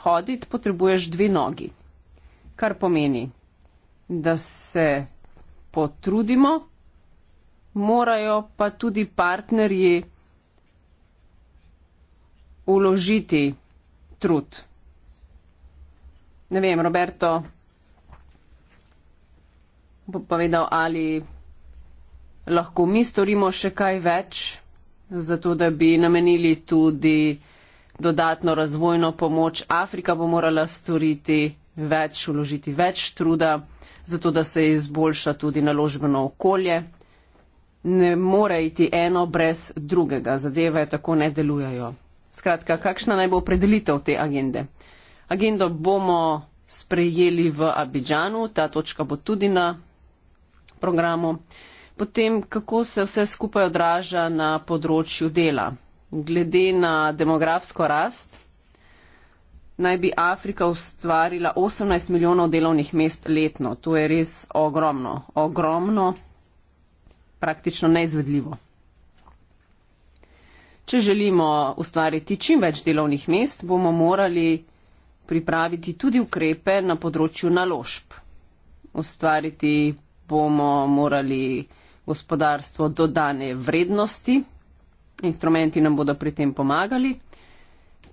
hoditi, potrebuješ dve nogi, kar pomeni, da se potrudimo, morajo pa tudi partnerji uložiti trud. Ne vem, Roberto, bo povedal, ali lahko mi storimo še kaj več, zato da bi namenili tudi dodatno razvojno pomoč. Afrika bo morala storiti več, uložiti več truda, zato da se izboljša tudi naložbeno okolje. Ne more iti eno brez drugega, zadeve tako ne delujejo. Skratka, kakšna naj bo predelitev te agende? Agendo bomo sprejeli v Abidžanu, ta točka bo tudi na programu, potem kako se vse skupaj odraža na področju dela. Glede na demografsko rast, naj bi Afrika ustvarila 18 milijonov delovnih mest letno. To je res ogromno, ogromno, praktično neizvedljivo. Če želimo ustvariti čim več delovnih mest, bomo morali pripraviti tudi ukrepe na področju naložb, ustvariti bomo morali gospodarstvo dodane vrednosti, instrumenti nam bodo pri tem pomagali.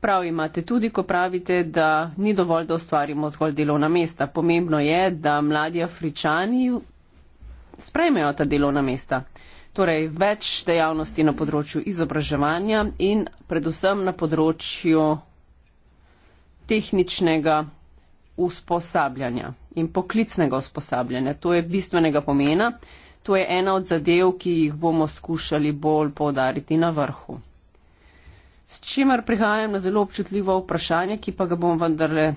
Prav imate tudi, ko pravite, da ni dovolj, da ustvarimo zgolj delovna mesta. Pomembno je, da mladi Afričani sprejmejo ta delovna mesta. Torej, več dejavnosti na področju izobraževanja in predvsem na področju tehničnega usposabljanja in poklicnega usposabljanja. To je bistvenega pomena. To je ena od zadev, ki jih bomo skušali bolj povdariti na vrhu. S čimer prihajam na zelo občutljivo vprašanje, ki pa ga bom vendarle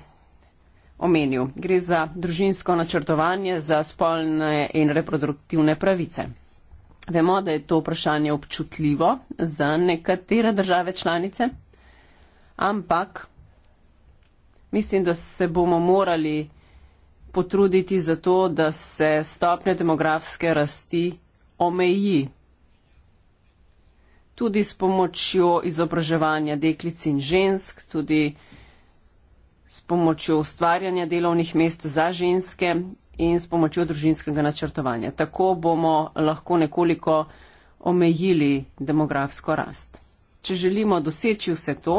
omenil. Gre za družinsko načrtovanje za spolne in reproduktivne pravice. Vemo, da je to vprašanje občutljivo za nekatere države članice, ampak Mislim, da se bomo morali potruditi za to, da se stopnje demografske rasti omeji. Tudi s pomočjo izobraževanja deklic in žensk, tudi s pomočjo ustvarjanja delovnih mest za ženske in s pomočjo družinskega načrtovanja. Tako bomo lahko nekoliko omejili demografsko rast. Če želimo doseči vse to,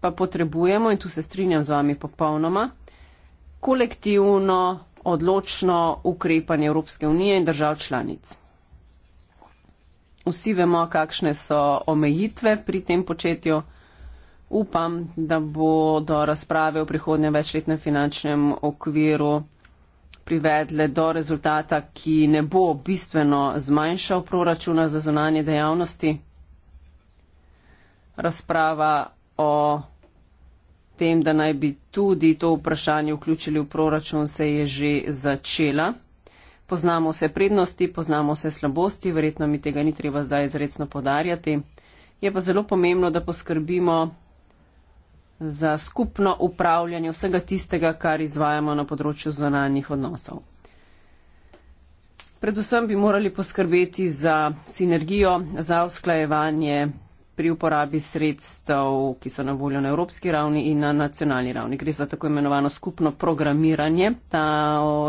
pa potrebujemo, in tu se strinjam z vami popolnoma, kolektivno odločno ukrepanje Evropske unije in držav članic. Vsi vemo, kakšne so omejitve pri tem početju. Upam, da bo do razprave o prihodnjem večletnem finančnem okviru privedle do rezultata, ki ne bo bistveno zmanjšal proračuna za zunanje dejavnosti. Razprava o tem, da naj bi tudi to vprašanje vključili v proračun, se je že začela. Poznamo vse prednosti, poznamo vse slabosti, verjetno mi tega ni treba zdaj izredno podarjati. Je pa zelo pomembno, da poskrbimo za skupno upravljanje vsega tistega, kar izvajamo na področju zonalnih odnosov. Predvsem bi morali poskrbeti za sinergijo, za usklajevanje pri uporabi sredstev, ki so na voljo na evropski ravni in na nacionalni ravni. Gre za tako imenovano skupno programiranje. Ta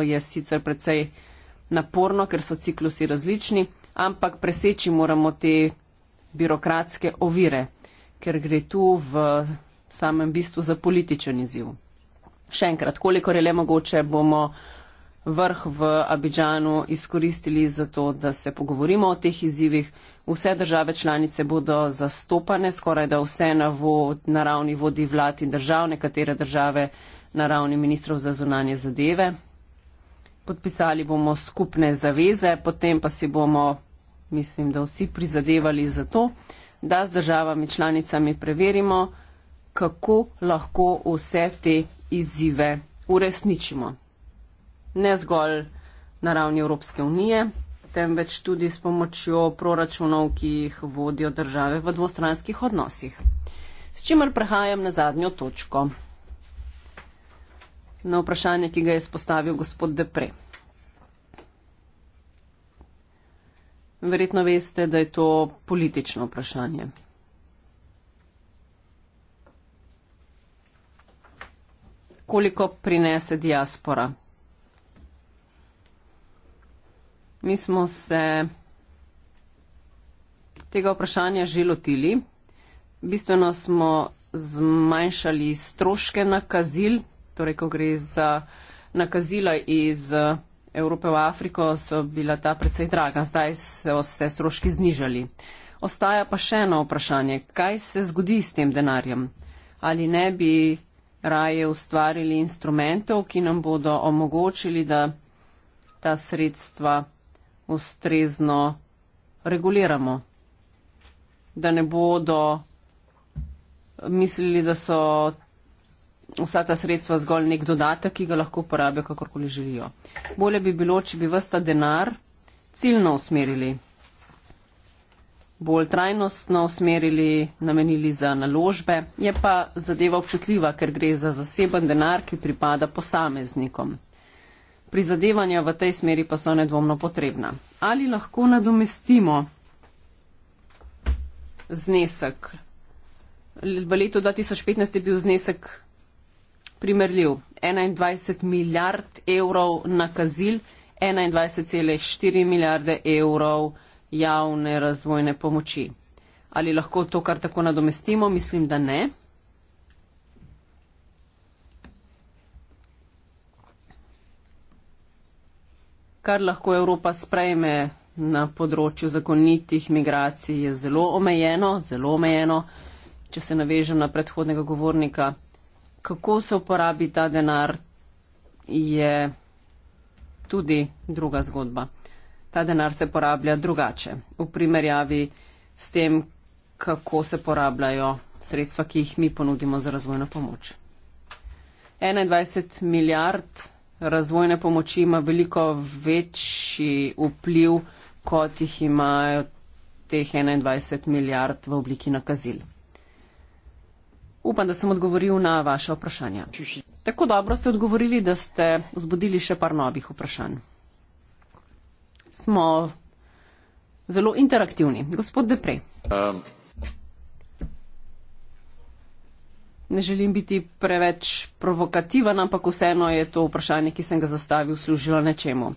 je sicer precej naporno, ker so ciklusi različni, ampak preseči moramo te birokratske ovire, ker gre tu v samem bistvu za političen izziv. Še enkrat, kolikor je le mogoče, bomo vrh v Abidžanu izkoristili za to, da se pogovorimo o teh izzivih. Vse države članice bodo zastopane, skoraj da vse na, vo, na ravni vodi vlad in držav, nekatere države na ravni ministrov za zunanje zadeve. Podpisali bomo skupne zaveze, potem pa si bomo, mislim, da vsi prizadevali za to, da z državami članicami preverimo, kako lahko vse te izzive uresničimo. Ne zgolj na ravni Evropske unije, temveč tudi s pomočjo proračunov, ki jih vodijo države v dvostranskih odnosih. S čimer prehajam na zadnjo točko. Na vprašanje, ki ga je spostavil gospod Depre. Verjetno veste, da je to politično vprašanje. Koliko prinese diaspora? Mi smo se tega vprašanja že lotili. Bistveno smo zmanjšali stroške nakazil, torej ko gre za nakazila iz eh, Evrope v Afriko, so bila ta predvsej draga. Zdaj so se stroški znižali. Ostaja pa še eno vprašanje. Kaj se zgodi s tem denarjem? Ali ne bi raje ustvarili instrumentov, ki nam bodo omogočili, da ta sredstva ustrezno reguliramo. Da ne bodo mislili, da so vsa ta sredstva zgolj nek dodatek, ki ga lahko uporabijo, kakorkoli želijo. Bolje bi bilo, če bi vsta denar ciljno usmerili, bolj trajnostno usmerili, namenili za naložbe. Je pa zadeva občutljiva, ker gre za zaseben denar, ki pripada posameznikom prizadevanja v tej smeri pa so nedvomno potrebna. Ali lahko nadomestimo znesek? V letu 2015 je bil znesek primerljiv. 21 milijard evrov nakazil, 21,4 milijarde evrov javne razvojne pomoči. Ali lahko to kar tako nadomestimo? Mislim, da ne. kar lahko Evropa sprejme na področju zakonitih migracij, je zelo omejeno, zelo omejeno, če se navežem na predhodnega govornika. Kako se uporabi ta denar, je tudi druga zgodba. Ta denar se porablja drugače, v primerjavi s tem, kako se porabljajo sredstva, ki jih mi ponudimo za razvojno pomoč. 21 milijard razvojne pomoči ima veliko večji vpliv, kot jih imajo teh 21 milijard v obliki nakazil. Upam, da sem odgovoril na vaše vprašanje. Tako dobro ste odgovorili, da ste vzbudili še par novih vprašanj. Smo zelo interaktivni. Gospod Deprej. Um. ne želim biti preveč provokativen, ampak vseeno je to vprašanje, ki sem ga zastavil, služilo nečemu.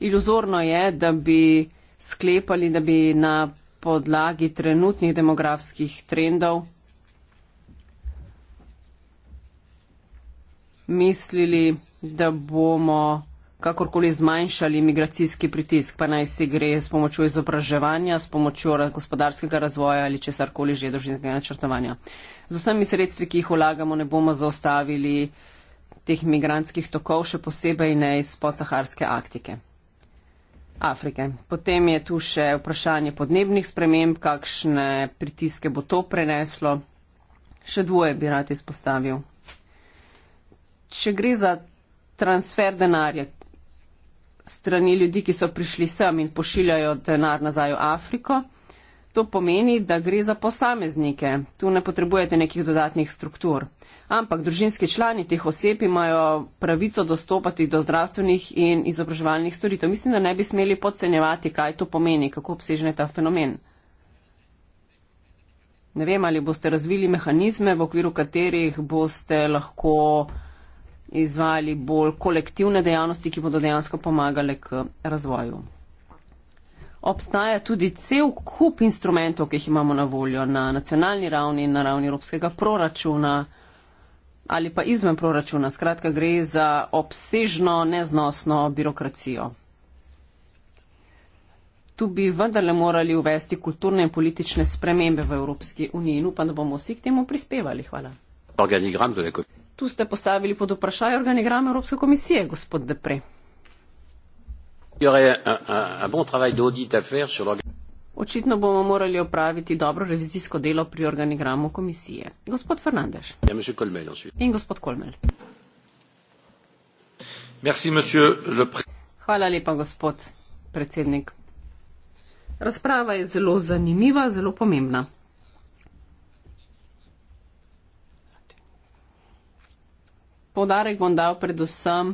Iluzorno je, da bi sklepali, da bi na podlagi trenutnih demografskih trendov mislili, da bomo kakorkoli zmanjšali migracijski pritisk, pa naj si gre s pomočjo izobraževanja, s pomočjo gospodarskega razvoja ali česarkoli že družinskega načrtovanja. Z vsemi sredstvi, ki jih vlagamo, ne bomo zaustavili teh migranskih tokov, še posebej ne iz podsaharske Arktike. Afrike. Potem je tu še vprašanje podnebnih sprememb, kakšne pritiske bo to preneslo. Še dvoje bi rad izpostavil. Če gre za transfer denarja, strani ljudi, ki so prišli sem in pošiljajo denar nazaj v Afriko. To pomeni, da gre za posameznike. Tu ne potrebujete nekih dodatnih struktur. Ampak družinski člani teh oseb imajo pravico dostopati do zdravstvenih in izobraževalnih storitev. Mislim, da ne bi smeli podcenjevati, kaj to pomeni, kako obsežen je ta fenomen. Ne vem, ali boste razvili mehanizme, v okviru katerih boste lahko uh, izvajali bolj kolektivne dejavnosti, ki bodo dejansko pomagale k razvoju. Obstaja tudi cel kup instrumentov, ki jih imamo na voljo na nacionalni ravni in na ravni evropskega proračuna ali pa izven proračuna. Skratka, gre za obsežno, neznosno birokracijo. Tu bi vendarle morali uvesti kulturne in politične spremembe v Evropski uniji in upam, da bomo vsi k temu prispevali. Hvala. Tu ste postavili pod vprašanje organigrame Evropske komisije, gospod Depre. Očitno bomo morali opraviti dobro revizijsko delo pri organigramu komisije. Gospod Fernandez. Ja, In gospod Kolmel. Merci, monsieur, le... Hvala lepa, gospod predsednik. Razprava je zelo zanimiva, zelo pomembna. Poudarek bom dal predvsem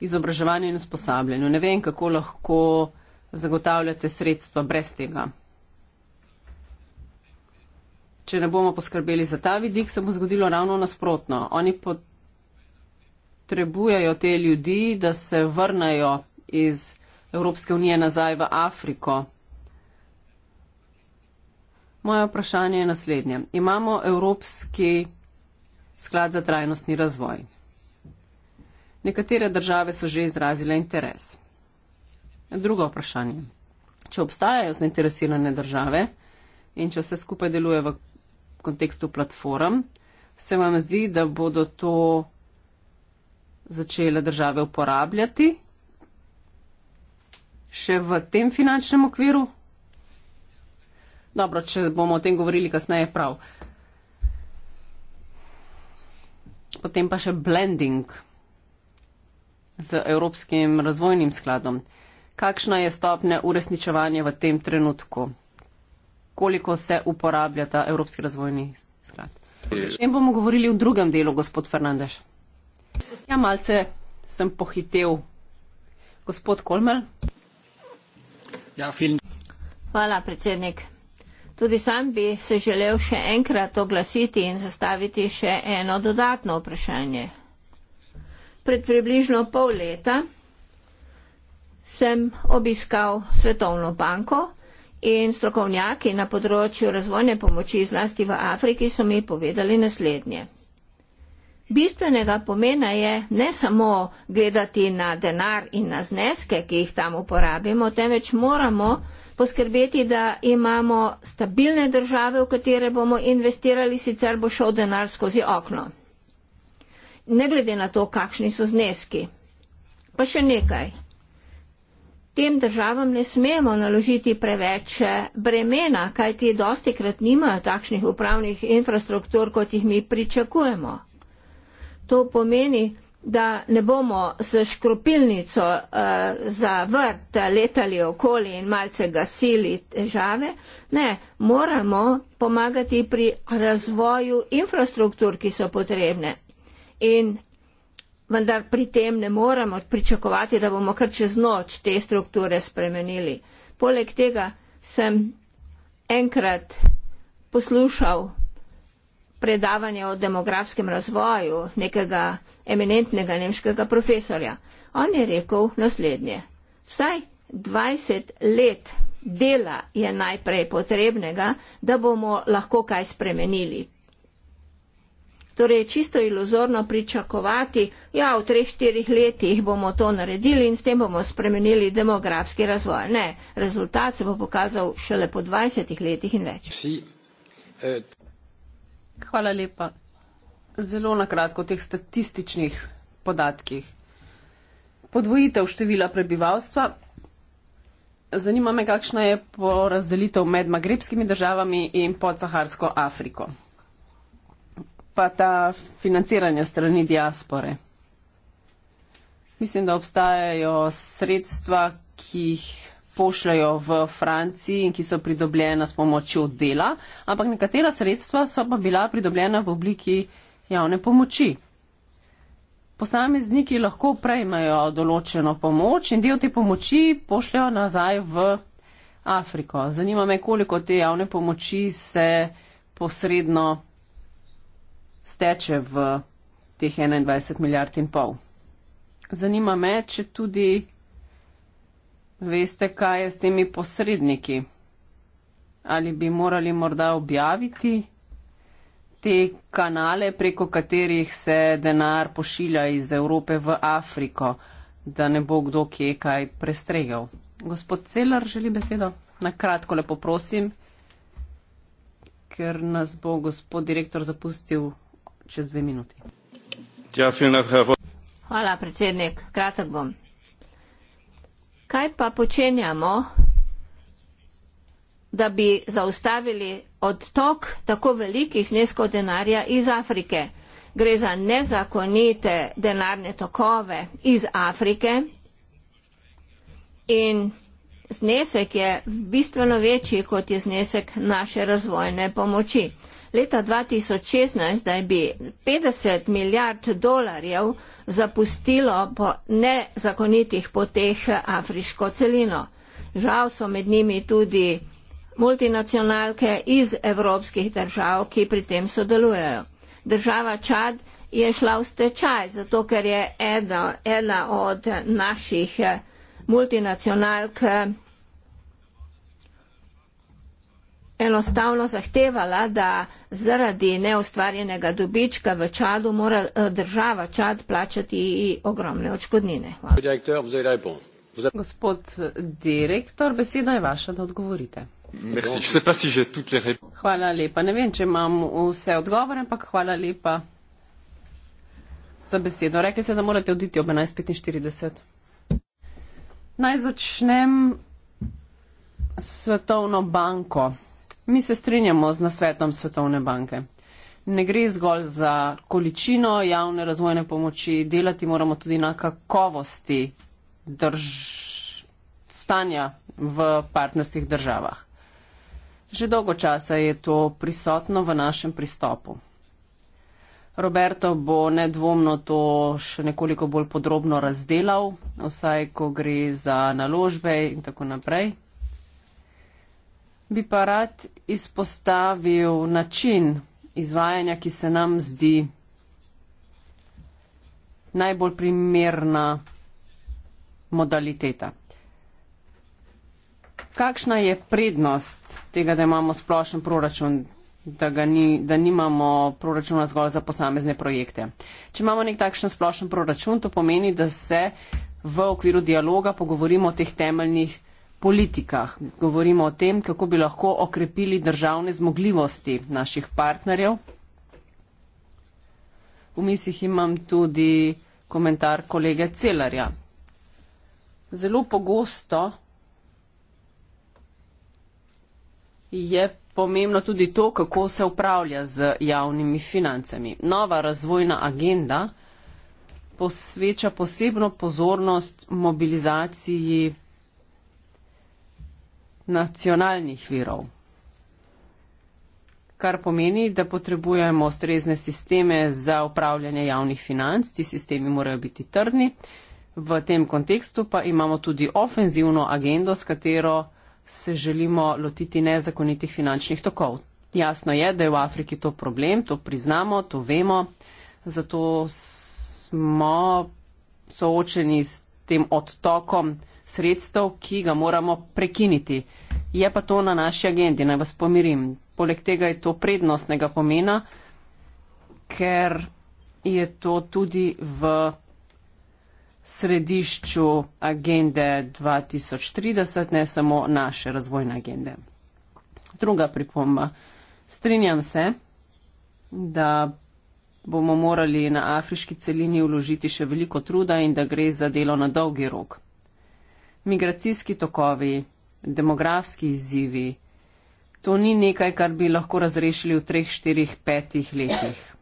izobraževanju in usposabljanju. Ne vem, kako lahko zagotavljate sredstva brez tega. Če ne bomo poskrbeli za ta vidik, se bo zgodilo ravno nasprotno. Oni potrebujejo te ljudi, da se vrnajo iz Evropske unije nazaj v Afriko. Moje vprašanje je naslednje. Imamo evropski sklad za trajnostni razvoj. Nekatere države so že izrazile interes. Drugo vprašanje. Če obstajajo zainteresirane države in če vse skupaj deluje v kontekstu platform, se vam zdi, da bodo to začele države uporabljati še v tem finančnem okviru? Dobro, če bomo o tem govorili kasneje, prav. Uh, potem pa še blending z Evropskim razvojnim skladom. Kakšna je stopnja uresničevanja v tem trenutku? Koliko se uporablja ta Evropski razvojni sklad? O tem bomo govorili v drugem delu, gospod Fernandez. Ja, malce sem pohitev. Gospod Kolmel. Ja, film. Hvala, predsednik. Tudi sam bi se želel še enkrat oglasiti in zastaviti še eno dodatno vprašanje. Pred približno pol leta sem obiskal Svetovno banko in strokovnjaki na področju razvojne pomoči zlasti v Afriki so mi povedali naslednje. Bistvenega pomena je ne samo gledati na denar in na zneske, ki jih tam uporabimo, temveč moramo poskrbeti, da imamo stabilne države, v katere bomo investirali, sicer bo šel denar skozi okno. Ne glede na to, kakšni so zneski. Pa še nekaj. Tem državam ne smemo naložiti preveč eh, bremena, kajti dosti krat nimajo takšnih upravnih infrastruktur, kot jih mi pričakujemo. To pomeni, da ne bomo z škropilnico uh, za vrt letali okoli in malce gasili težave. Ne, moramo pomagati pri razvoju infrastruktur, ki so potrebne. In vendar pri tem ne moramo pričakovati, da bomo kar čez noč te strukture spremenili. Poleg tega sem enkrat poslušal predavanje o demografskem razvoju nekega eminentnega nemškega profesorja. On je rekel naslednje. Vsaj 20 let dela je najprej potrebnega, da bomo lahko kaj spremenili. Torej je čisto iluzorno pričakovati, ja, v 3-4 letih bomo to naredili in s tem bomo spremenili demografski razvoj. Ne, rezultat se bo pokazal šele po 20 letih in več. Eh, Hvala lepa zelo na kratko o teh statističnih podatkih. Podvojitev števila prebivalstva. Zanima me, kakšna je porazdelitev med magrebskimi državami in podsaharsko Afriko. Pa ta financiranje strani diaspore. Mislim, da obstajajo sredstva, ki jih pošljajo v Franciji in ki so pridobljena s pomočjo dela, ampak nekatera sredstva so pa bila pridobljena v obliki uh, javne pomoči. Posamezniki lahko prejmejo določeno pomoč in del te pomoči pošljajo nazaj v Afriko. Zanima me, koliko te javne pomoči se posredno steče v teh 21 milijard in pol. Zanima me, če tudi veste, kaj je s temi posredniki. Ali bi morali morda objaviti te kanale, preko katerih se denar pošilja iz Evrope v Afriko, da ne bo kdo kje kaj prestregel. Gospod Celar želi besedo? Na kratko lepo prosim, ker nas bo gospod direktor zapustil čez dve minuti. Ja, Hvala, predsednik. Kratek bom. Kaj pa počenjamo, da bi zaustavili odtok tako velikih zneskov denarja iz Afrike. Gre za nezakonite denarne tokove iz Afrike in znesek je bistveno večji, kot je znesek naše razvojne pomoči. Leta 2016, da je bi 50 milijard dolarjev zapustilo po nezakonitih poteh afriško celino. Žal so med njimi tudi multinacionalke iz evropskih držav, ki pri tem sodelujejo. Država Čad je šla v stečaj, zato ker je ena, ena od naših eh, multinacionalk eh, enostavno zahtevala, da zaradi neustvarjenega dobička v Čadu mora eh, država Čad plačati ogromne odškodnine. Hvala. Gospod direktor, beseda je vaša, da odgovorite. Merci. Je ne sais pas si j'ai toutes les réponses. Hvala lepa. Ne vem, če imam vse odgovore, ampak hvala lepa za besedo. Rekli ste, da morate oditi ob 11.45. Naj začnem s Svetovno banko. Mi se strinjamo z nasvetom Svetovne banke. Ne gre zgolj za količino javne razvojne pomoči, delati moramo tudi na kakovosti drž... stanja v partnerskih državah. Že dolgo časa je to prisotno v našem pristopu. Roberto bo nedvomno to še nekoliko bolj podrobno razdelal, vsaj ko gre za naložbe in tako naprej. Bi pa rad izpostavil način izvajanja, ki se nam zdi najbolj primerna modaliteta kakšna je prednost tega, da imamo splošen proračun, da, ni, da nimamo proračuna zgolj za posamezne projekte. Če imamo nek takšen splošen proračun, to pomeni, da se v okviru dialoga pogovorimo o teh temeljnih politikah. Govorimo o tem, kako bi lahko okrepili državne zmogljivosti naših partnerjev. V mislih imam tudi komentar kolege Celarja. Zelo pogosto je pomembno tudi to, kako se upravlja z javnimi financami. Nova razvojna agenda posveča posebno pozornost mobilizaciji nacionalnih virov, kar pomeni, da potrebujemo ustrezne sisteme za upravljanje javnih financ. Ti sistemi morajo biti trdni. V tem kontekstu pa imamo tudi ofenzivno agendo, s katero se želimo lotiti nezakonitih finančnih tokov. Jasno je, da je v Afriki to problem, to priznamo, to vemo, zato smo soočeni s tem odtokom sredstev, ki ga moramo prekiniti. Je pa to na naši agendi, naj vas pomirim. Poleg tega je to prednostnega pomena, ker je to tudi v središču agende 2030, ne samo naše razvojne agende. Druga pripomba. Strinjam se, da bomo morali na afriški celini vložiti še veliko truda in da gre za delo na dolgi rok. Migracijski tokovi, demografski izzivi, to ni nekaj, kar bi lahko razrešili v treh, štirih, petih letih.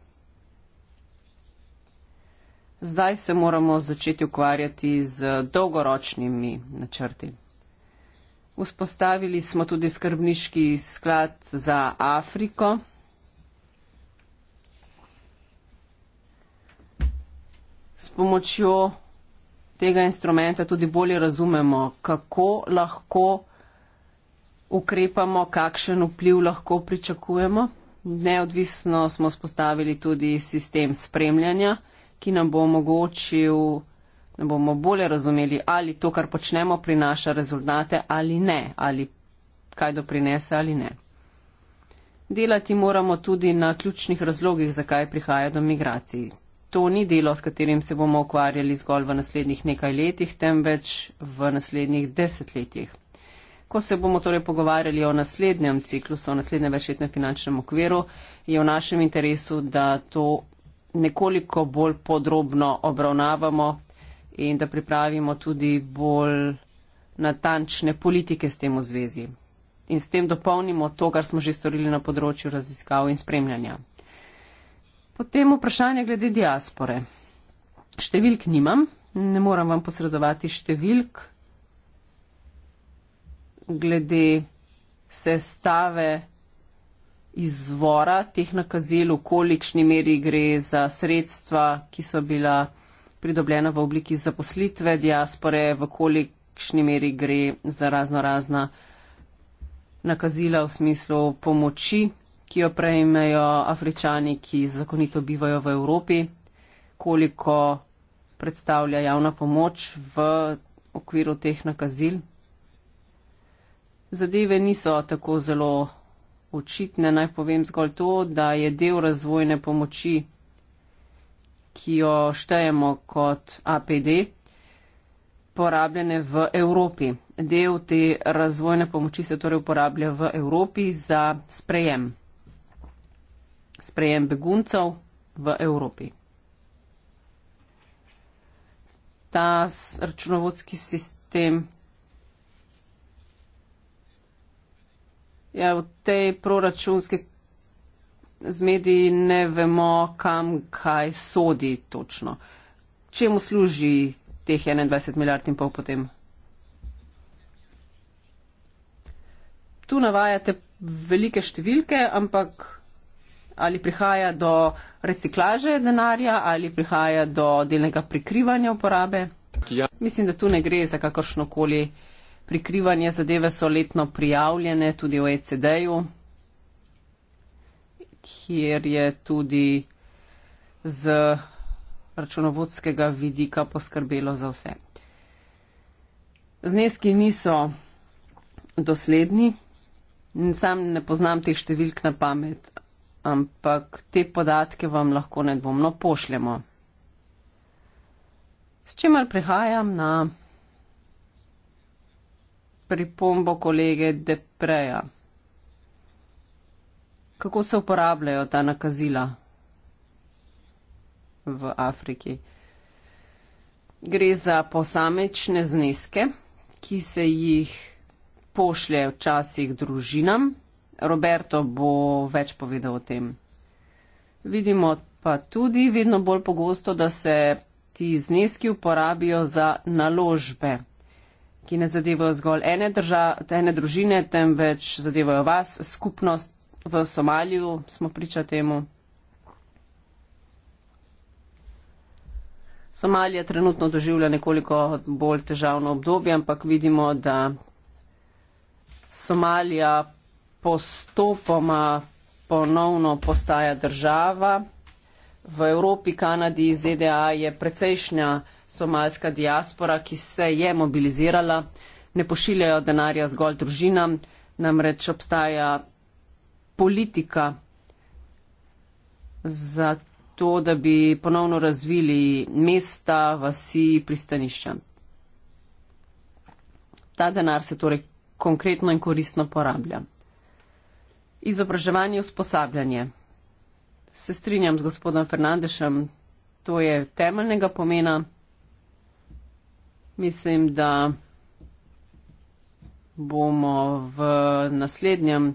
Zdaj se moramo začeti ukvarjati z dolgoročnimi načrti. Vzpostavili smo tudi skrbniški sklad za Afriko. S pomočjo tega instrumenta tudi bolje razumemo, kako lahko ukrepamo, kakšen vpliv lahko pričakujemo. Neodvisno smo spostavili tudi sistem spremljanja ki nam bo omogočil, da bomo bolje razumeli, ali to, kar počnemo, prinaša rezultate ali ne, ali kaj doprinese ali ne. Delati moramo tudi na ključnih razlogih, zakaj prihaja do migracij. To ni delo, s katerim se bomo ukvarjali zgolj v naslednjih nekaj letih, temveč v naslednjih desetletjih. Ko se bomo torej pogovarjali o naslednjem ciklusu, o naslednjem večletnem finančnem okviru, je v našem interesu, da to nekoliko bolj podrobno obravnavamo in da pripravimo tudi bolj natančne politike s tem v zvezi in s tem dopolnimo to, kar smo že storili na področju raziskav in spremljanja. Potem vprašanje glede diaspore. Številk nimam, ne moram vam posredovati številk glede sestave izvora teh nakazil, v kolikšni meri gre za sredstva, ki so bila pridobljena v obliki zaposlitve diaspore, v kolikšni meri gre za razno razna nakazila v smislu pomoči, ki jo prejmejo afričani, ki zakonito bivajo v Evropi, koliko predstavlja javna pomoč v okviru teh nakazil. Zadeve niso tako zelo očitne, naj povem zgolj to, da je del razvojne pomoči, ki jo štejemo kot APD, porabljene v Evropi. Del te razvojne pomoči se torej uporablja v Evropi za sprejem. Sprejem beguncev v Evropi. Ta računovodski sistem Ja, v tej proračunski zmedi ne vemo, kam kaj sodi točno. Čemu služi teh 21 milijard in pol potem? Tu navajate velike številke, ampak ali prihaja do reciklaže denarja, ali prihaja do delnega prikrivanja uporabe. Ja. Mislim, da tu ne gre za kakršnokoli prikrivanje zadeve so letno prijavljene tudi v ECD-ju, kjer je tudi z računovodskega vidika poskrbelo za vse. Zneski niso dosledni, sam ne poznam teh številk na pamet, ampak te podatke vam lahko nedvomno pošljemo. S čimer prihajam na pripombo kolege Depreja. Kako se uporabljajo ta nakazila v Afriki? Gre za posamečne zneske, ki se jih pošlje včasih družinam. Roberto bo več povedal o tem. Vidimo pa tudi vedno bolj pogosto, da se ti zneski uporabijo za naložbe ki ne zadevajo zgolj ene, drža, ene družine, temveč zadevajo vas, skupnost v Somaliju, smo priča temu. Somalija trenutno doživlja nekoliko bolj težavno obdobje, ampak vidimo, da Somalija postopoma ponovno postaja država. V Evropi, Kanadi, ZDA je precejšnja somalska diaspora, ki se je mobilizirala, ne pošiljajo denarja zgolj družinam, namreč obstaja politika za to, da bi ponovno razvili mesta, vasi, pristanišča. Ta denar se torej konkretno in koristno porablja. Izobraževanje, usposabljanje. Se strinjam z gospodom Fernandešem, to je temeljnega pomena mislim, da bomo v naslednjem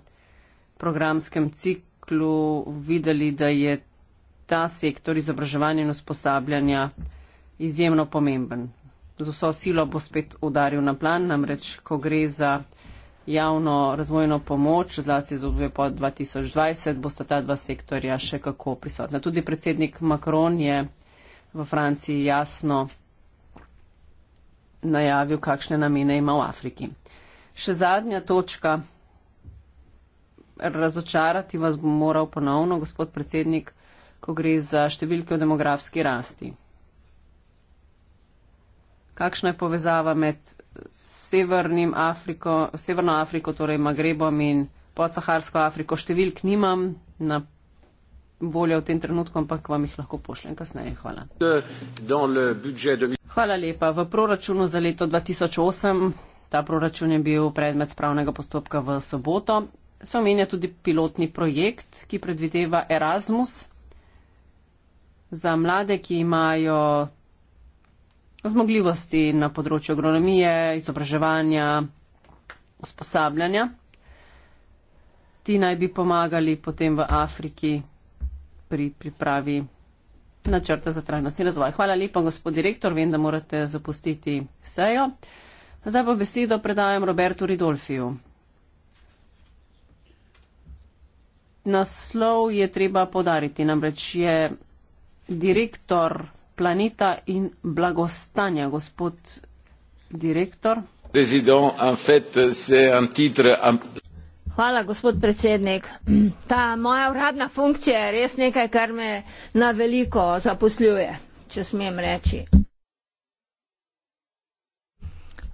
programskem ciklu videli, da je ta sektor izobraževanja in usposabljanja izjemno pomemben. Z vso silo bo spet udaril na plan, namreč, ko gre za javno razvojno pomoč, zlasti z obdobje po 2020, bosta ta dva sektorja še kako prisotna. Tudi predsednik Macron je v Franciji jasno najavil, kakšne namene ima v Afriki. Še zadnja točka. Razočarati vas bom moral ponovno, gospod predsednik, ko gre za številke o demografski rasti. Kakšna je povezava med Afriko, Severno Afriko, torej Magrebom in podsaharsko Afriko? Številk nimam, na bolje v tem trenutku, ampak vam jih lahko pošljem kasneje. Hvala. Hvala lepa. V proračunu za leto 2008, ta proračun je bil predmet spravnega postopka v soboto, se omenja tudi pilotni projekt, ki predvideva Erasmus za mlade, ki imajo zmogljivosti na področju agronomije, izobraževanja, usposabljanja. Ti naj bi pomagali potem v Afriki pri pripravi načrta za trajnostni razvoj. Hvala lepa, gospod direktor. Vem, da morate zapustiti sejo. Zdaj pa besedo predajam Robertu Ridolfiju. Naslov je treba podariti, namreč je direktor planeta in blagostanja, gospod direktor. Prezident, en fait, c'est un titre. Hvala, gospod predsednik. (clears throat) Ta moja uradna funkcija je res nekaj, kar me na veliko zaposljuje, če smem reči.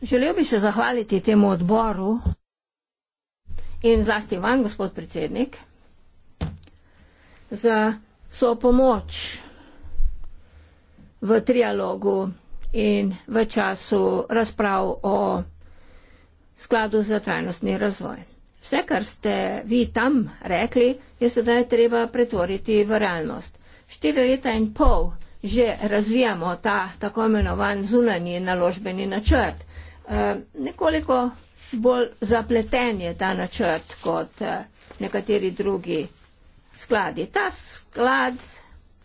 Želel bi se zahvaliti temu odboru in zlasti vam, gospod predsednik, za svojo pomoč v trialogu in v času razprav o skladu za trajnostni razvoj. Vse, kar ste vi tam rekli, je sedaj treba pretvoriti v realnost. Štiri leta in pol že razvijamo ta tako imenovan zunanji naložbeni načrt. E, nekoliko bolj zapleten je ta načrt kot e, nekateri drugi skladi. Ta sklad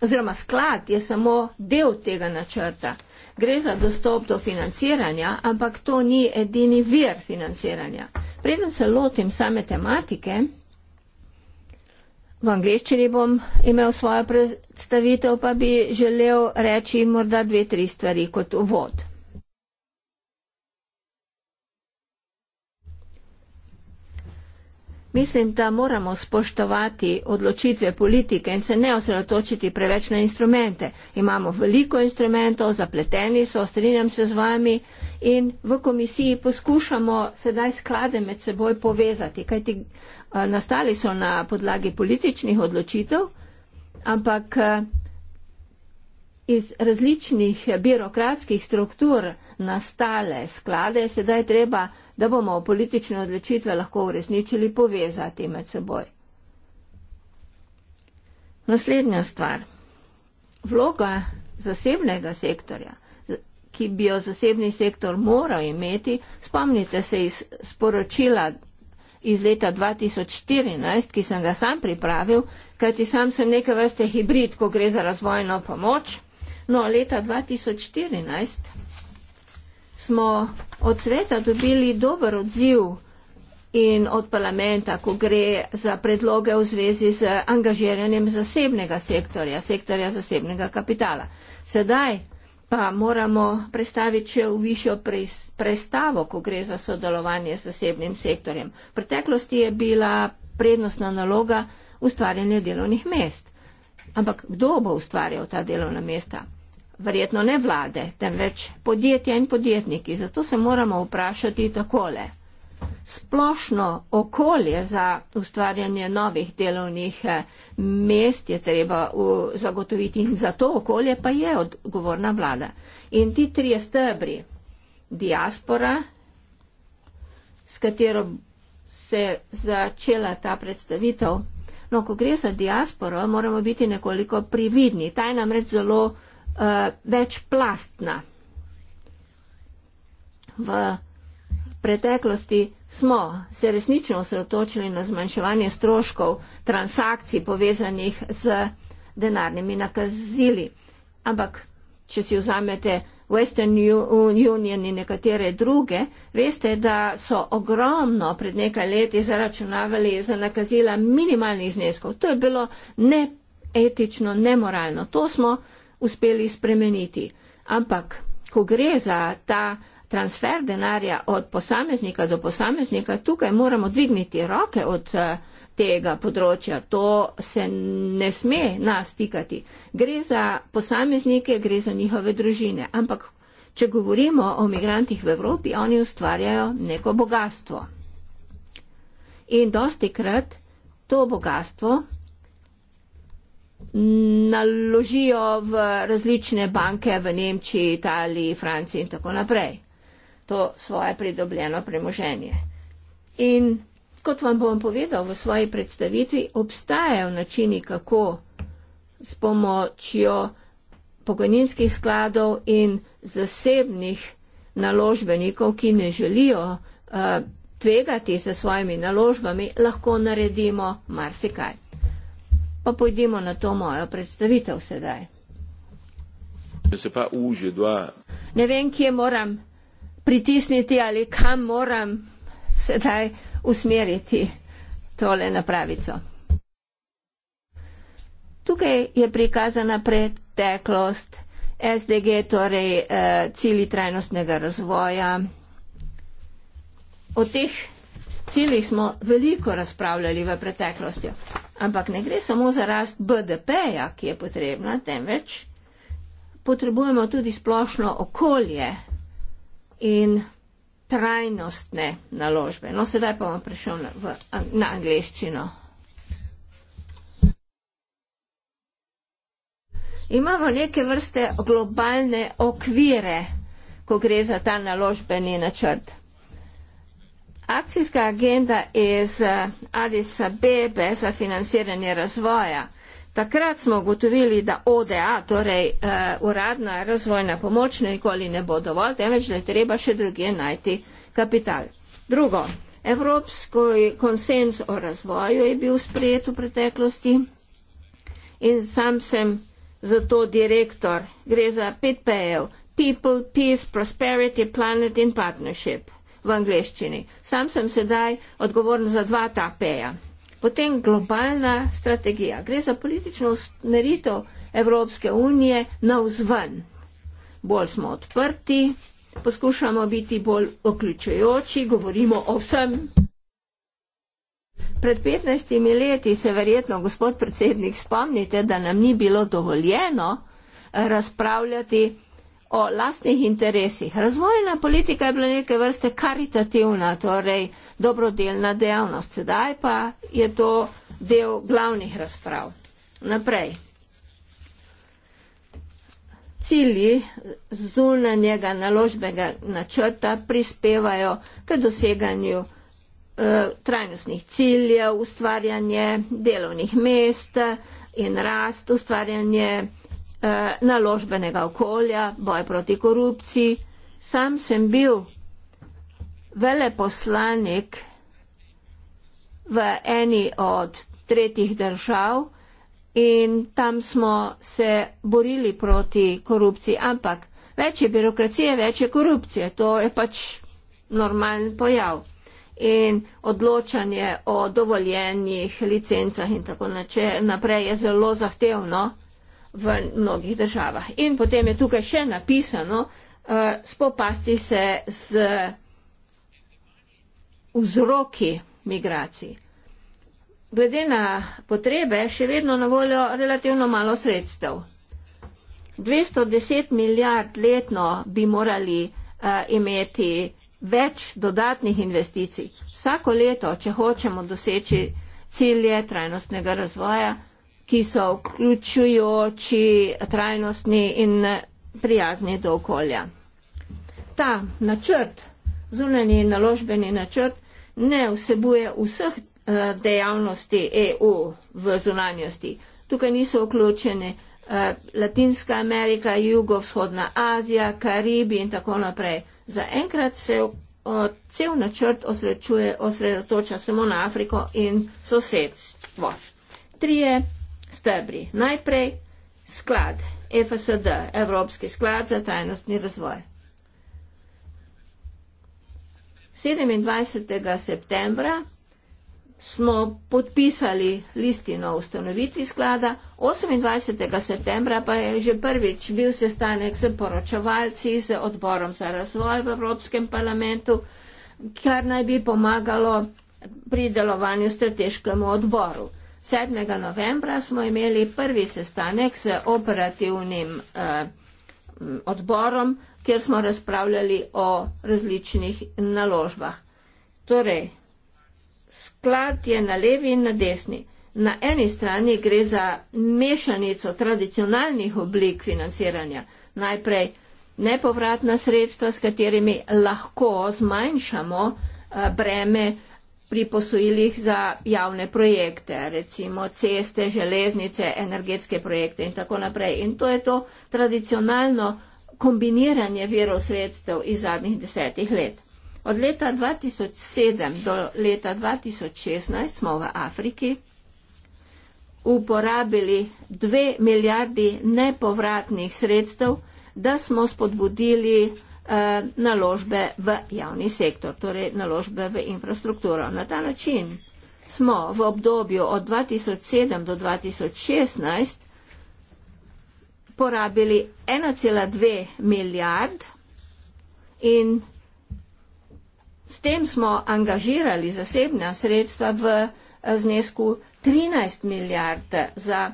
oziroma sklad je samo del tega načrta. Gre za dostop do financiranja, ampak to ni edini vir financiranja. Preden se lotim same tematike, v angliščini bom imel svojo predstavitev, pa bi želel reči morda dve, tri stvari kot uvod. Mislim, da moramo spoštovati odločitve politike in se ne osredotočiti preveč na instrumente. Imamo veliko instrumentov, zapleteni so, strinjam se z vami in v komisiji poskušamo sedaj sklade med seboj povezati, kajti eh, nastali so na podlagi političnih odločitev, ampak eh, iz različnih eh, birokratskih struktur nastale sklade, sedaj treba, da bomo politične odločitve lahko uresničili povezati med seboj. Naslednja stvar. Vloga zasebnega sektorja, ki bi jo zasebni sektor moral imeti, spomnite se iz sporočila iz leta 2014, ki sem ga sam pripravil, kajti sam sem neke vrste hibrid, ko gre za razvojno pomoč. No, leta 2014 smo od sveta dobili dober odziv in od parlamenta, ko gre za predloge v zvezi z angažiranjem zasebnega sektorja, sektorja zasebnega kapitala. Sedaj pa moramo predstaviti še v višjo prestavo, ko gre za sodelovanje z zasebnim sektorjem. V preteklosti je bila prednostna naloga ustvarjanje delovnih mest. Ampak kdo bo ustvarjal ta delovna mesta? verjetno ne vlade, temveč podjetja in podjetniki. Zato se moramo vprašati takole. Splošno okolje za ustvarjanje novih delovnih eh, mest je treba zagotoviti in za to okolje pa je odgovorna vlada. In ti trije stebri, diaspora, s katero se je začela ta predstavitev, no, ko gre za diasporo, moramo biti nekoliko prividni. Ta je namreč zelo Uh, večplastna. V preteklosti smo se resnično osredotočili na zmanjševanje stroškov transakcij povezanih z denarnimi nakazili. Ampak, če si vzamete Western Union in nekatere druge, veste, da so ogromno pred nekaj leti zaračunavali za nakazila minimalnih zneskov. To je bilo neetično, nemoralno. To smo uspeli spremeniti. Ampak, ko gre za ta transfer denarja od posameznika do posameznika, tukaj moramo dvigniti roke od eh, tega področja. To se ne sme nas tikati. Gre za posameznike, gre za njihove družine. Ampak, če govorimo o migrantih v Evropi, oni ustvarjajo neko bogatstvo. In dosti krat to bogatstvo naložijo v različne banke v Nemčiji, Italiji, Franciji in tako naprej. To svoje pridobljeno premoženje. In kot vam bom povedal v svoji predstavitvi, obstajajo načini, kako s pomočjo pokojninskih skladov in zasebnih naložbenikov, ki ne želijo uh, tvegati se svojimi naložbami, lahko naredimo marsikaj. Pa pojdimo na to mojo predstavitev sedaj. Se pa uže dva. Ne vem, kje moram pritisniti ali kam moram sedaj usmeriti tole napravico. Tukaj je prikazana preteklost SDG, torej eh, cili trajnostnega razvoja. O teh ciljih smo veliko razpravljali v preteklosti. Ampak ne gre samo za rast BDP-ja, ki je potrebna, temveč potrebujemo tudi splošno okolje in trajnostne naložbe. No, sedaj pa bom prišel na, v, na angliščino. Imamo neke vrste globalne okvire, ko gre za ta naložbeni načrt. Akcijska agenda iz eh, Addis Abebe za financiranje razvoja. Takrat smo ugotovili, da ODA, torej uh, uradna razvojna pomoč, nikoli ne bo dovolj, temveč da je treba še druge najti kapital. Drugo, evropski konsens o razvoju je bil sprejet v preteklosti in sam sem zato direktor. Gre za 5P-jev. People, Peace, Prosperity, Planet in Partnership v angleščini. Sam sem sedaj odgovoren za dva TAP-ja. Potem globalna strategija. Gre za politično usmeritev Evropske unije na vzven. Bolj smo odprti, poskušamo biti bolj vključujoči, govorimo o vsem. Pred 15 leti se verjetno, gospod predsednik, spomnite, da nam ni bilo dovoljeno razpravljati o lastnih interesih. Razvojna politika je bila neke vrste karitativna, torej dobrodelna dejavnost. Sedaj pa je to del glavnih razprav. Naprej. Cilji zunanjega naložbega načrta prispevajo k doseganju eh, trajnostnih ciljev, ustvarjanje delovnih mest in rast, ustvarjanje eh, Eh, naložbenega okolja, boj proti korupciji. Sam sem bil veleposlanik v eni od tretjih držav in tam smo se borili proti korupciji, ampak več je birokracije, več je korupcije, to je pač normalen pojav in odločanje o dovoljenih licencah in tako naprej je zelo zahtevno v mnogih državah. In potem je tukaj še napisano, eh, spopasti se z vzroki migracij. Glede na potrebe, še vedno na voljo relativno malo sredstev. 210 milijard letno bi morali uh, imeti več dodatnih investicij. Vsako leto, če hočemo doseči cilje trajnostnega razvoja, uh, ki so vključujoči, trajnostni in prijazni do okolja. Ta načrt, zunanji naložbeni načrt, ne vsebuje vseh eh, dejavnosti EU v zunanjosti. Tukaj niso vključeni eh, Latinska Amerika, Jugovzhodna Azija, Karibi in tako naprej. Za enkrat se eh, cel načrt osredotoča samo na Afriko in sosedstvo. Trije stebri. Najprej sklad FSD, Evropski sklad za tajnostni razvoj. 27. septembra smo podpisali listino ustanovitvi sklada, 28. septembra pa je že prvič bil sestanek z poročevalci, z odborom za razvoj v Evropskem parlamentu, kar naj bi pomagalo pri delovanju strateškemu odboru. 7. novembra smo imeli prvi sestanek z operativnim eh, odborom, kjer smo razpravljali o različnih naložbah. Torej, sklad je na levi in na desni. Na eni strani gre za mešanico tradicionalnih oblik financiranja. Najprej nepovratna sredstva, s katerimi lahko zmanjšamo eh, breme, pri posojilih za javne projekte, recimo ceste, železnice, energetske projekte in tako naprej. In to je to tradicionalno kombiniranje virov sredstev iz zadnjih desetih let. Od leta 2007 do leta 2016 smo v Afriki uporabili dve milijardi nepovratnih sredstev, da smo spodbudili Eh, naložbe v javni sektor, torej naložbe v infrastrukturo. Na ta način smo v obdobju od 2007 do 2016 porabili 1,2 milijard in s tem smo angažirali zasebna sredstva v eh, znesku 13 milijard za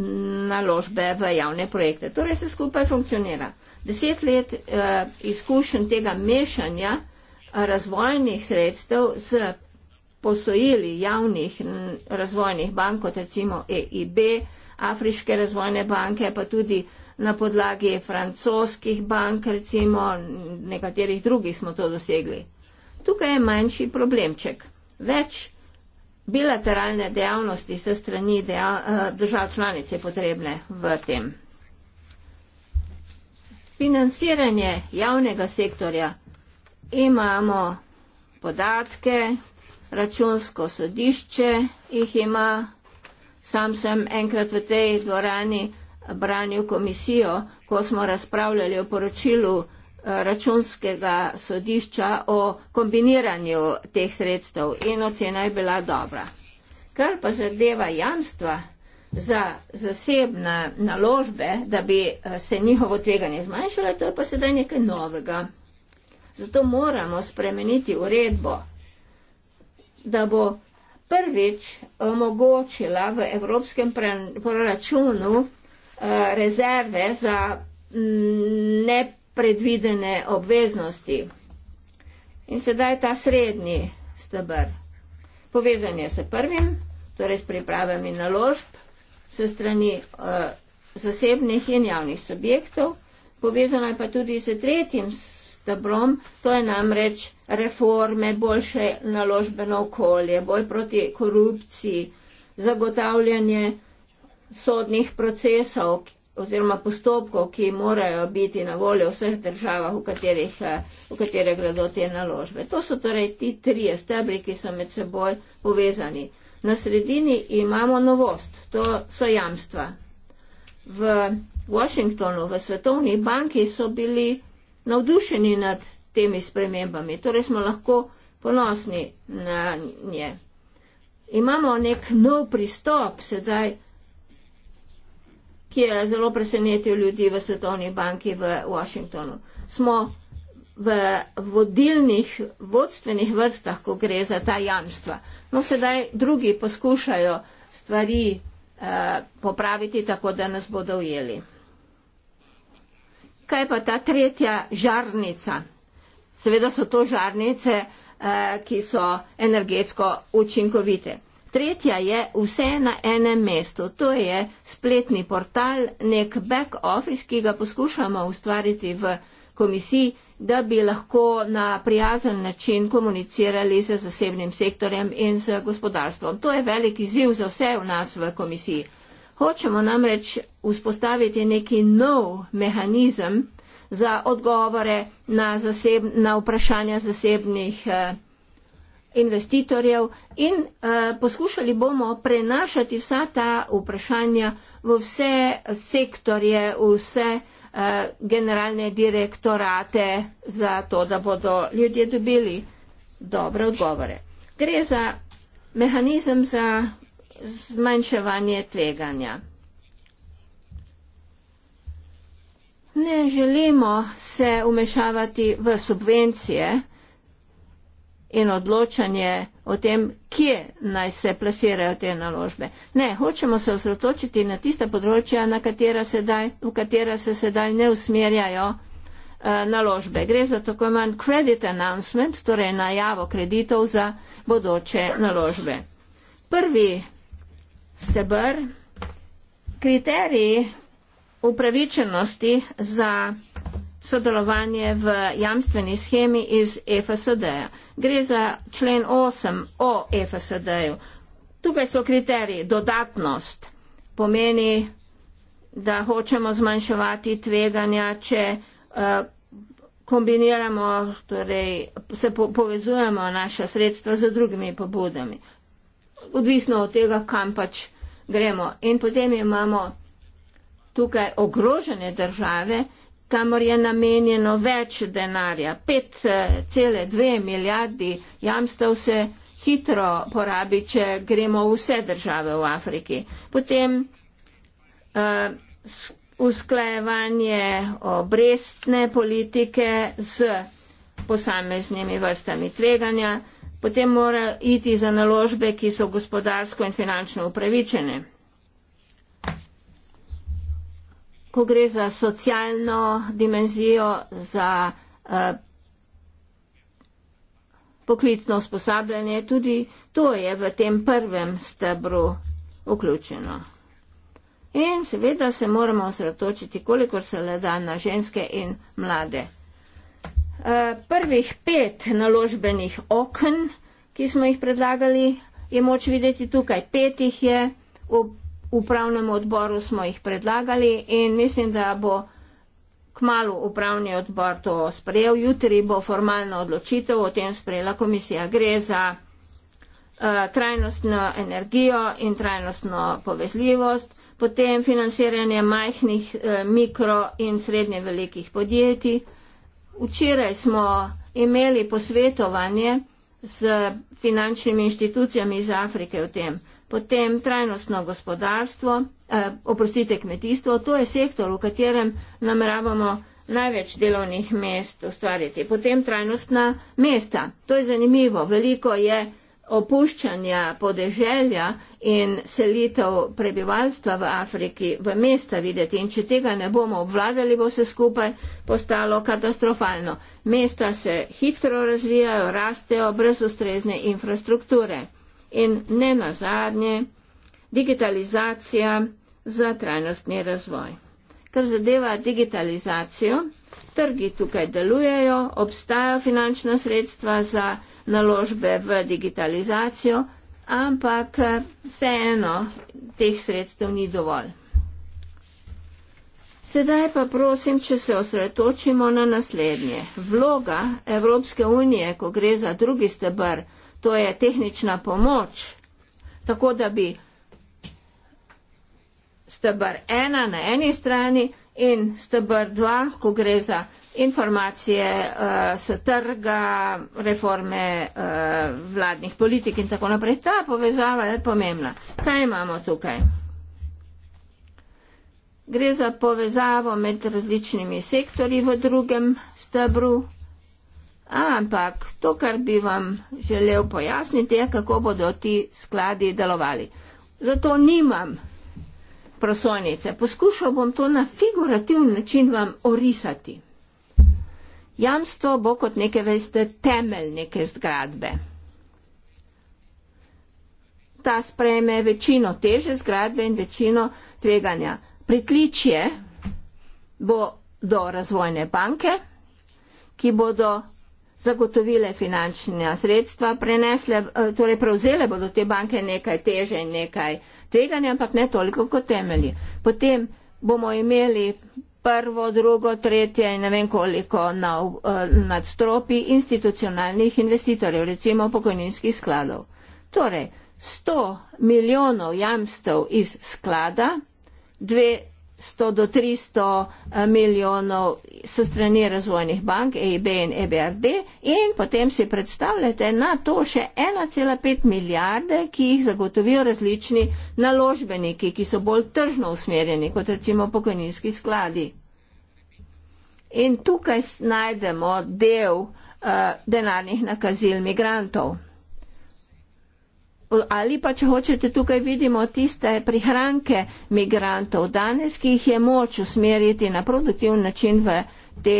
mm, naložbe v javne projekte. Torej se skupaj funkcionira deset let eh, izkušen tega mešanja razvojnih sredstev z posojili javnih razvojnih bank, kot recimo EIB, Afriške razvojne banke, pa tudi na podlagi francoskih bank, recimo nekaterih drugih smo to dosegli. Tukaj je manjši problemček. Več bilateralne dejavnosti se strani dejav, eh, držav članic je potrebne v tem financiranje javnega sektorja. Imamo podatke, računsko sodišče jih ima, sam sem enkrat v tej dvorani branil komisijo, ko smo razpravljali o poročilu eh, računskega sodišča o kombiniranju teh sredstev in ocena je bila dobra. Kar pa zadeva jamstva, za zasebne naložbe, da bi eh, se njihovo tveganje zmanjšalo, to je pa sedaj nekaj novega. Zato moramo spremeniti uredbo, da bo prvič omogočila v evropskem proračunu eh, rezerve za mm, nepredvidene obveznosti. In sedaj ta srednji stebr. Povezanje s prvim, torej s pripravami naložb, s strani uh, zasebnih in javnih subjektov. Povezano je pa tudi z tretjim stebrom, to je namreč reforme, boljše naložbeno okolje, boj proti korupciji, zagotavljanje sodnih procesov oziroma postopkov, ki morajo biti na voljo v vseh državah, v, katerih, eh, v katere gredo te naložbe. To so torej ti trije stebri, ki so med seboj povezani. Na sredini imamo novost, to so jamstva. V Washingtonu, v Svetovni banki so bili navdušeni nad temi spremembami, torej smo lahko ponosni na nje. Imamo nek nov pristop sedaj, ki je zelo presenetil ljudi v Svetovni banki v Washingtonu. Smo v vodilnih vodstvenih vrstah, ko gre za ta jamstva. No, sedaj drugi poskušajo stvari eh, popraviti tako, da nas bodo ujeli. Kaj pa ta tretja žarnica? Seveda so to žarnice, eh, ki so energetsko učinkovite. Tretja je vse na enem mestu. To je spletni portal, nek back office, ki ga poskušamo ustvariti v komisiji da bi lahko na prijazen način komunicirali z zasebnim sektorjem in z gospodarstvom. To je velik izziv za vse v nas v komisiji. Hočemo namreč vzpostaviti neki nov mehanizem za odgovore na, zaseb, na vprašanja zasebnih eh, investitorjev in eh, poskušali bomo prenašati vsa ta vprašanja v vse sektorje, v vse eh, Eh, generalne direktorate za to, da bodo ljudje dobili dobre odgovore. Gre za mehanizem za zmanjševanje tveganja. Ne želimo se umešavati v subvencije, in odločanje o tem, kje naj se plasirajo te naložbe. Ne, hočemo se osredotočiti na tista področja, na katera sedaj, v katera se sedaj ne usmerjajo eh, naložbe. Gre za tako imen credit announcement, torej najavo kreditov za bodoče naložbe. Prvi stebr, kriteriji upravičenosti za sodelovanje v jamstveni schemi iz FSD-ja. Gre za člen 8 o FSD-ju. Tukaj so kriteriji. Dodatnost pomeni, da hočemo zmanjševati tveganja, če uh, kombiniramo, torej se po, povezujemo naša sredstva z drugimi pobudami. Odvisno od tega, kam pač gremo. In potem imamo tukaj ogrožene države, kamor je namenjeno več denarja. 5,2 eh, milijardi jamstev se hitro porabi, če gremo v vse države v Afriki. Potem eh, usklajevanje obrestne politike z posameznimi vrstami tveganja, potem mora iti za naložbe, ki so gospodarsko in finančno upravičene. ko gre za socialno dimenzijo, za eh, poklicno usposabljanje, tudi to je v tem prvem stebru vključeno. In seveda se moramo osredotočiti, kolikor se le da na ženske in mlade. Eh, prvih pet naložbenih okn, ki smo jih predlagali, je moč videti tukaj. Petih je v upravnem odboru smo jih predlagali in mislim, da bo kmalo upravni odbor to sprejel. Jutri bo formalna odločitev o tem sprejela komisija. Gre za eh, trajnostno energijo in trajnostno povezljivost, potem financiranje majhnih, eh, mikro in srednje velikih podjetij. Včeraj smo imeli posvetovanje z finančnimi inštitucijami iz Afrike o tem potem trajnostno gospodarstvo, eh, oprostite kmetijstvo, to je sektor, v katerem nameravamo največ delovnih mest ustvariti, potem trajnostna mesta. To je zanimivo, veliko je opuščanja podeželja in selitev prebivalstva v Afriki v mesta videti in če tega ne bomo obvladali, bo se skupaj postalo katastrofalno. Mesta se hitro razvijajo, rastejo brez ustrezne infrastrukture in ne nazadnje digitalizacija za trajnostni razvoj. Kar zadeva digitalizacijo, trgi tukaj delujejo, obstajajo finančna sredstva za naložbe v digitalizacijo, ampak eh, vseeno teh sredstev ni dovolj. Sedaj pa prosim, če se osredotočimo na naslednje. Vloga Evropske unije, ko gre za drugi stebr, to je tehnična pomoč, tako da bi stebr ena na eni strani in stebr dva, ko gre za informacije uh, eh, se trga, reforme uh, vladnih politik in tako naprej. Ta povezava je pomembna. Kaj imamo tukaj? Gre za povezavo med različnimi sektorji v drugem stebru, Ampak to, kar bi vam želel pojasniti, je, kako bodo ti skladi delovali. Zato nimam prosojnice. Poskušal bom to na figurativni način vam orisati. Jamstvo bo kot neke veste temelj neke zgradbe. Ta sprejme večino teže zgradbe in večino tveganja. Pritličje bo do razvojne banke, ki bodo zagotovile finančna sredstva, prenesle, eh, torej prevzele bodo te banke nekaj teže in nekaj tveganja, ampak ne toliko kot temelji. Potem bomo imeli prvo, drugo, tretje in ne vem koliko na, eh, nadstropi institucionalnih investitorjev, recimo pokojninskih skladov. Torej, 100 milijonov jamstev iz sklada, dve 100 do 300 eh, milijonov so strani razvojnih bank EIB in EBRD in potem si predstavljate na to še 1,5 milijarde, ki jih zagotovijo različni naložbeniki, ki so bolj tržno usmerjeni kot recimo pokojninski skladi. In tukaj najdemo del uh, denarnih nakazil migrantov ali pa če hočete tukaj vidimo tiste prihranke migrantov danes, ki jih je moč usmeriti na produktivni način v te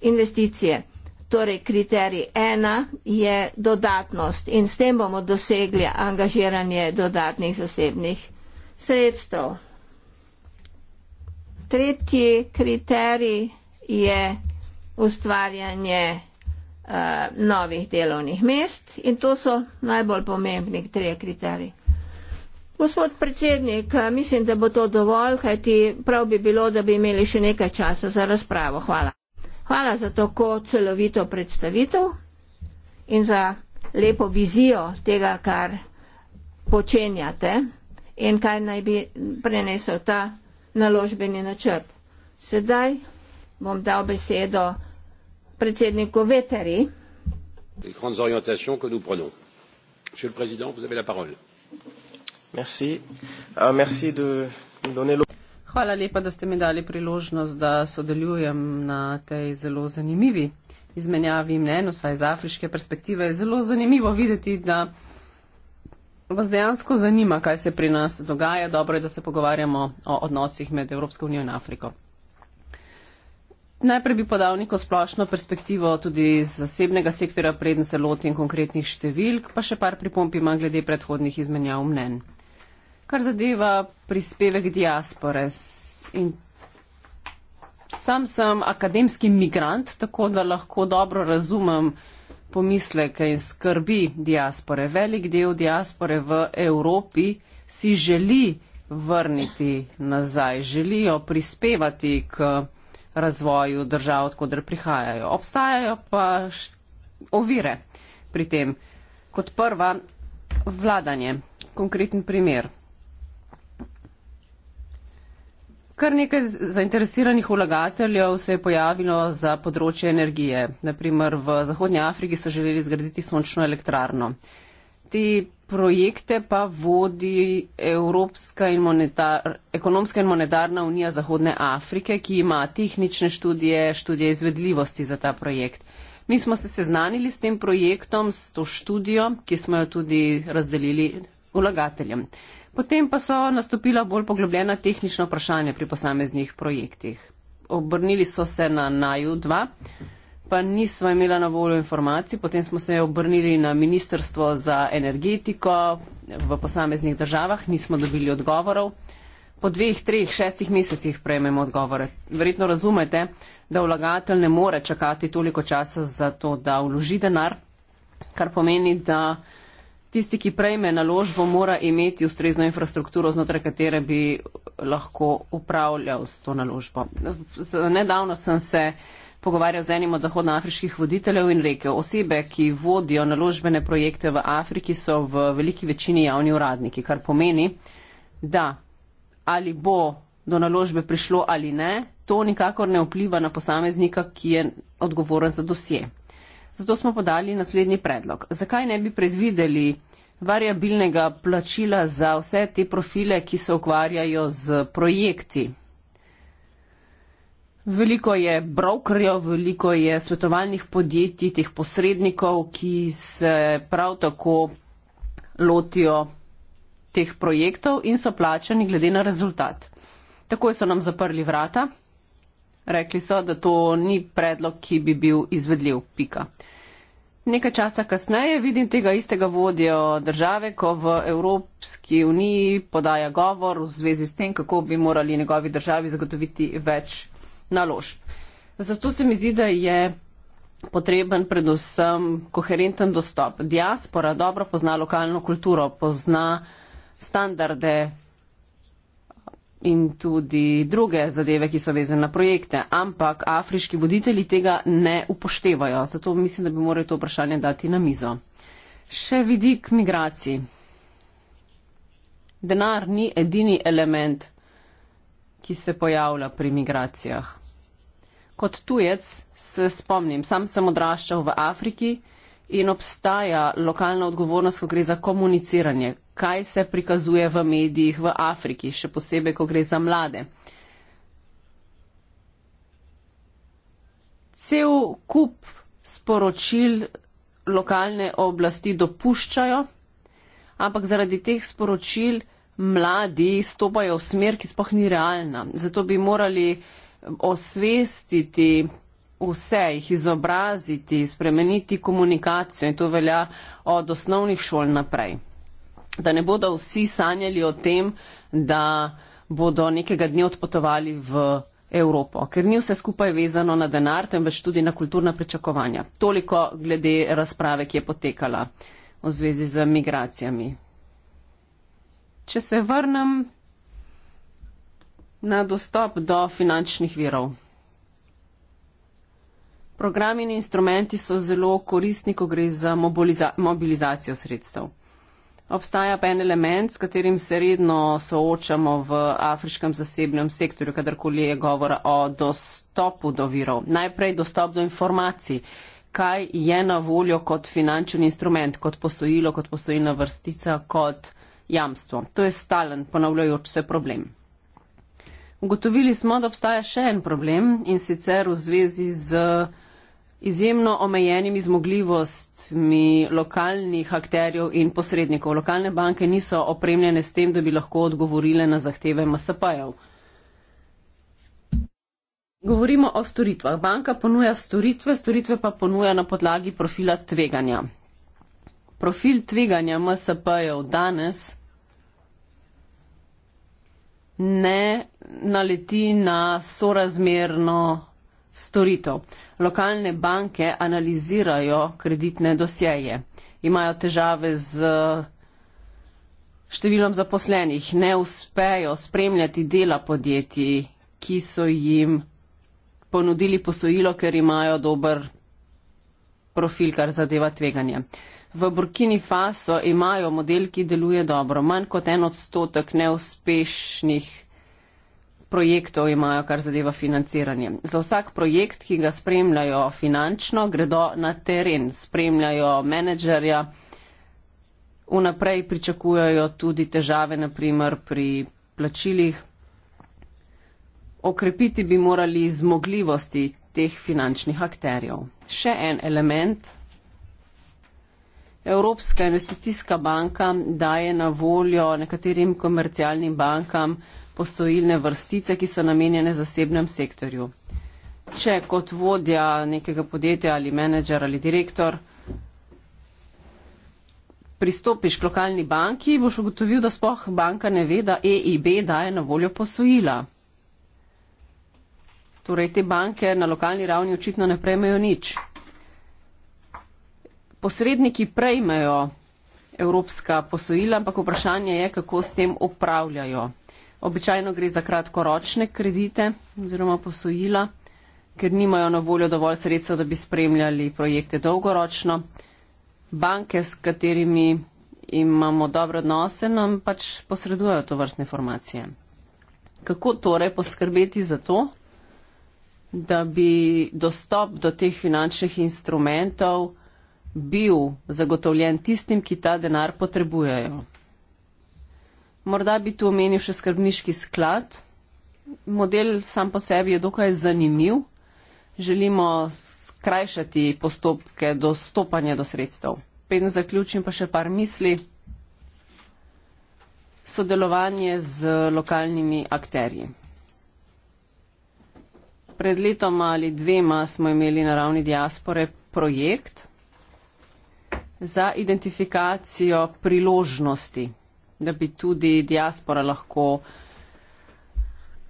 investicije. Torej, kriterij ena je dodatnost in s tem bomo dosegli angažiranje dodatnih zasebnih sredstev. Tretji kriterij je ustvarjanje Eh, novih delovnih mest in to so najbolj pomembni trije kriteriji. Gospod predsednik, eh, mislim, da bo to dovolj, kajti prav bi bilo, da bi imeli še nekaj časa za razpravo. Hvala. Hvala za tako celovito predstavitev in za lepo vizijo tega, kar počenjate in kaj naj bi prenesel ta naložbeni načrt. Sedaj bom dal besedo predsedniku Veteri. Les grandes orientations que nous prenons. Monsieur le Président, vous avez la parole. Merci. Uh, merci de donner Hvala lepa, da ste mi dali priložnost, da sodelujem na tej zelo zanimivi izmenjavi mnen, vsaj iz afriške perspektive. Je zelo zanimivo videti, da vas dejansko zanima, kaj se pri nas dogaja. Dobro je, da se pogovarjamo o odnosih med Evropsko unijo in Afriko. Najprej bi podal neko splošno perspektivo tudi iz zasebnega sektorja, preden se lotim konkretnih številk, pa še par pripomp imam glede predhodnih izmenjav mnen. Kar zadeva prispevek diaspore. Sam sem akademski migrant, tako da lahko dobro razumem pomisleke in skrbi diaspore. Velik del diaspore v Evropi si želi vrniti nazaj, želijo prispevati k razvoju držav, odkudr prihajajo. Obstajajo pa ovire pri tem. Kot prva, vladanje. Konkreten primer. Kar nekaj zainteresiranih vlagateljev se je pojavilo za področje energije. Naprimer, v Zahodnji Afriki so želeli zgraditi sončno elektrarno. Ti projekte pa vodi Evropska in monetar, ekonomska in monetarna unija Zahodne Afrike, ki ima tehnične študije, študije izvedljivosti za ta projekt. Mi smo se seznanili s tem projektom, s to študijo, ki smo jo tudi razdelili vlagateljem. Potem pa so nastopila bolj poglobljena tehnična vprašanja pri posameznih projektih. Obrnili so se na naju dva pa nismo imela na voljo informacij. Potem smo se obrnili na Ministrstvo za energetiko v posameznih državah, nismo dobili odgovorov. Po dveh, treh, šestih mesecih prejmemo odgovore. Verjetno razumete, da vlagatelj ne more čakati toliko časa za to, da vloži denar, kar pomeni, da tisti, ki prejme naložbo, mora imeti ustrezno infrastrukturo, znotraj katere bi lahko upravljal s to naložbo. Nedavno sem se pogovarjal z enim od zahodnoafriških voditeljev in rekel, osebe, ki vodijo naložbene projekte v Afriki, so v veliki večini javni uradniki, kar pomeni, da ali bo do naložbe prišlo ali ne, to nikakor ne vpliva na posameznika, ki je odgovoren za dosje. Zato smo podali naslednji predlog. Zakaj ne bi predvideli variabilnega plačila za vse te profile, ki se ukvarjajo z projekti? Veliko je brokerjev, veliko je svetovalnih podjetij, teh posrednikov, ki se prav tako lotijo teh projektov in so plačani glede na rezultat. Takoj so nam zaprli vrata, rekli so, da to ni predlog, ki bi bil izvedljiv. Pika. Nekaj časa kasneje vidim tega istega vodjo države, ko v Evropski uniji podaja govor v zvezi s tem, kako bi morali njegovi državi zagotoviti več naložb. Zato se mi zdi, da je potreben predvsem koherenten dostop. Diaspora dobro pozna lokalno kulturo, pozna standarde in tudi druge zadeve, ki so vezane na projekte, ampak afriški voditelji tega ne upoštevajo. Zato mislim, da bi morali to vprašanje dati na mizo. Še vidik migracij. Denar ni edini element ki se pojavlja pri migracijah. Kot tujec se spomnim, sam sem odraščal v Afriki in obstaja lokalna odgovornost, ko gre za komuniciranje, kaj se prikazuje v medijih v Afriki, še posebej, ko gre za mlade. Cel kup sporočil lokalne oblasti dopuščajo, ampak zaradi teh sporočil mladi stopajo v smer, ki spoh ni realna. Zato bi morali osvestiti vse, jih izobraziti, spremeniti komunikacijo in to velja od osnovnih šol naprej. Da ne bodo vsi sanjali o tem, da bodo nekega dne odpotovali v Evropo, ker ni vse skupaj vezano na denar, temveč tudi na kulturna pričakovanja. Toliko glede razprave, ki je potekala v zvezi z migracijami. Če se vrnem na dostop do finančnih virov. Programi in instrumenti so zelo koristni, ko gre za mobiliza mobilizacijo sredstev. Obstaja pa en element, s katerim se redno soočamo v afriškem zasebnem sektorju, kadarkoli je govora o dostopu do virov. Najprej dostop do informacij, kaj je na voljo kot finančni instrument, kot posojilo, kot posojilna vrstica, kot jamstvo. To je stalen, ponavljajoč se problem. Ugotovili smo, da obstaja še en problem in sicer v zvezi z izjemno omejenimi zmogljivostmi lokalnih akterjev in posrednikov. Lokalne banke niso opremljene s tem, da bi lahko odgovorile na zahteve MSP-jev. Govorimo o storitvah. Banka ponuja storitve, storitve pa ponuja na podlagi profila tveganja. Profil tveganja MSP-jev danes ne naleti na sorazmerno storitev. Lokalne banke analizirajo kreditne dosjeje, imajo težave z številom zaposlenih, ne uspejo spremljati dela podjetij, ki so jim ponudili posojilo, ker imajo dober profil, kar zadeva tveganje. Uh, V Burkini Faso imajo model, ki deluje dobro. Manj kot en odstotek neuspešnih projektov imajo, kar zadeva financiranje. Za vsak projekt, ki ga spremljajo finančno, gredo na teren, spremljajo menedžerja, vnaprej pričakujajo tudi težave, naprimer pri plačilih. Okrepiti bi morali zmogljivosti teh finančnih akterjev. Še en element Evropska investicijska banka daje na voljo nekaterim komercialnim bankam posojilne vrstice, ki so namenjene zasebnem sektorju. Če kot vodja nekega podjetja ali menedžer ali direktor pristopiš k lokalni banki, boš ugotovil, da spoh banka ne ve, da EIB daje na voljo posojila. Torej, te banke na lokalni ravni očitno ne prejmejo nič posredniki prejmejo evropska posojila, ampak vprašanje je, kako s tem upravljajo. Običajno gre za kratkoročne kredite oziroma posojila, ker nimajo na voljo dovolj sredstva, da bi spremljali projekte dolgoročno. Banke, s katerimi imamo dobre odnose, nam pač posredujejo to vrstne informacije. Kako torej poskrbeti za to, da bi dostop do teh finančnih instrumentov bil zagotovljen tistim, ki ta denar potrebujejo. Morda bi tu omenil še skrbniški sklad. Model sam po sebi je dokaj zanimiv. Želimo skrajšati postopke dostopanja do sredstev. Pred zaključim pa še par misli. Sodelovanje z lokalnimi akterji. Pred letom ali dvema smo imeli na ravni diaspore projekt, za identifikacijo priložnosti, da bi tudi diaspora lahko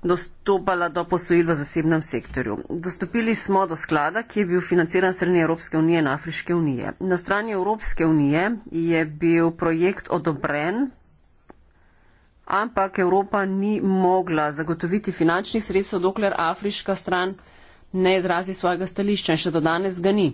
dostopala do posojil v zasebnem sektorju. Dostopili smo do sklada, ki je bil financiran strani Evropske unije in Afriške unije. Na strani Evropske unije je bil projekt odobren, ampak Evropa ni mogla zagotoviti finančnih sredstev, dokler afriška stran ne izrazi svojega stališča in še do danes ga ni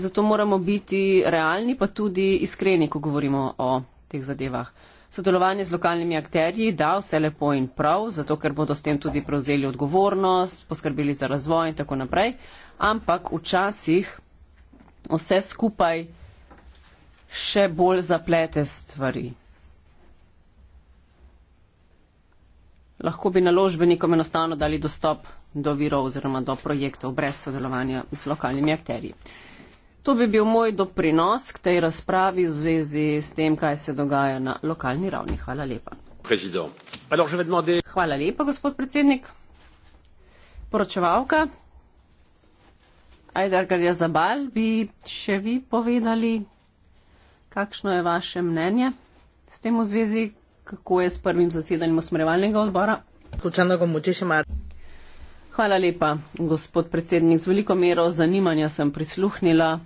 zato moramo biti realni, pa tudi iskreni, ko govorimo o teh zadevah. Sodelovanje z lokalnimi akterji, da, vse lepo in prav, zato ker bodo s tem tudi prevzeli odgovornost, poskrbeli za razvoj in tako naprej, ampak včasih vse skupaj še bolj zaplete stvari. Lahko bi naložbenikom enostavno dali dostop do virov oziroma do projektov brez sodelovanja z lokalnimi akterji. To bi bil moj doprinos k tej razpravi v zvezi s tem, kaj se dogaja na lokalni ravni. Hvala lepa. Alors, demander... Hvala lepa, gospod predsednik. Poročevalka. Ajdar Garja Zabal, bi še vi povedali, kakšno je vaše mnenje s tem v zvezi, kako je s prvim zasedanjem osmerevalnega odbora? Hvala lepa, gospod predsednik. Z veliko mero zanimanja sem prisluhnila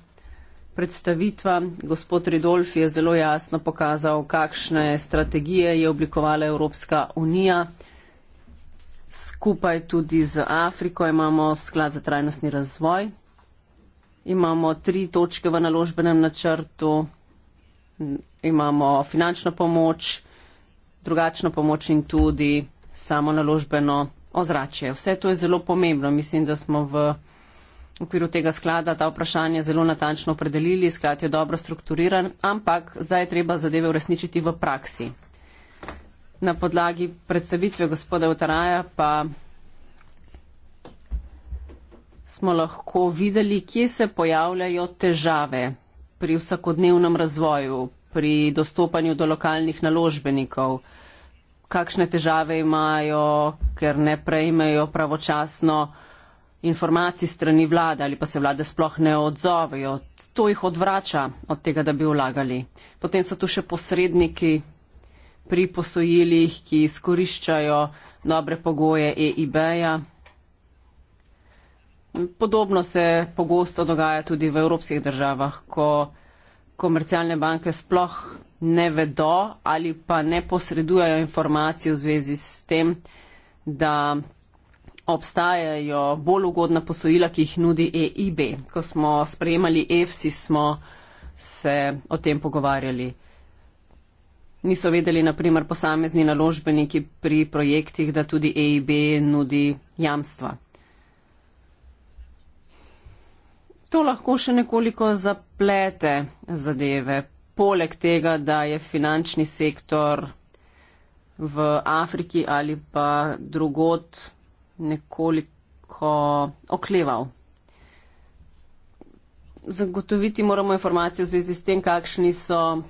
predstavitva. Gospod Ridolf je zelo jasno pokazal, kakšne strategije je oblikovala Evropska unija. Skupaj tudi z Afriko imamo sklad za trajnostni razvoj. Imamo tri točke v naložbenem načrtu. Imamo finančno pomoč, drugačno pomoč in tudi samo naložbeno ozračje. Vse to je zelo pomembno. Mislim, da smo v v okviru tega sklada ta vprašanja zelo natančno opredelili, sklad je dobro strukturiran, ampak zdaj je treba zadeve uresničiti v praksi. Na podlagi predstavitve gospoda Utaraja pa smo lahko videli, kje se pojavljajo težave pri vsakodnevnem razvoju, pri dostopanju do lokalnih naložbenikov, kakšne težave imajo, ker ne prejmejo pravočasno informacij strani vlade ali pa se vlade sploh ne odzovejo. To jih odvrača od tega, da bi vlagali. Potem so tu še posredniki pri posojilih, ki izkoriščajo dobre pogoje EIB-ja. Podobno se pogosto dogaja tudi v evropskih državah, ko komercialne banke sploh ne vedo ali pa ne posredujejo informacij v zvezi s tem, da obstajajo bolj ugodna posojila, ki jih nudi EIB. Ko smo sprejemali EFSI, smo se o tem pogovarjali. Niso vedeli, naprimer, posamezni naložbeniki pri projektih, da tudi EIB nudi jamstva. To lahko še nekoliko zaplete zadeve. Poleg tega, da je finančni sektor v Afriki ali pa drugot nekoliko okleval. Zagotoviti moramo informacije v zvezi s tem, kakšni so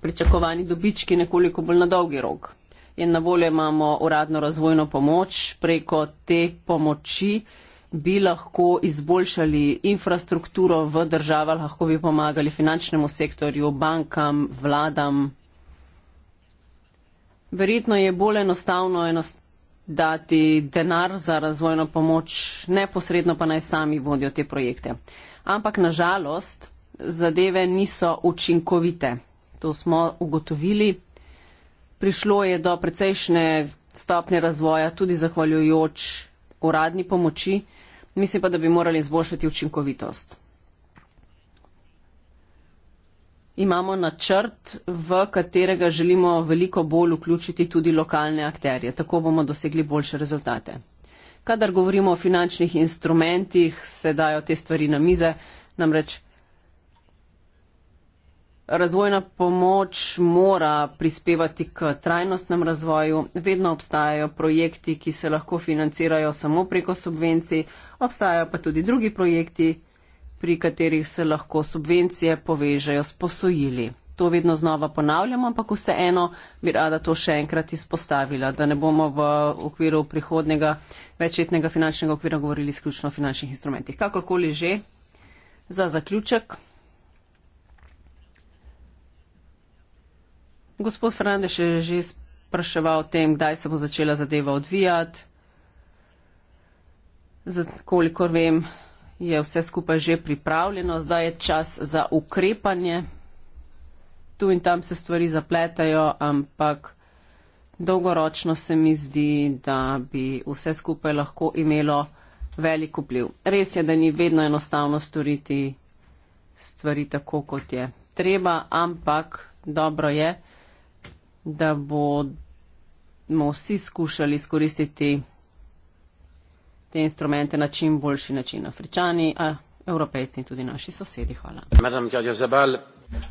pričakovani dobički nekoliko bolj na dolgi rok. In na voljo imamo uradno razvojno pomoč. Preko te pomoči bi lahko izboljšali infrastrukturo v državah, lahko bi pomagali finančnemu sektorju, bankam, vladam. Verjetno je bolj enostavno enost, dati denar za razvojno pomoč, neposredno pa naj sami vodijo te projekte. Ampak nažalost zadeve niso učinkovite. To smo ugotovili. Prišlo je do precejšnje stopnje razvoja, tudi zahvaljujoč uradni pomoči. Mislim pa, da bi morali izboljšati učinkovitost. imamo načrt, v katerega želimo veliko bolj vključiti tudi lokalne akterje. Tako bomo dosegli boljše rezultate. Kadar govorimo o finančnih instrumentih, se dajo te stvari na mize, namreč razvojna pomoč mora prispevati k trajnostnem razvoju, vedno obstajajo projekti, ki se lahko financirajo samo preko subvencij, obstajajo pa tudi drugi projekti, pri katerih se lahko subvencije povežejo s posojili. To vedno znova ponavljamo, ampak vseeno bi rada to še enkrat izpostavila, da ne bomo v okviru prihodnega večetnega finančnega okvira govorili izključno o finančnih instrumentih. Kakorkoli že, za zaključek. Gospod Fernandez je že spraševal o tem, kdaj se bo začela zadeva odvijati. Zat, kolikor vem, je vse skupaj že pripravljeno, zdaj je čas za ukrepanje. Tu in tam se stvari zapletajo, ampak dolgoročno se mi zdi, da bi vse skupaj lahko imelo velik vpliv. Res je, da ni vedno enostavno storiti stvari tako, kot je treba, ampak dobro je, da bomo vsi skušali skoristiti te instrumente na čim boljši način. Afričani, a evropejci in tudi naši sosedi. Hvala.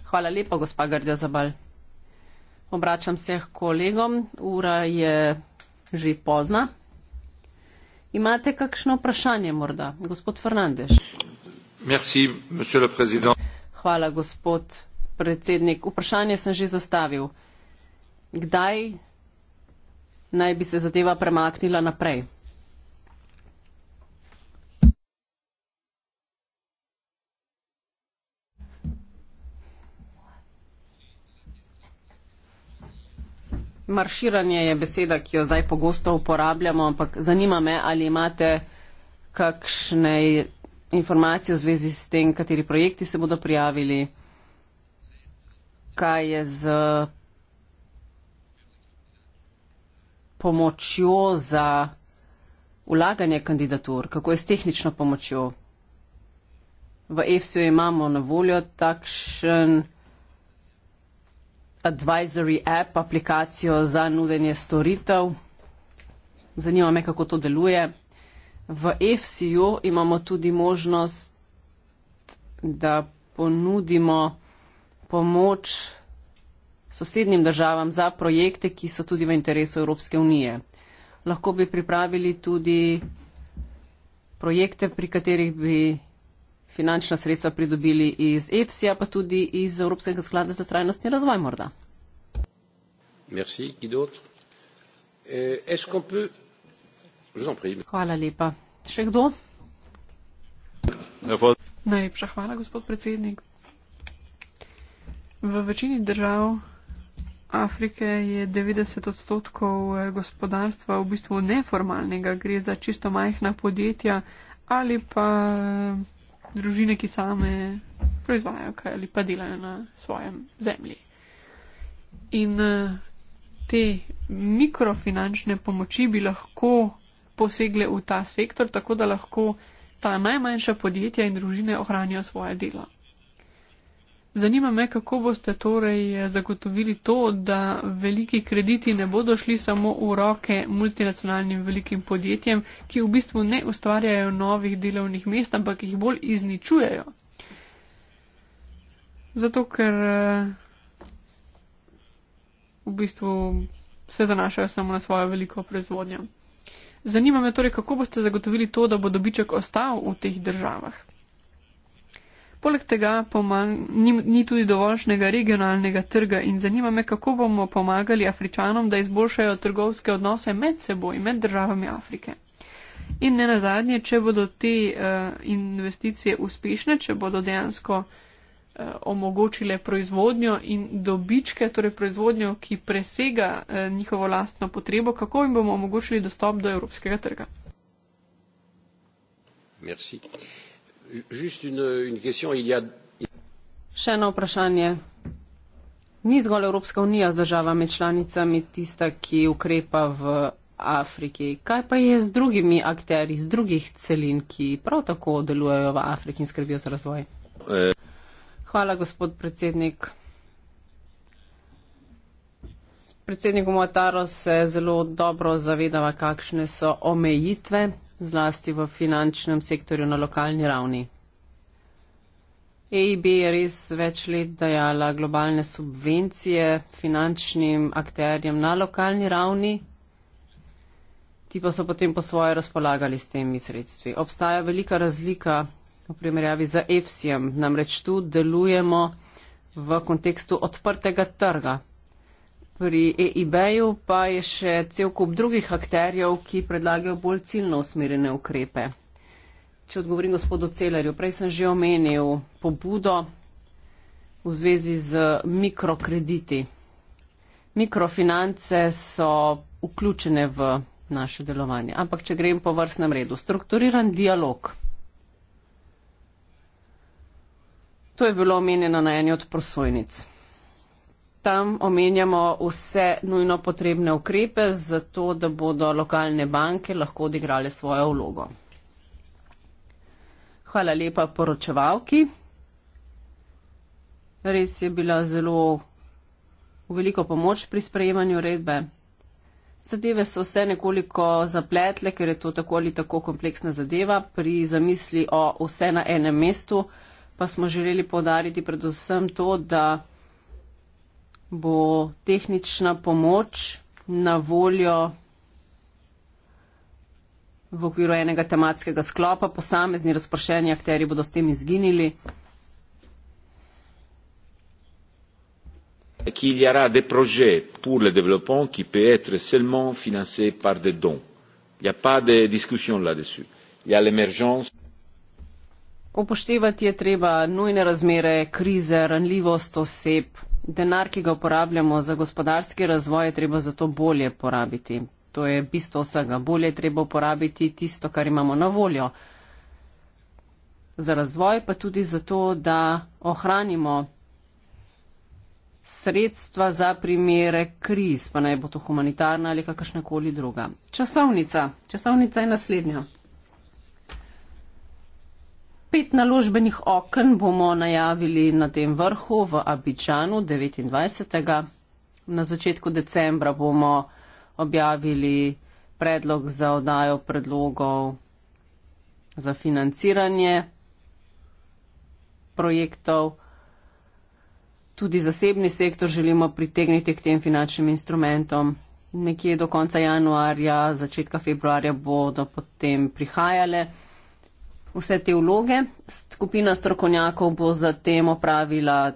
Hvala lepa, gospa Gardja Zabal. Obračam se k kolegom. Ura je že pozna. Imate kakšno vprašanje morda, gospod Fernandez? Merci, Hvala, gospod predsednik. Vprašanje sem že zastavil. Kdaj naj bi se zadeva premaknila naprej? Marširanje je beseda, ki jo zdaj pogosto uporabljamo, ampak zanima me, ali imate kakšne informacije v zvezi s tem, kateri projekti se bodo prijavili, kaj je z pomočjo za ulaganje kandidatur, kako je s tehnično pomočjo. V EFSU imamo na voljo takšen advisory app, aplikacijo za nudenje storitev. Zanima me, kako to deluje. V FCU imamo tudi možnost, da ponudimo pomoč sosednjim državam za projekte, ki so tudi v interesu Evropske unije. Lahko bi pripravili tudi projekte, pri katerih bi finančna sredstva pridobili iz EPSI-ja, pa tudi iz Evropskega sklada za trajnostni razvoj morda. Eh, hvala lepa. Še kdo? Najlepša hvala, gospod predsednik. V večini držav Afrike je 90 odstotkov eh, gospodarstva v bistvu neformalnega, gre za čisto majhna podjetja ali pa eh, družine, ki same proizvajajo kaj ali pa delajo na svojem zemlji. In eh, te mikrofinančne pomoči bi lahko posegle v ta sektor, tako da lahko ta najmanjša podjetja in družine ohranijo svoje delo. Zanima me, kako boste torej eh, zagotovili to, da veliki krediti ne bodo šli samo v roke multinacionalnim velikim podjetjem, ki v bistvu ne ustvarjajo novih delovnih mest, ampak jih bolj izničujejo. Zato, ker eh, v bistvu se zanašajo samo na svojo veliko proizvodnjo. Zanima me torej, kako boste zagotovili to, da bo dobiček ostal v teh državah. Poleg tega pomag, ni, ni tudi dovoljšnega regionalnega trga in zanima me, kako bomo pomagali Afričanom, da izboljšajo trgovske odnose med seboj, med državami Afrike. In ne nazadnje, če bodo te uh, investicije uspešne, če bodo dejansko uh, omogočile proizvodnjo in dobičke, torej proizvodnjo, ki presega uh, njihovo lastno potrebo, kako jim bomo omogočili dostop do evropskega trga. Merci še eno vprašanje ni zgolj evropska unija z državami članicami tista ki ukrepa v afriki kaj pa je z drugimi akterji z drugih celin ki prav tako delujejo v afriki in skrbijo za razvoj hvala gospod predsednik s predsednikom Ouattaro se zelo dobro zavedava, kakšne so omejitve zlasti v finančnem sektorju na lokalni ravni. EIB je res več let dajala globalne subvencije finančnim akterjem na lokalni ravni, ti pa so potem po svoje razpolagali s temi sredstvi. Obstaja velika razlika v primerjavi z EFSI-jem, namreč tu delujemo v kontekstu odprtega trga, pri EIB-ju pa je še cel kup drugih akterjev, ki predlagajo bolj ciljno usmerjene ukrepe. Če odgovorim gospodu Celerju, prej sem že omenil pobudo v zvezi z mikrokrediti. Mikrofinance so vključene v naše delovanje. Ampak če grem po vrstnem redu, strukturiran dialog. To je bilo omenjeno na eni od prosojnic. Tam omenjamo vse nujno potrebne ukrepe, zato da bodo lokalne banke lahko odigrale svojo vlogo. Hvala lepa poročevalki. Res je bila zelo v veliko pomoč pri sprejemanju redbe. Zadeve so vse nekoliko zapletle, ker je to tako ali tako kompleksna zadeva. Pri zamisli o vse na enem mestu pa smo želeli podariti predvsem to, da bo tehnična pomoč na voljo v okviru enega tematskega sklopa, posamezni razpršeni akteri bodo s tem izginili. qu'il y aura des projets pour le développement qui peut être seulement financé par des dons. Il n'y a pas de discussion là-dessus. Il y a l'émergence. Upoštevati je treba nujne razmere, krize, ranljivost oseb, denar, ki ga uporabljamo za gospodarski razvoj, je treba zato bolje porabiti. To je bistvo vsega. Bolje je treba uporabiti tisto, kar imamo na voljo. Za razvoj pa tudi zato, da ohranimo sredstva za primere kriz, pa naj bo to humanitarna ali kakršnekoli druga. Časovnica. Časovnica je naslednja. Pet naložbenih okn bomo najavili na tem vrhu v Abidžanu 29. Na začetku decembra bomo objavili predlog za odajo predlogov za financiranje projektov. Tudi zasebni sektor želimo pritegniti k tem finančnim instrumentom. Nekje do konca januarja, začetka februarja bodo potem prihajale vse te vloge. Skupina strokovnjakov bo zatem opravila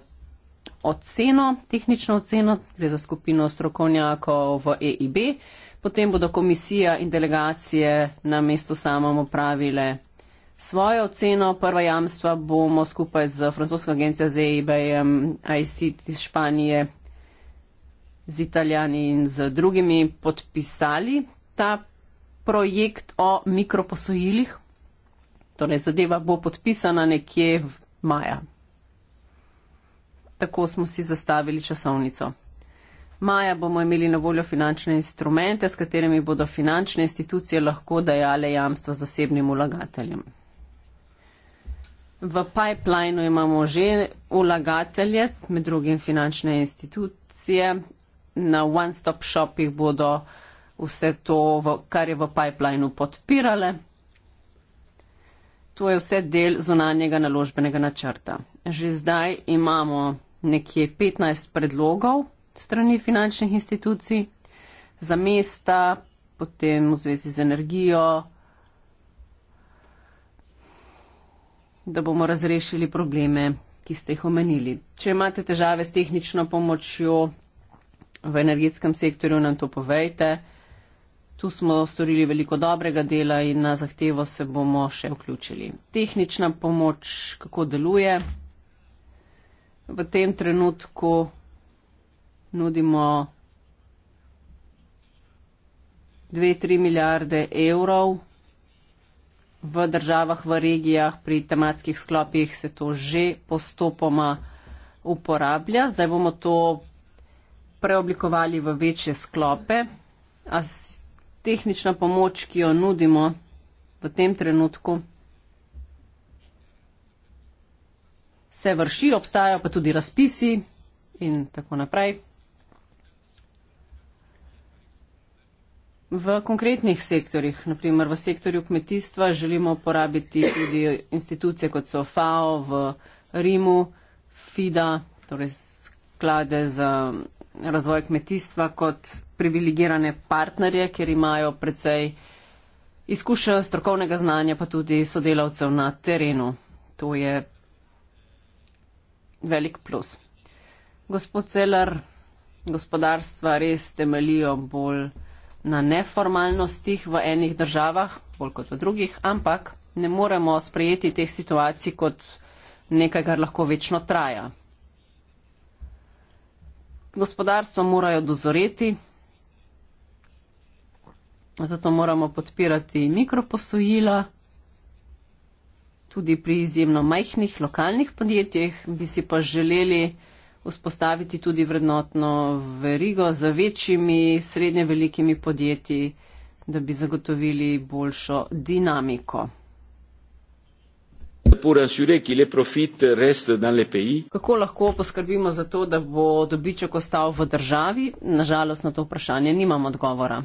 oceno, tehnično oceno, gre za skupino strokovnjakov v EIB. Potem bodo komisija in delegacije na mestu samom opravile svojo oceno. Prva jamstva bomo skupaj z francosko agencijo z EIB, ICT iz Španije, z Italijani in z drugimi podpisali ta projekt o mikroposojilih Torej, zadeva bo podpisana nekje v maja. Tako smo si zastavili časovnico. Maja bomo imeli na voljo finančne instrumente, s katerimi bodo finančne institucije lahko dajale jamstva zasebnim ulagateljem. V pipelinu imamo že ulagatelje, med drugim finančne institucije. Na one-stop shopih bodo vse to, kar je v pipelinu, podpirale. To je vse del zonanjega naložbenega načrta. Že zdaj imamo nekje 15 predlogov strani finančnih institucij za mesta, potem v zvezi z energijo, da bomo razrešili probleme, ki ste jih omenili. Če imate težave s tehnično pomočjo v energetskem sektorju, nam to povejte. Tu smo storili veliko dobrega dela in na zahtevo se bomo še vključili. Tehnična pomoč, kako deluje. V tem trenutku nudimo 2-3 milijarde evrov. V državah, v regijah, pri tematskih sklopih se to že postopoma uporablja. Zdaj bomo to preoblikovali v večje sklope. A tehnična pomoč, ki jo nudimo v tem trenutku, se vrši, obstajajo pa tudi razpisi in tako naprej. V konkretnih sektorjih, naprimer v sektorju kmetijstva, želimo uporabiti tudi institucije kot so FAO v Rimu, FIDA, torej sklade za razvoj kmetijstva kot privilegirane partnerje, ker imajo precej izkušenj strokovnega znanja, pa tudi sodelavcev na terenu. To je velik plus. Gospod Celar, gospodarstva res temelijo bolj na neformalnostih v enih državah, bolj kot v drugih, ampak ne moremo sprejeti teh situacij kot nekaj, kar lahko večno traja. Gospodarstva morajo dozoreti, Zato moramo podpirati mikroposojila. Tudi pri izjemno majhnih lokalnih podjetjih bi si pa želeli vzpostaviti tudi vrednotno verigo z večjimi, srednje velikimi podjetji, da bi zagotovili boljšo dinamiko. Kako lahko poskrbimo za to, da bo dobiček ostal v državi? Nažalost na to vprašanje nimam odgovora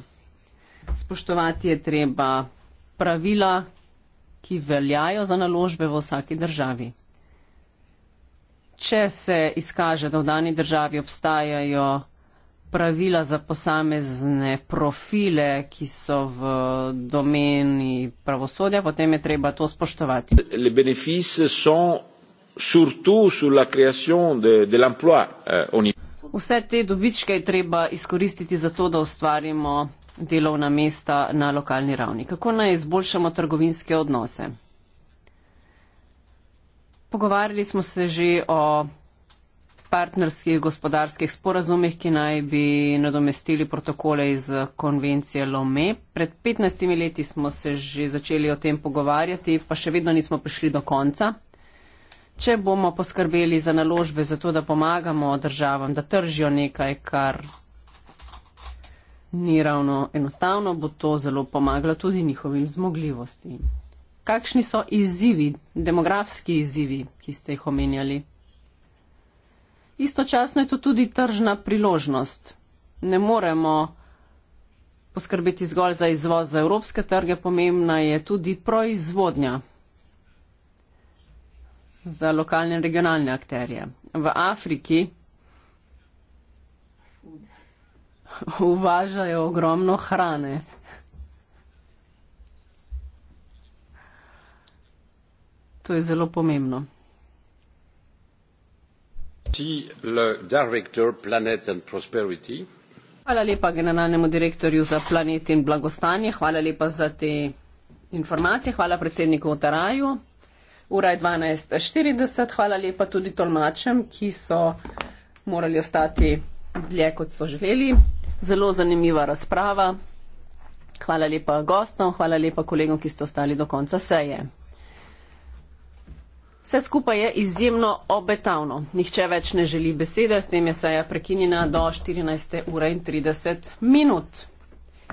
spoštovati je treba pravila, ki veljajo za naložbe v vsaki državi. Če se izkaže, da v dani državi obstajajo pravila za posamezne profile, ki so v domeni pravosodja, potem je treba to spoštovati. Euh, Vse te dobičke je treba izkoristiti za to, da ustvarimo delovna mesta na lokalni ravni. Kako naj izboljšamo trgovinske odnose? Pogovarjali smo se že o partnerskih gospodarskih sporazumih, ki naj bi nadomestili protokole iz konvencije Lome. Pred 15 leti smo se že začeli o tem pogovarjati, pa še vedno nismo prišli do konca. Če bomo poskrbeli za naložbe, zato da pomagamo državam, da tržijo nekaj, kar ni ravno enostavno, bo to zelo pomagalo tudi njihovim zmogljivostim. Kakšni so izzivi, demografski izzivi, ki ste jih omenjali? Istočasno je to tudi tržna priložnost. Ne moremo poskrbeti zgolj za izvoz za evropske trge, pomembna je tudi proizvodnja za lokalne in regionalne akterje. V Afriki uvažajo ogromno hrane. To je zelo pomembno. Hvala lepa generalnemu direktorju za planet in blagostanje. Hvala lepa za te informacije. Hvala predsedniku Otaraju. Ura je 12.40. Hvala lepa tudi tolmačem, ki so morali ostati dlje, kot so želeli. Zelo zanimiva razprava. Hvala lepa gostom, hvala lepa kolegom, ki ste ostali do konca seje. Vse skupaj je izjemno obetavno. Nihče več ne želi besede, s tem je seja prekinjena do 14.30 minut.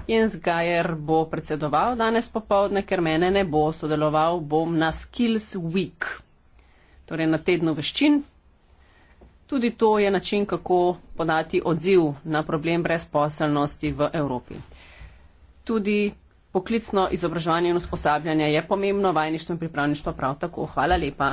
Jens Gajer bo predsedoval danes popovdne, ker mene ne bo sodeloval, bom na Skills Week, torej na tednu veščin. Tudi to je način, kako podati odziv na problem brezposelnosti v Evropi. Tudi poklicno izobraževanje in usposabljanje je pomembno, vajništvo in pripravništvo prav tako. Hvala lepa.